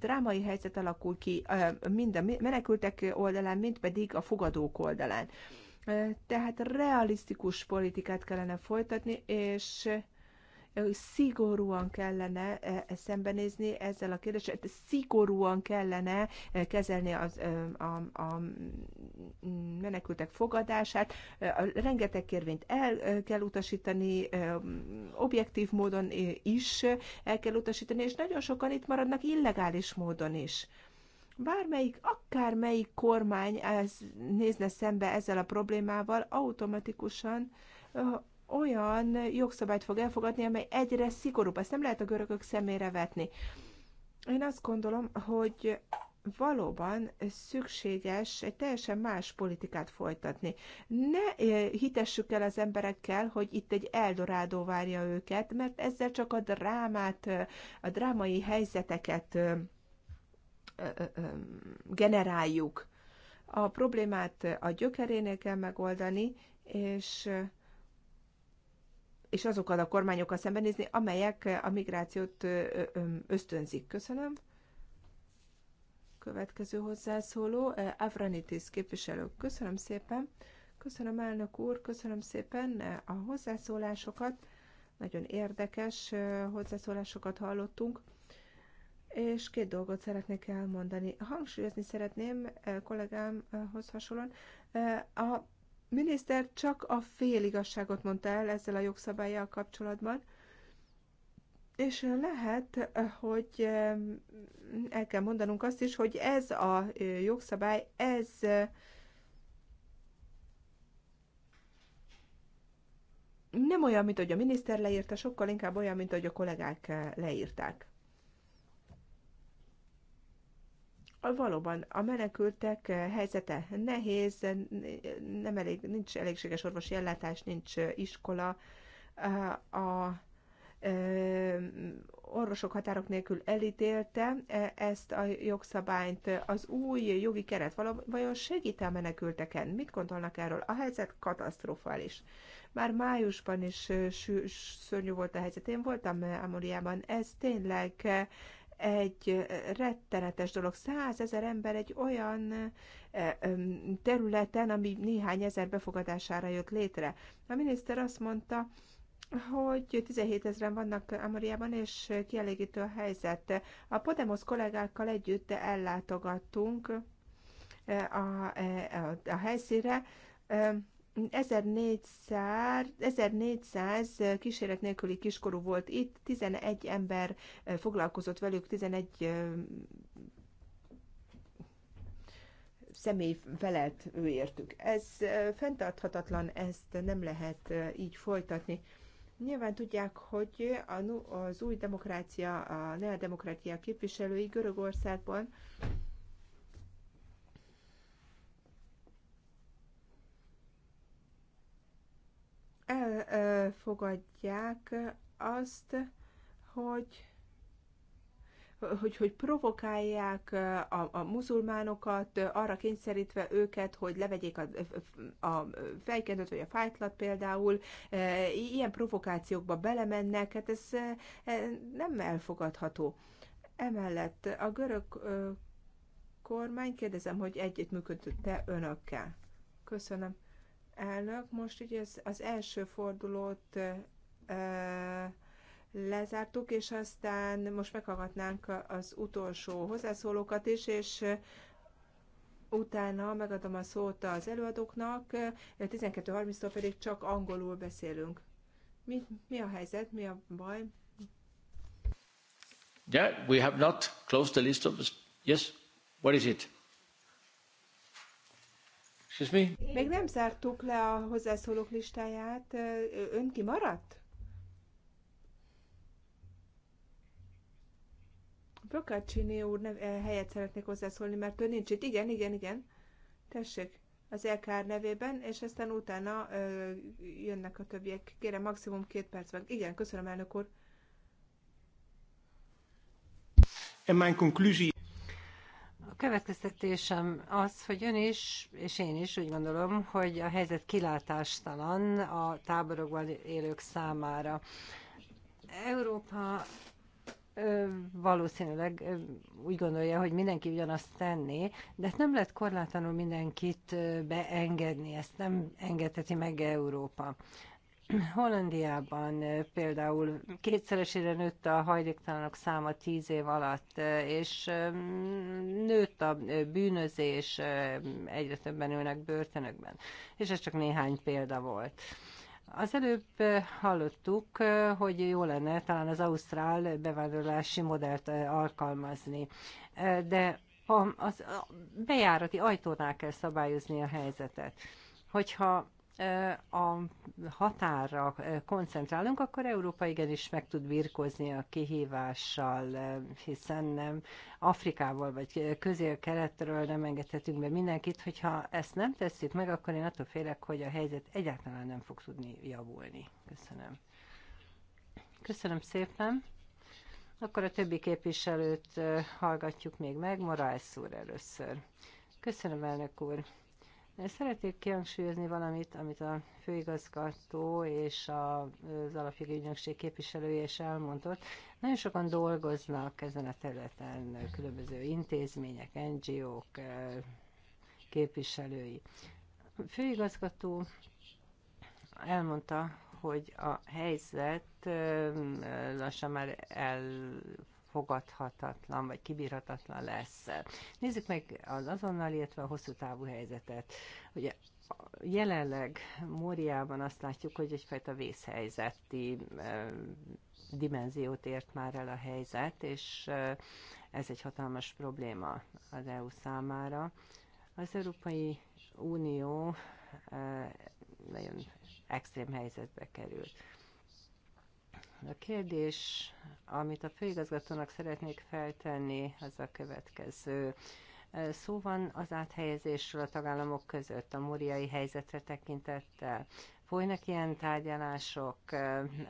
drámai helyzet alakul ki mind a menekültek oldalán, mind pedig a fogadók oldalán. Tehát realisztikus politikát kellene folytatni, és szigorúan kellene szembenézni ezzel a kérdéssel, szigorúan kellene kezelni az, a, a menekültek fogadását, rengeteg kérvényt el kell utasítani, objektív módon is el kell utasítani, és nagyon sokan itt maradnak illegális módon is bármelyik, akármelyik kormány ez, nézne szembe ezzel a problémával, automatikusan olyan jogszabályt fog elfogadni, amely egyre szigorúbb. Ezt nem lehet a görögök szemére vetni. Én azt gondolom, hogy valóban szükséges egy teljesen más politikát folytatni. Ne eh, hitessük el az emberekkel, hogy itt egy eldorádó várja őket, mert ezzel csak a drámát, eh, a drámai helyzeteket eh, generáljuk. A problémát a gyökerénél kell megoldani, és és azokkal a kormányokkal szembenézni, amelyek a migrációt ösztönzik. Köszönöm. Következő hozzászóló, Avranitis képviselő. Köszönöm szépen. Köszönöm, elnök úr, köszönöm szépen a hozzászólásokat. Nagyon érdekes hozzászólásokat hallottunk. És két dolgot szeretnék elmondani. Hangsúlyozni szeretném kollégámhoz hasonlóan a miniszter csak a igazságot mondta el ezzel a jogszabályjal kapcsolatban, és lehet, hogy eh, el kell mondanunk azt is, hogy ez a eh, jogszabály, ez eh, nem olyan, mint hogy a miniszter leírta, sokkal inkább olyan, mint hogy a kollégák leírták. valóban a menekültek eh, helyzete nehéz, eh, nem elég, nincs elégséges orvosi ellátás, nincs eh, iskola, a orvosok határok nélkül elítélte ezt a jogszabályt. Az új jogi keret vajon segít a menekülteken? Mit gondolnak erről? A helyzet katasztrofális. Már májusban is szörnyű volt a helyzet. Én voltam Amoriában. Ez tényleg egy rettenetes dolog. Százezer ember egy olyan területen, ami néhány ezer befogadására jött létre. A miniszter azt mondta, hogy 17 ezeren vannak Amoriában, és kielégítő a helyzet. A Podemos kollégákkal együtt ellátogattunk a, a, a helyszínre, 1400, 1400 kíséret nélküli kiskorú volt itt, 11 ember foglalkozott velük, 11 személy felelt értük. Ez fenntarthatatlan, ezt nem lehet így folytatni. Nyilván tudják, hogy az új demokrácia, a neodemokrácia képviselői Görögországban elfogadják azt, hogy hogy, hogy provokálják a, a muzulmánokat, arra kényszerítve őket, hogy levegyék a, a fejkendőt vagy a fájtlat például, e, ilyen provokációkba belemennek, hát ez e, nem elfogadható. Emellett a görög e, kormány, kérdezem, hogy együtt működött-e önökkel? Köszönöm elnök. Most ugye az, az első fordulót lezártuk, és aztán most meghallgatnánk az utolsó hozzászólókat is, és utána megadom a szót az előadóknak, 12.30-tól pedig csak angolul beszélünk. Mi, mi a helyzet, mi a baj? Yeah, we have not closed the list of... Yes, what is it? Excuse me? Még nem zártuk le a hozzászólók listáját. Ön kimaradt? Procaccini úr nev- eh, helyet szeretnék hozzászólni, mert ő nincs itt. Igen, igen, igen. Tessék, az LKR nevében, és aztán utána ö, jönnek a többiek. Kérem, maximum két percben. Igen, köszönöm, elnök úr. En mijn conclusion... A következtetésem az, hogy ön is, és én is úgy gondolom, hogy a helyzet kilátástalan a táborokban élők számára. Európa valószínűleg úgy gondolja, hogy mindenki ugyanazt tenné, de nem lehet korlátlanul mindenkit beengedni, ezt nem engedheti meg Európa. Hollandiában eh, például kétszeresére nőtt a hajléktalanok száma tíz év alatt, eh, és nőtt a eh, bűnözés, egyre többen ülnek börtönökben. És ez csak néhány példa volt. Az előbb hallottuk, hogy jó lenne talán az ausztrál bevándorlási modellt alkalmazni, de a, az a bejárati ajtónál kell szabályozni a helyzetet. Hogyha a határra koncentrálunk, akkor Európa igenis meg tud birkozni a kihívással, hiszen nem Afrikából vagy közél-keletről nem engedhetünk be mindenkit, hogyha ezt nem tesszük meg, akkor én attól félek, hogy a helyzet egyáltalán nem fog tudni javulni. Köszönöm. Köszönöm szépen. Akkor a többi képviselőt hallgatjuk még meg. Morales úr először. Köszönöm, elnök úr. Szeretnék kihangsúlyozni valamit, amit a főigazgató és az alapjogi ügynökség képviselője is elmondott. Nagyon sokan dolgoznak ezen a területen különböző intézmények, NGO-k, eh, képviselői. A főigazgató elmondta, hogy a helyzet eh, lassan már el fogadhatatlan vagy kibírhatatlan lesz. Nézzük meg az azonnal, illetve a hosszú távú helyzetet. Ugye jelenleg Móriában azt látjuk, hogy egyfajta vészhelyzeti dimenziót ért már el a helyzet, és ez egy hatalmas probléma az EU számára. Az Európai Unió nagyon extrém helyzetbe került. A kérdés, amit a főigazgatónak szeretnék feltenni, az a következő. Szó van az áthelyezésről a tagállamok között, a múriai helyzetre tekintettel. Folynak ilyen tárgyalások,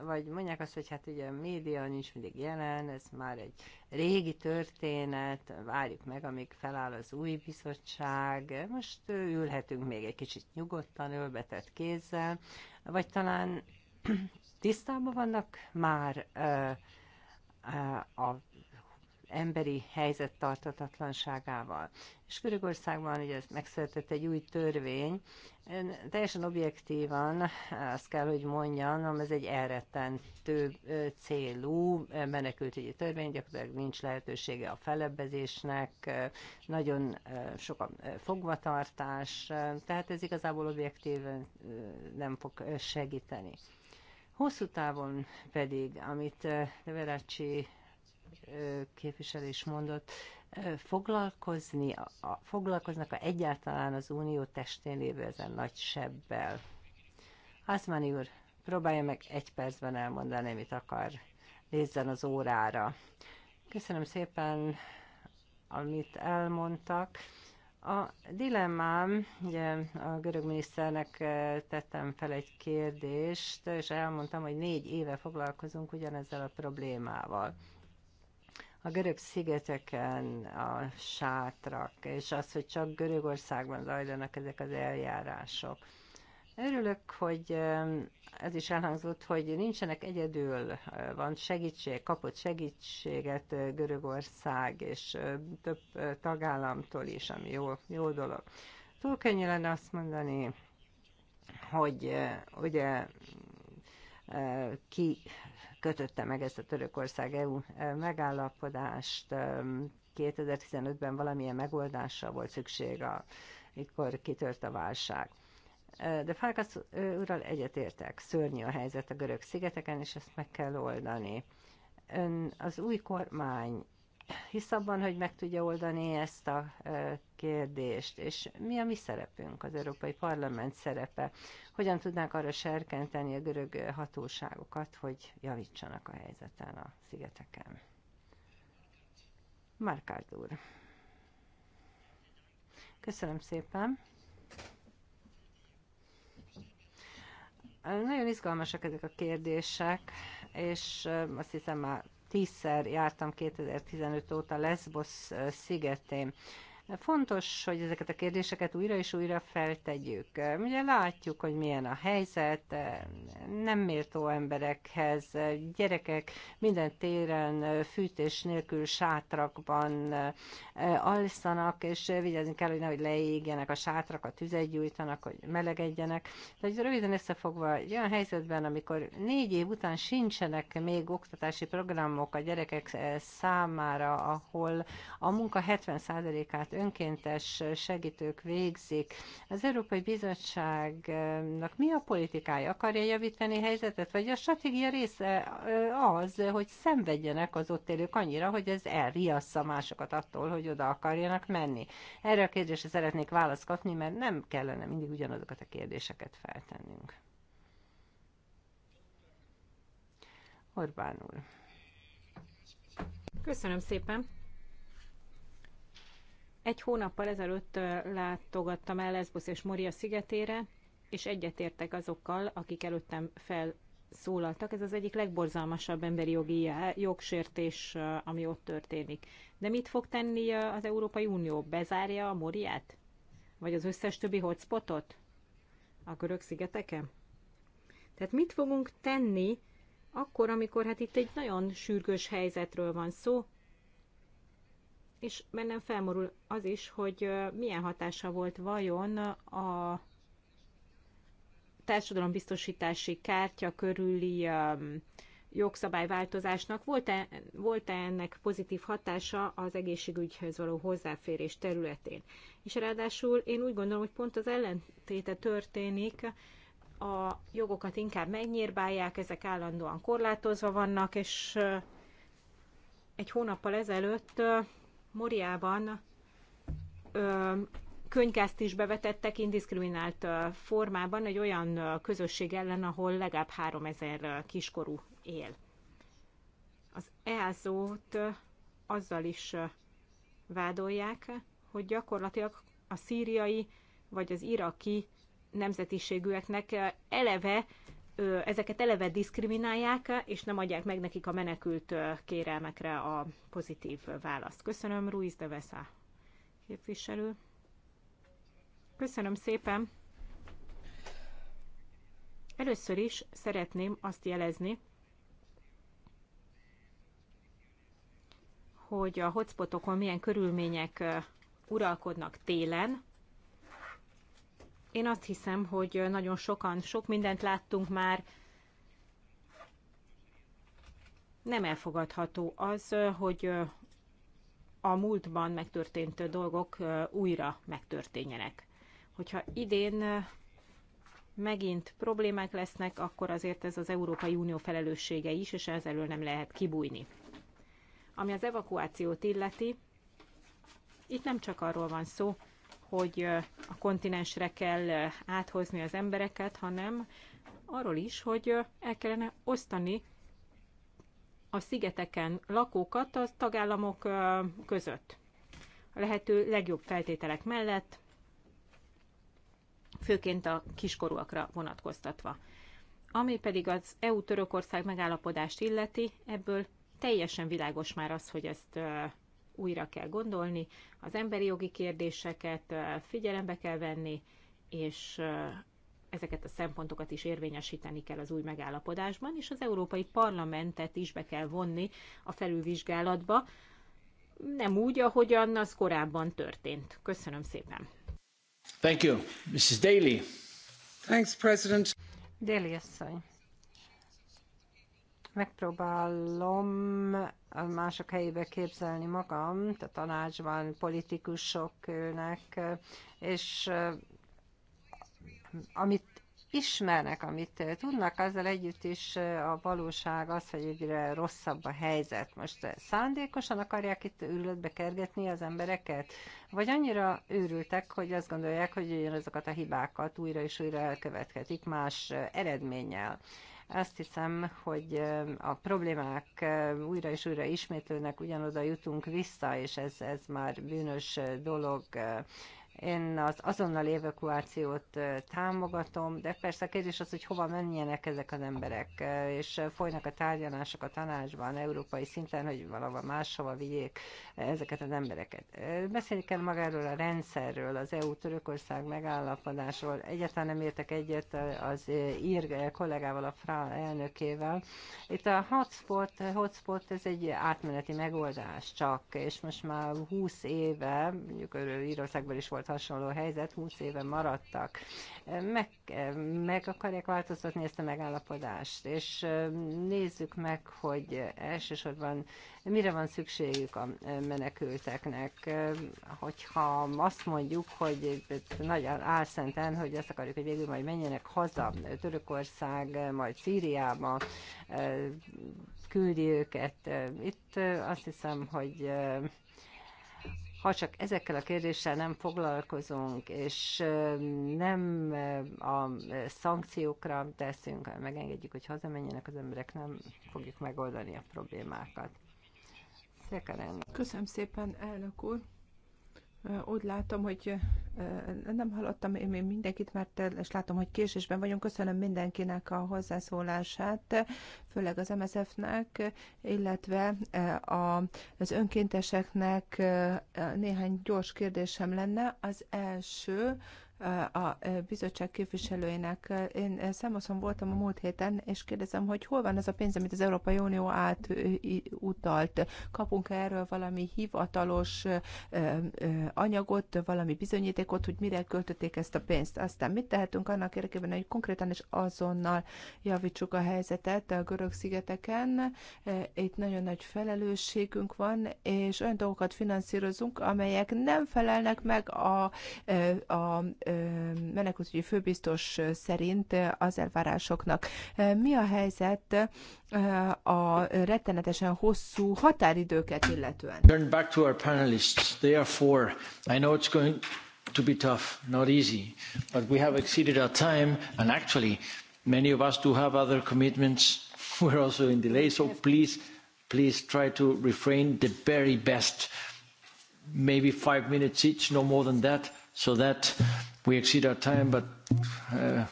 vagy mondják azt, hogy hát ugye a média nincs mindig jelen, ez már egy régi történet, várjuk meg, amíg feláll az új bizottság, most ülhetünk még egy kicsit nyugodtan, ölbetett kézzel, vagy talán tisztában vannak már a emberi helyzet tartatatlanságával. És Görögországban ugye megszületett egy új törvény, teljesen objektívan azt kell, hogy mondjam, ez egy elrettentő célú menekültügyi törvény, gyakorlatilag nincs lehetősége a felebbezésnek, nagyon sok a fogvatartás, tehát ez igazából objektíven nem fog segíteni. Hosszú távon pedig, amit eh, Neveracsi eh, képviselő is mondott, eh, foglalkozni, a, foglalkoznak a egyáltalán az unió testén lévő ezen nagy sebbel. Házmani úr, próbálja meg egy percben elmondani, mit akar. Nézzen az órára. Köszönöm szépen, amit elmondtak. A dilemmám, ugye a görög miniszternek eh, tettem fel egy kérdést, és elmondtam, hogy négy éve foglalkozunk ugyanezzel a problémával a görög szigeteken a sátrak, és az, hogy csak Görögországban zajlanak ezek az eljárások. Örülök, hogy ez is elhangzott, hogy nincsenek egyedül, eh, van segítség, kapott segítséget eh, Görögország és eh, több tagállamtól is, ami jó, jó dolog. Túl könnyű lenne azt mondani, hogy ugye ki kötötte meg ezt a Törökország EU megállapodást, 2015-ben valamilyen megoldásra volt szükség, amikor kitört a válság. De Farkas úrral egyetértek, szörnyű a helyzet a görög szigeteken, és ezt meg kell oldani. Ön az új kormány hisz abban, hogy meg tudja oldani ezt a kérdést, és mi a mi szerepünk, az Európai Parlament szerepe? Hogyan tudnánk arra serkenteni a görög hatóságokat, hogy javítsanak a helyzeten a szigeteken? Márkárd úr. Köszönöm szépen. Nagyon izgalmasak ezek a kérdések, és azt hiszem már tízszer jártam 2015 óta Lesbos szigetén. Fontos, hogy ezeket a kérdéseket újra és újra feltegyük. Ugye látjuk, hogy milyen a helyzet, nem méltó emberekhez, gyerekek minden téren fűtés nélkül sátrakban eh, alszanak, és vigyázni kell, hogy nehogy leégjenek a sátrak, a tüzet gyújtanak, hogy melegedjenek. Tehát röviden összefogva, egy olyan helyzetben, amikor négy év után sincsenek még oktatási programok a gyerekek eh, számára, ahol a munka 70%-át önkéntes segítők végzik. Az Európai Bizottságnak mi a politikája? Akarja javítani a helyzetet? Vagy a stratégia része az, hogy szenvedjenek az ott élők annyira, hogy ez elriassza másokat attól, hogy oda akarjanak menni? Erre a kérdésre szeretnék választ kapni, mert nem kellene mindig ugyanazokat a kérdéseket feltennünk. Orbán úr. Köszönöm szépen. Egy hónappal ezelőtt látogattam el Lesbos és Moria szigetére, és egyetértek azokkal, akik előttem felszólaltak. Ez az egyik legborzalmasabb emberi jogi jogsértés, ami ott történik. De mit fog tenni az Európai Unió? Bezárja a Moriát? Vagy az összes többi hotspotot? A görög szigeteken? Tehát mit fogunk tenni akkor, amikor hát itt egy nagyon sürgős helyzetről van szó, és bennem felmorul az is, hogy milyen hatása volt vajon a társadalombiztosítási kártya körüli jogszabályváltozásnak volt-e, volt-e ennek pozitív hatása az egészségügyhöz való hozzáférés területén. És ráadásul én úgy gondolom, hogy pont az ellentéte történik, a jogokat inkább megnyírbálják, ezek állandóan korlátozva vannak, és egy hónappal ezelőtt Moriában könyvkázt is bevetettek indiskriminált formában egy olyan közösség ellen, ahol legalább 3000 kiskorú él. Az EASO-t azzal is vádolják, hogy gyakorlatilag a szíriai vagy az iraki nemzetiségűeknek eleve ezeket eleve diszkriminálják, és nem adják meg nekik a menekült kérelmekre a pozitív választ. Köszönöm, Ruiz de Vesa képviselő. Köszönöm szépen. Először is szeretném azt jelezni, hogy a hotspotokon milyen körülmények uralkodnak télen, én azt hiszem, hogy nagyon sokan, sok mindent láttunk már, nem elfogadható az, hogy a múltban megtörtént dolgok újra megtörténjenek. Hogyha idén megint problémák lesznek, akkor azért ez az Európai Unió felelőssége is, és ez elől nem lehet kibújni. Ami az evakuációt illeti, itt nem csak arról van szó, hogy a kontinensre kell áthozni az embereket, hanem arról is, hogy el kellene osztani a szigeteken lakókat a tagállamok között. A lehető legjobb feltételek mellett, főként a kiskorúakra vonatkoztatva. Ami pedig az EU-Törökország megállapodást illeti, ebből teljesen világos már az, hogy ezt újra kell gondolni, az emberi jogi kérdéseket figyelembe kell venni, és ezeket a szempontokat is érvényesíteni kell az új megállapodásban, és az Európai Parlamentet is be kell vonni a felülvizsgálatba, nem úgy, ahogyan az korábban történt. Köszönöm szépen. Thank you. Mrs. Daly. Thanks, President. Daly asszony megpróbálom mások helyébe képzelni magam, a tanácsban politikusok ülnek, és amit ismernek, amit tudnak, azzal együtt is a valóság az, hogy egyre rosszabb a helyzet. Most szándékosan akarják itt őrületbe kergetni az embereket? Vagy annyira őrültek, hogy azt gondolják, hogy ugyanazokat a hibákat újra és újra elkövetketik más eredménnyel? Azt hiszem, hogy a problémák újra és újra ismétlődnek, ugyanoda jutunk vissza, és ez, ez már bűnös dolog. Én az azonnal evakuációt támogatom, de persze a kérdés az, hogy hova menjenek ezek az emberek, és folynak a tárgyalások a tanácsban, európai szinten, hogy valahova máshova vigyék ezeket az embereket. Beszélni kell magáról a rendszerről, az EU-Törökország megállapodásról. Egyáltalán nem értek egyet az ír kollégával, a FRA elnökével. Itt a hotspot, hotspot ez egy átmeneti megoldás csak, és most már 20 éve, mondjuk Írországban is volt hasonló helyzet, 20 éve maradtak. Meg, meg akarják változtatni ezt a megállapodást, és nézzük meg, hogy elsősorban mire van szükségük a menekülteknek. Hogyha azt mondjuk, hogy nagy álszenten, hogy azt akarjuk, hogy végül majd menjenek haza Törökország, majd Szíriába, küldi őket. Itt azt hiszem, hogy ha csak ezekkel a kérdéssel nem foglalkozunk, és nem a szankciókra teszünk, hanem megengedjük, hogy hazamenjenek az emberek, nem fogjuk megoldani a problémákat. Köszönöm szépen, elnök úr. Úgy látom, hogy nem hallottam én mindenkit, mert és látom, hogy késésben vagyunk. Köszönöm mindenkinek a hozzászólását, főleg az MSZF-nek, illetve az önkénteseknek néhány gyors kérdésem lenne. Az első, a bizottság képviselőinek. Én Szemoszon voltam a múlt héten, és kérdezem, hogy hol van az a pénz, amit az Európai Unió átutalt. Kapunk -e erről valami hivatalos anyagot, valami bizonyítékot, hogy mire költötték ezt a pénzt. Aztán mit tehetünk annak érdekében, hogy konkrétan és azonnal javítsuk a helyzetet a görög szigeteken. Itt nagyon nagy felelősségünk van, és olyan dolgokat finanszírozunk, amelyek nem felelnek meg a, a, a menekültügyi főbiztos szerint az elvárásoknak. Mi a helyzet eh, a rettenetesen hosszú határidőket illetően? Turn back to our panelists. They are four. I know it's going to be tough, not easy, but we have exceeded our time and actually many of us do have other commitments. We're also in delay, so please, please try to refrain the very best. Maybe five minutes each, no more than that so that we exceed our time, but uh,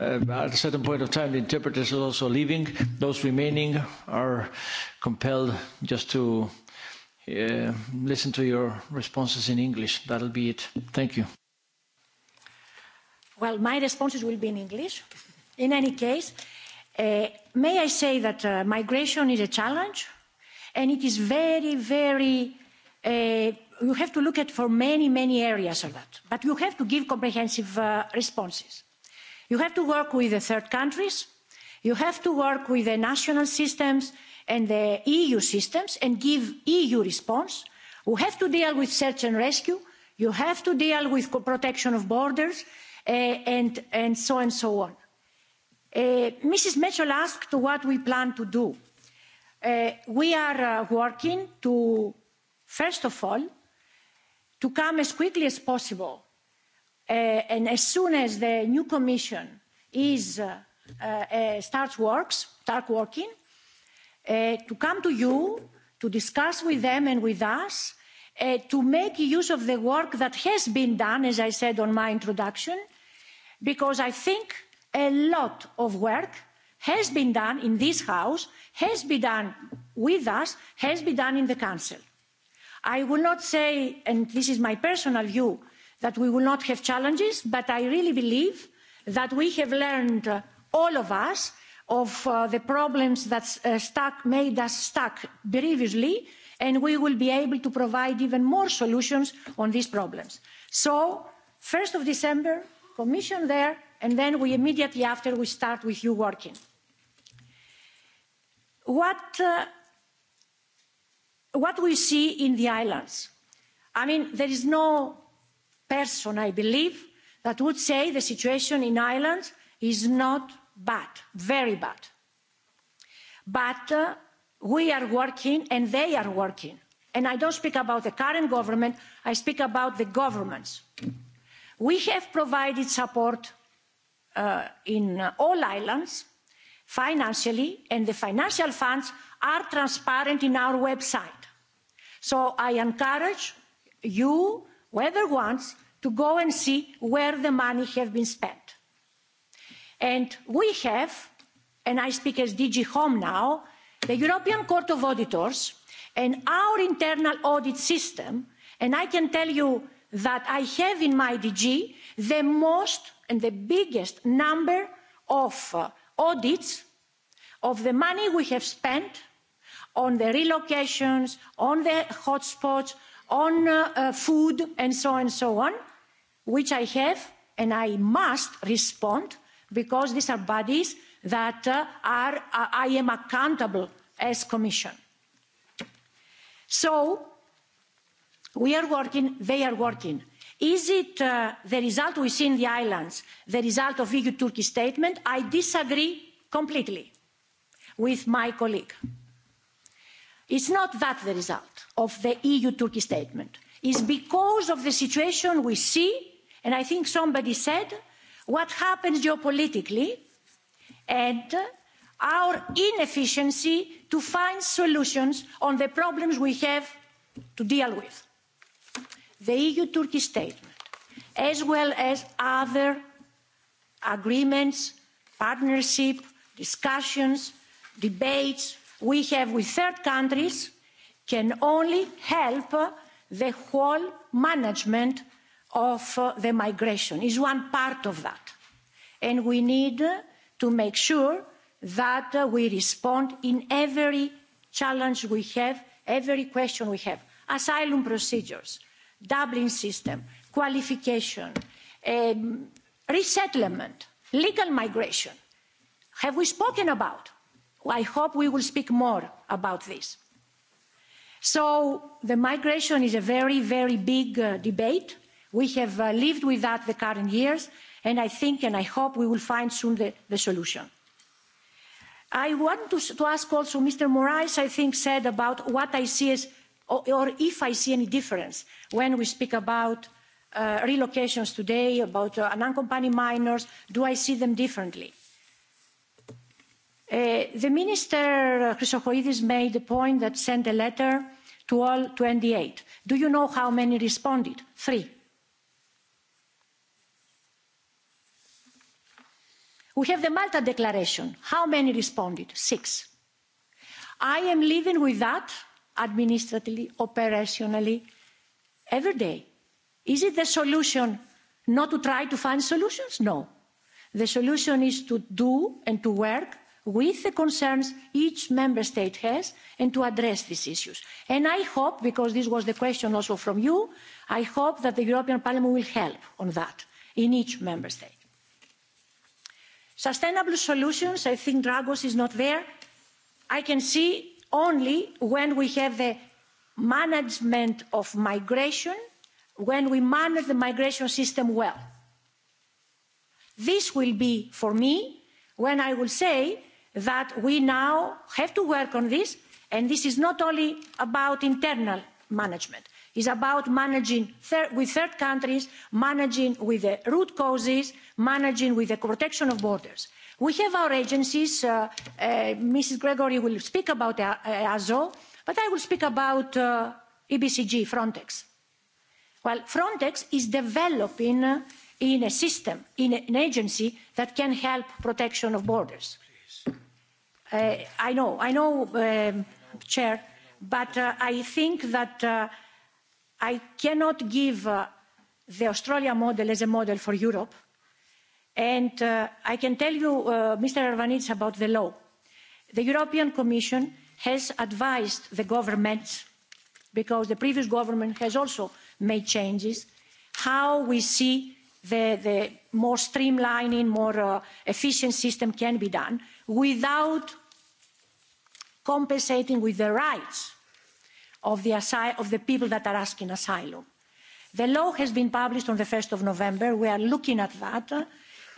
uh at a certain point of time, the interpreters are also leaving. Those remaining are compelled just to uh, listen to your responses in English. That'll be it. Thank you. Well, my responses will be in English. In any case, uh, may I say that uh, migration is a challenge, and it is very, very uh, you have to look at for many, many areas of that. But you have to give comprehensive uh, responses. You have to work with the third countries. You have to work with the national systems and the EU systems and give EU response. You have to deal with search and rescue. You have to deal with protection of borders uh, and, and so and so on. Uh, Mrs. Mitchell asked what we plan to do. Uh, we are uh, working to, first of all, to come as quickly as possible uh, and as soon as the new commission is, uh, uh, uh, starts works, start working, uh, to come to you, to discuss with them and with us, uh, to make use of the work that has been done, as I said on my introduction, because I think a lot of work has been done in this House, has been done with us, has been done in the Council i will not say and this is my personal view that we will not have challenges but i really believe that we have learned uh, all of us of uh, the problems that uh, stuck, made us stuck previously and we will be able to provide even more solutions on these problems. so first of december commission there and then we immediately after we start with you working. what what we see in the islands i mean there is no person i believe that would say the situation in ireland is not bad very bad but uh, we are working and they are working and i don't speak about the current government i speak about the governments we have provided support uh, in uh, all islands financially and the financial funds are transparent in our website. So I encourage you, whoever wants, to go and see where the money has been spent. And we have, and I speak as DG Home now, the European Court of Auditors and our internal audit system, and I can tell you that I have in my DG the most and the biggest number of uh, audits of the money we have spent on the relocations, on the hotspots, on uh, uh food, and so on and so on, which I have and I must respond because these are bodies that uh, are, uh, I am accountable as Commission. So we are working, they are working. Is it uh, the result we see in the islands, the result of EU-Turkey statement? I disagree completely with my colleague It's not that the result of the EU-Turkey statement. It's because of the situation we see, and I think somebody said, what happens geopolitically, and our inefficiency to find solutions on the problems we have to deal with. The EU-Turkey statement, as well as other agreements, partnership, discussions, debates, we have with third countries can only help the whole management of uh, the migration is one part of that and we need to make sure that uh, we respond in every challenge we have every question we have asylum procedures dublin system qualification um, resettlement legal migration have we spoken about? i hope we will speak more about this. so the migration is a very very big uh, debate. we have uh, lived with that the current years and i think and i hope we will find soon the, solution. i want to, ask also mr moraes i think said about what i see as or, if i see any difference when we speak about uh, relocations today about unaccompanied minors do i see them differently? Eh, the minister uh, Christoforidis made the point that he sent a letter to all twenty eight. Do you know how many responded? Three. We have the Malta Declaration. How many responded? Six. I am living with that administratively, operationally, every day. Is it the solution not to try to find solutions? No. The solution is to do and to work with the concerns each member state has and to address these issues. And i hope because this was the question also from you i hope that the european parliament will help on that in each member state. sustainable solutions i think dragos is not there i can see only when we have the management of migration when we manage the migration system well. this will be for me when i will say that we now have to work on this and this is not only about internal management it is about managing with third countries managing with the root causes managing with the protection of borders. we have our agencies uh, uh mrs gregory will speak about easo but i will speak about uh, ebcg frontex. well frontex is developing uh, in a system in an agency that can help protection of borders Uh, I know, I know, um, Chair, but uh, I think that uh, I cannot give uh, the Australia model as a model for Europe. And uh, I can tell you, uh, Mr. Arvanits, about the law. The European Commission has advised the governments, because the previous government has also made changes, how we see the, the more streamlining, more uh, efficient system can be done without compensating with the rights of the, of the people that are asking asylum. The law has been published on the 1st of November. We are looking at that.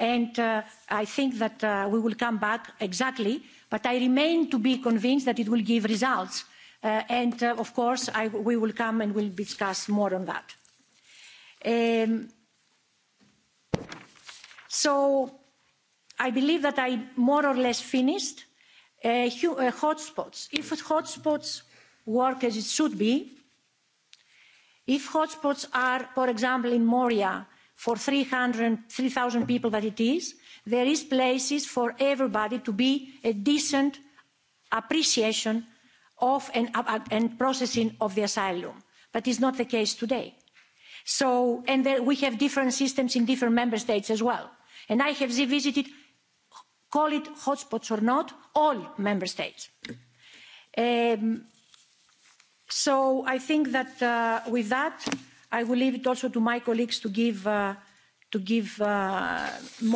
And uh, I think that uh, we will come back exactly. But I remain to be convinced that it will give results. Uh, and uh, of course, I, we will come and we'll discuss more on that. Um, so I believe that I more or less finished hotspots. If hotspots work as it should be, if hotspots are, for example, in Moria, for 3,000 people that it is, there is places for everybody to be a decent appreciation of and, uh, and processing of the asylum. But it's not the case today. So, and there, we have different systems in different member states as well. And I have visited call it hotspots or not all member states. Um, so i think that uh, with that i will leave it also to my colleagues to give, uh, to give uh,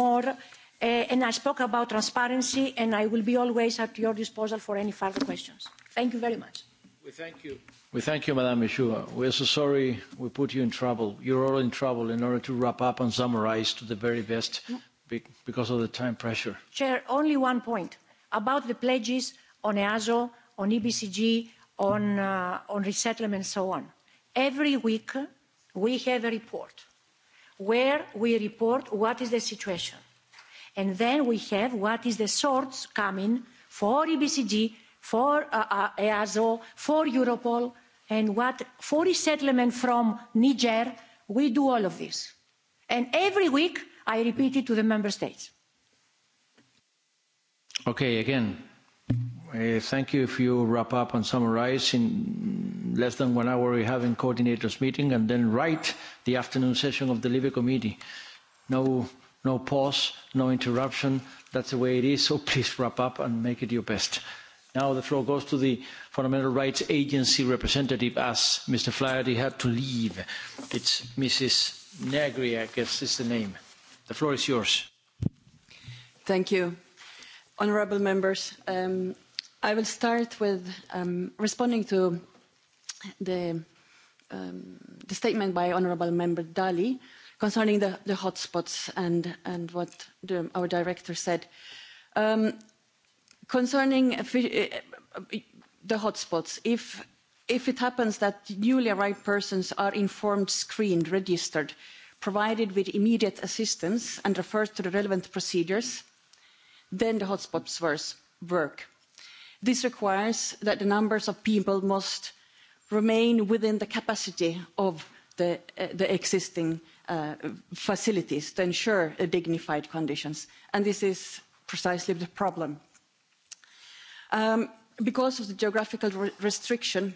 more uh, and i spoke about transparency and i will be always at your disposal for any further questions. thank you very much. we thank you. We thank you, Madam Yeshua. We are so sorry we put you in trouble. You're all in trouble in order to wrap up and summarize to the very best because of the time pressure. Chair, only one point about the pledges on EASO, on EBCG, on, uh, on resettlement and so on. Every week we have a report where we report what is the situation. And then we have what is the source coming for EBCG, for uh, uh, EASO, for Europol, and what for resettlement from Niger. We do all of this. And every week I repeat it to the member states. Okay, again, uh, thank you if you wrap up and summarize. In less than one hour, we have a coordinators meeting and then right the afternoon session of the Libre committee. No, no pause, no interruption. That's the way it is. So please wrap up and make it your best. Now the floor goes to the Fundamental Rights Agency representative as Mr. Flaherty had to leave. It's Mrs. Negri, I guess is the name. The floor Honourable members, um, I will start with um, responding to the, um, statement by Honourable Member Dali concerning the, hotspots and, what our director said. concerning eh, eh, the hotspots, if it happens that newly arrived persons are informed, screened, registered, provided with immediate assistance and referred to the relevant procedures then the hotspots work. this requires that the numbers of people must remain within the capacity of the, uh, the existing uh, facilities to ensure uh, dignified conditions and this is precisely the problem. Um, because of the geographical re restriction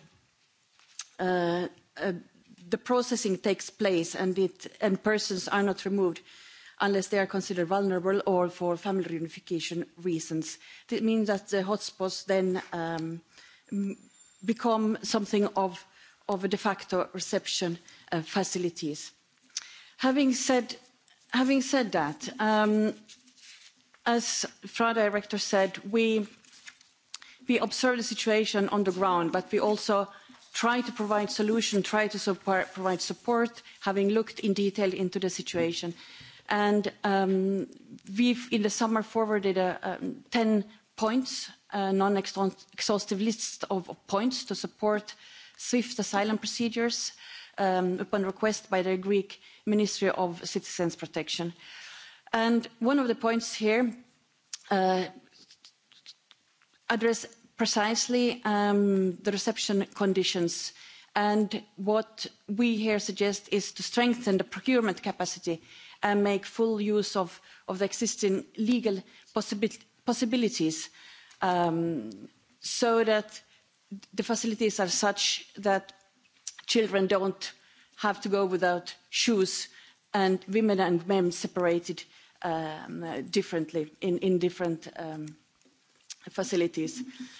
uh, uh, the processing takes place and, persons are not removed unless they are considered vulnerable or for family reunification reasons. That means that the hotspots then um, become something of, a de facto reception uh, facilities. Having said, that, um, as FRA director said, we observe the situation on the ground, but we also try to provide solutions, try to provide support, having looked in detail into the situation. And um, we've, in the summer, forwarded a, a um, 10 points, a non-exhaustive list of points to support swift asylum procedures um, upon request by the Greek Ministry of Citizens' Protection. And one of the points here uh, address precisely um, the reception conditions. And what we here suggest is to strengthen the procurement capacity and make full use of, of the existing legal possibi possibilities um, so that the facilities are such that children don't have to go without shoes and women and men separated um, differently in, in different um, facilities. Mm -hmm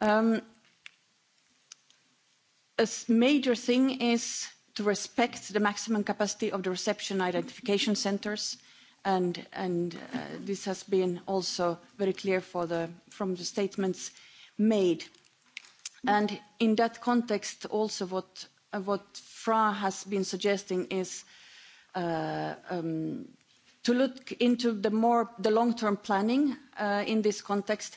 Um, a major thing is to respect the maximum capacity of the reception identification centres and, and uh, this has been also very clear the, from the statements made. And in that context also what, uh, what fra has been suggesting is uh, um, to look into the more the long term planning uh, in this context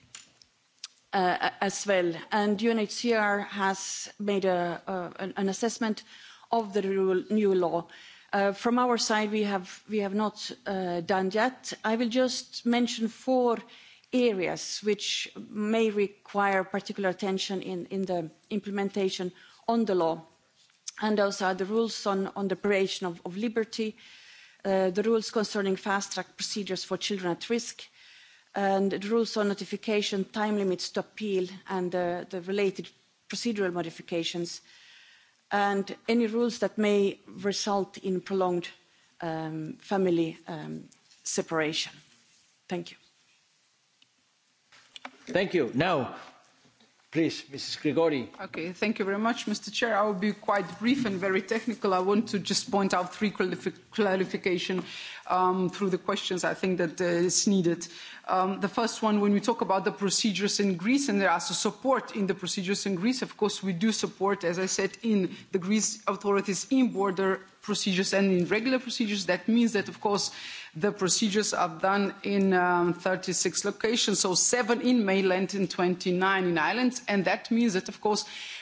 Uh, as well. And UNHCR has made an assessment of the new law. Uh, from our side, we have, not done uh, done yet. I will just mention four areas which may require particular attention in, the implementation of the law. And those are the rules on, the privation of, liberty, the rules concerning fast-track procedures for children at risk, and it rules on notification time limits to appeal and the related procedural modifications and any rules that may result in prolonged um, family um, separation. Thank you. Please, Mrs. Grigori. Okay, thank you very much, Mr. Chair. I will be quite brief and very technical. I want to just point out three clarifi clarification um, through the questions I think that uh, is needed. Um, the first one, when we talk about the procedures in Greece and there is support in the procedures in Greece, of course we do support, as I said, in the Greece authorities in border procedures and in regular procedures. That means that, of course, the procedures are done in um, 36 locations, so seven in mainland and 29 in islands. And that means that, of course,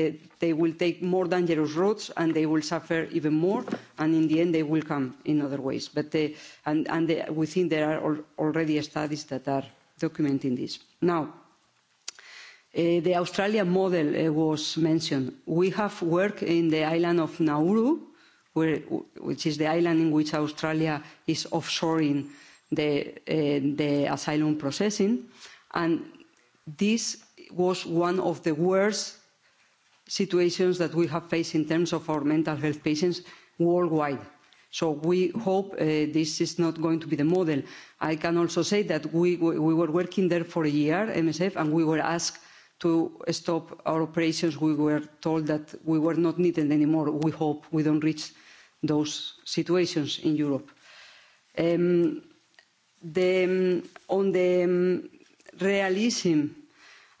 they, will take more dangerous roads and they will suffer even more and in the end they will come in other ways. But uh, and, we think there are already studies that are documenting this. Now, uh, the Australian model uh, was mentioned. We have worked in the island of Nauru, which is the island in which Australia is offshoring the, the asylum processing. And this was one of the worst situations that we have faced in terms of our mental health patients worldwide. So we hope uh, this is not going to be the model. I can also say that we, we were working there for a year, MSF, and we were asked to stop our operations. We were told that we were not needed anymore. We hope we don't reach those situations in Europe. Um, um, on the um, realism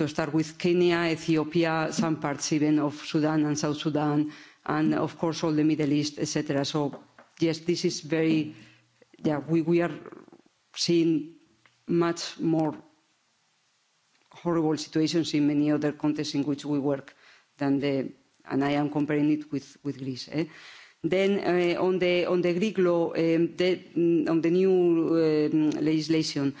to start with Kenya, Ethiopia, some parts even of Sudan and South Sudan, and of course all the Middle East, etc. So yes, this is very, yeah, we, we are seeing much more horrible situations in many other contexts in which we work than the, and I am comparing it with, with Greece. Eh? Then uh, on, the, on the Greek law, um, the, mm, on the new eh, legislation, uh,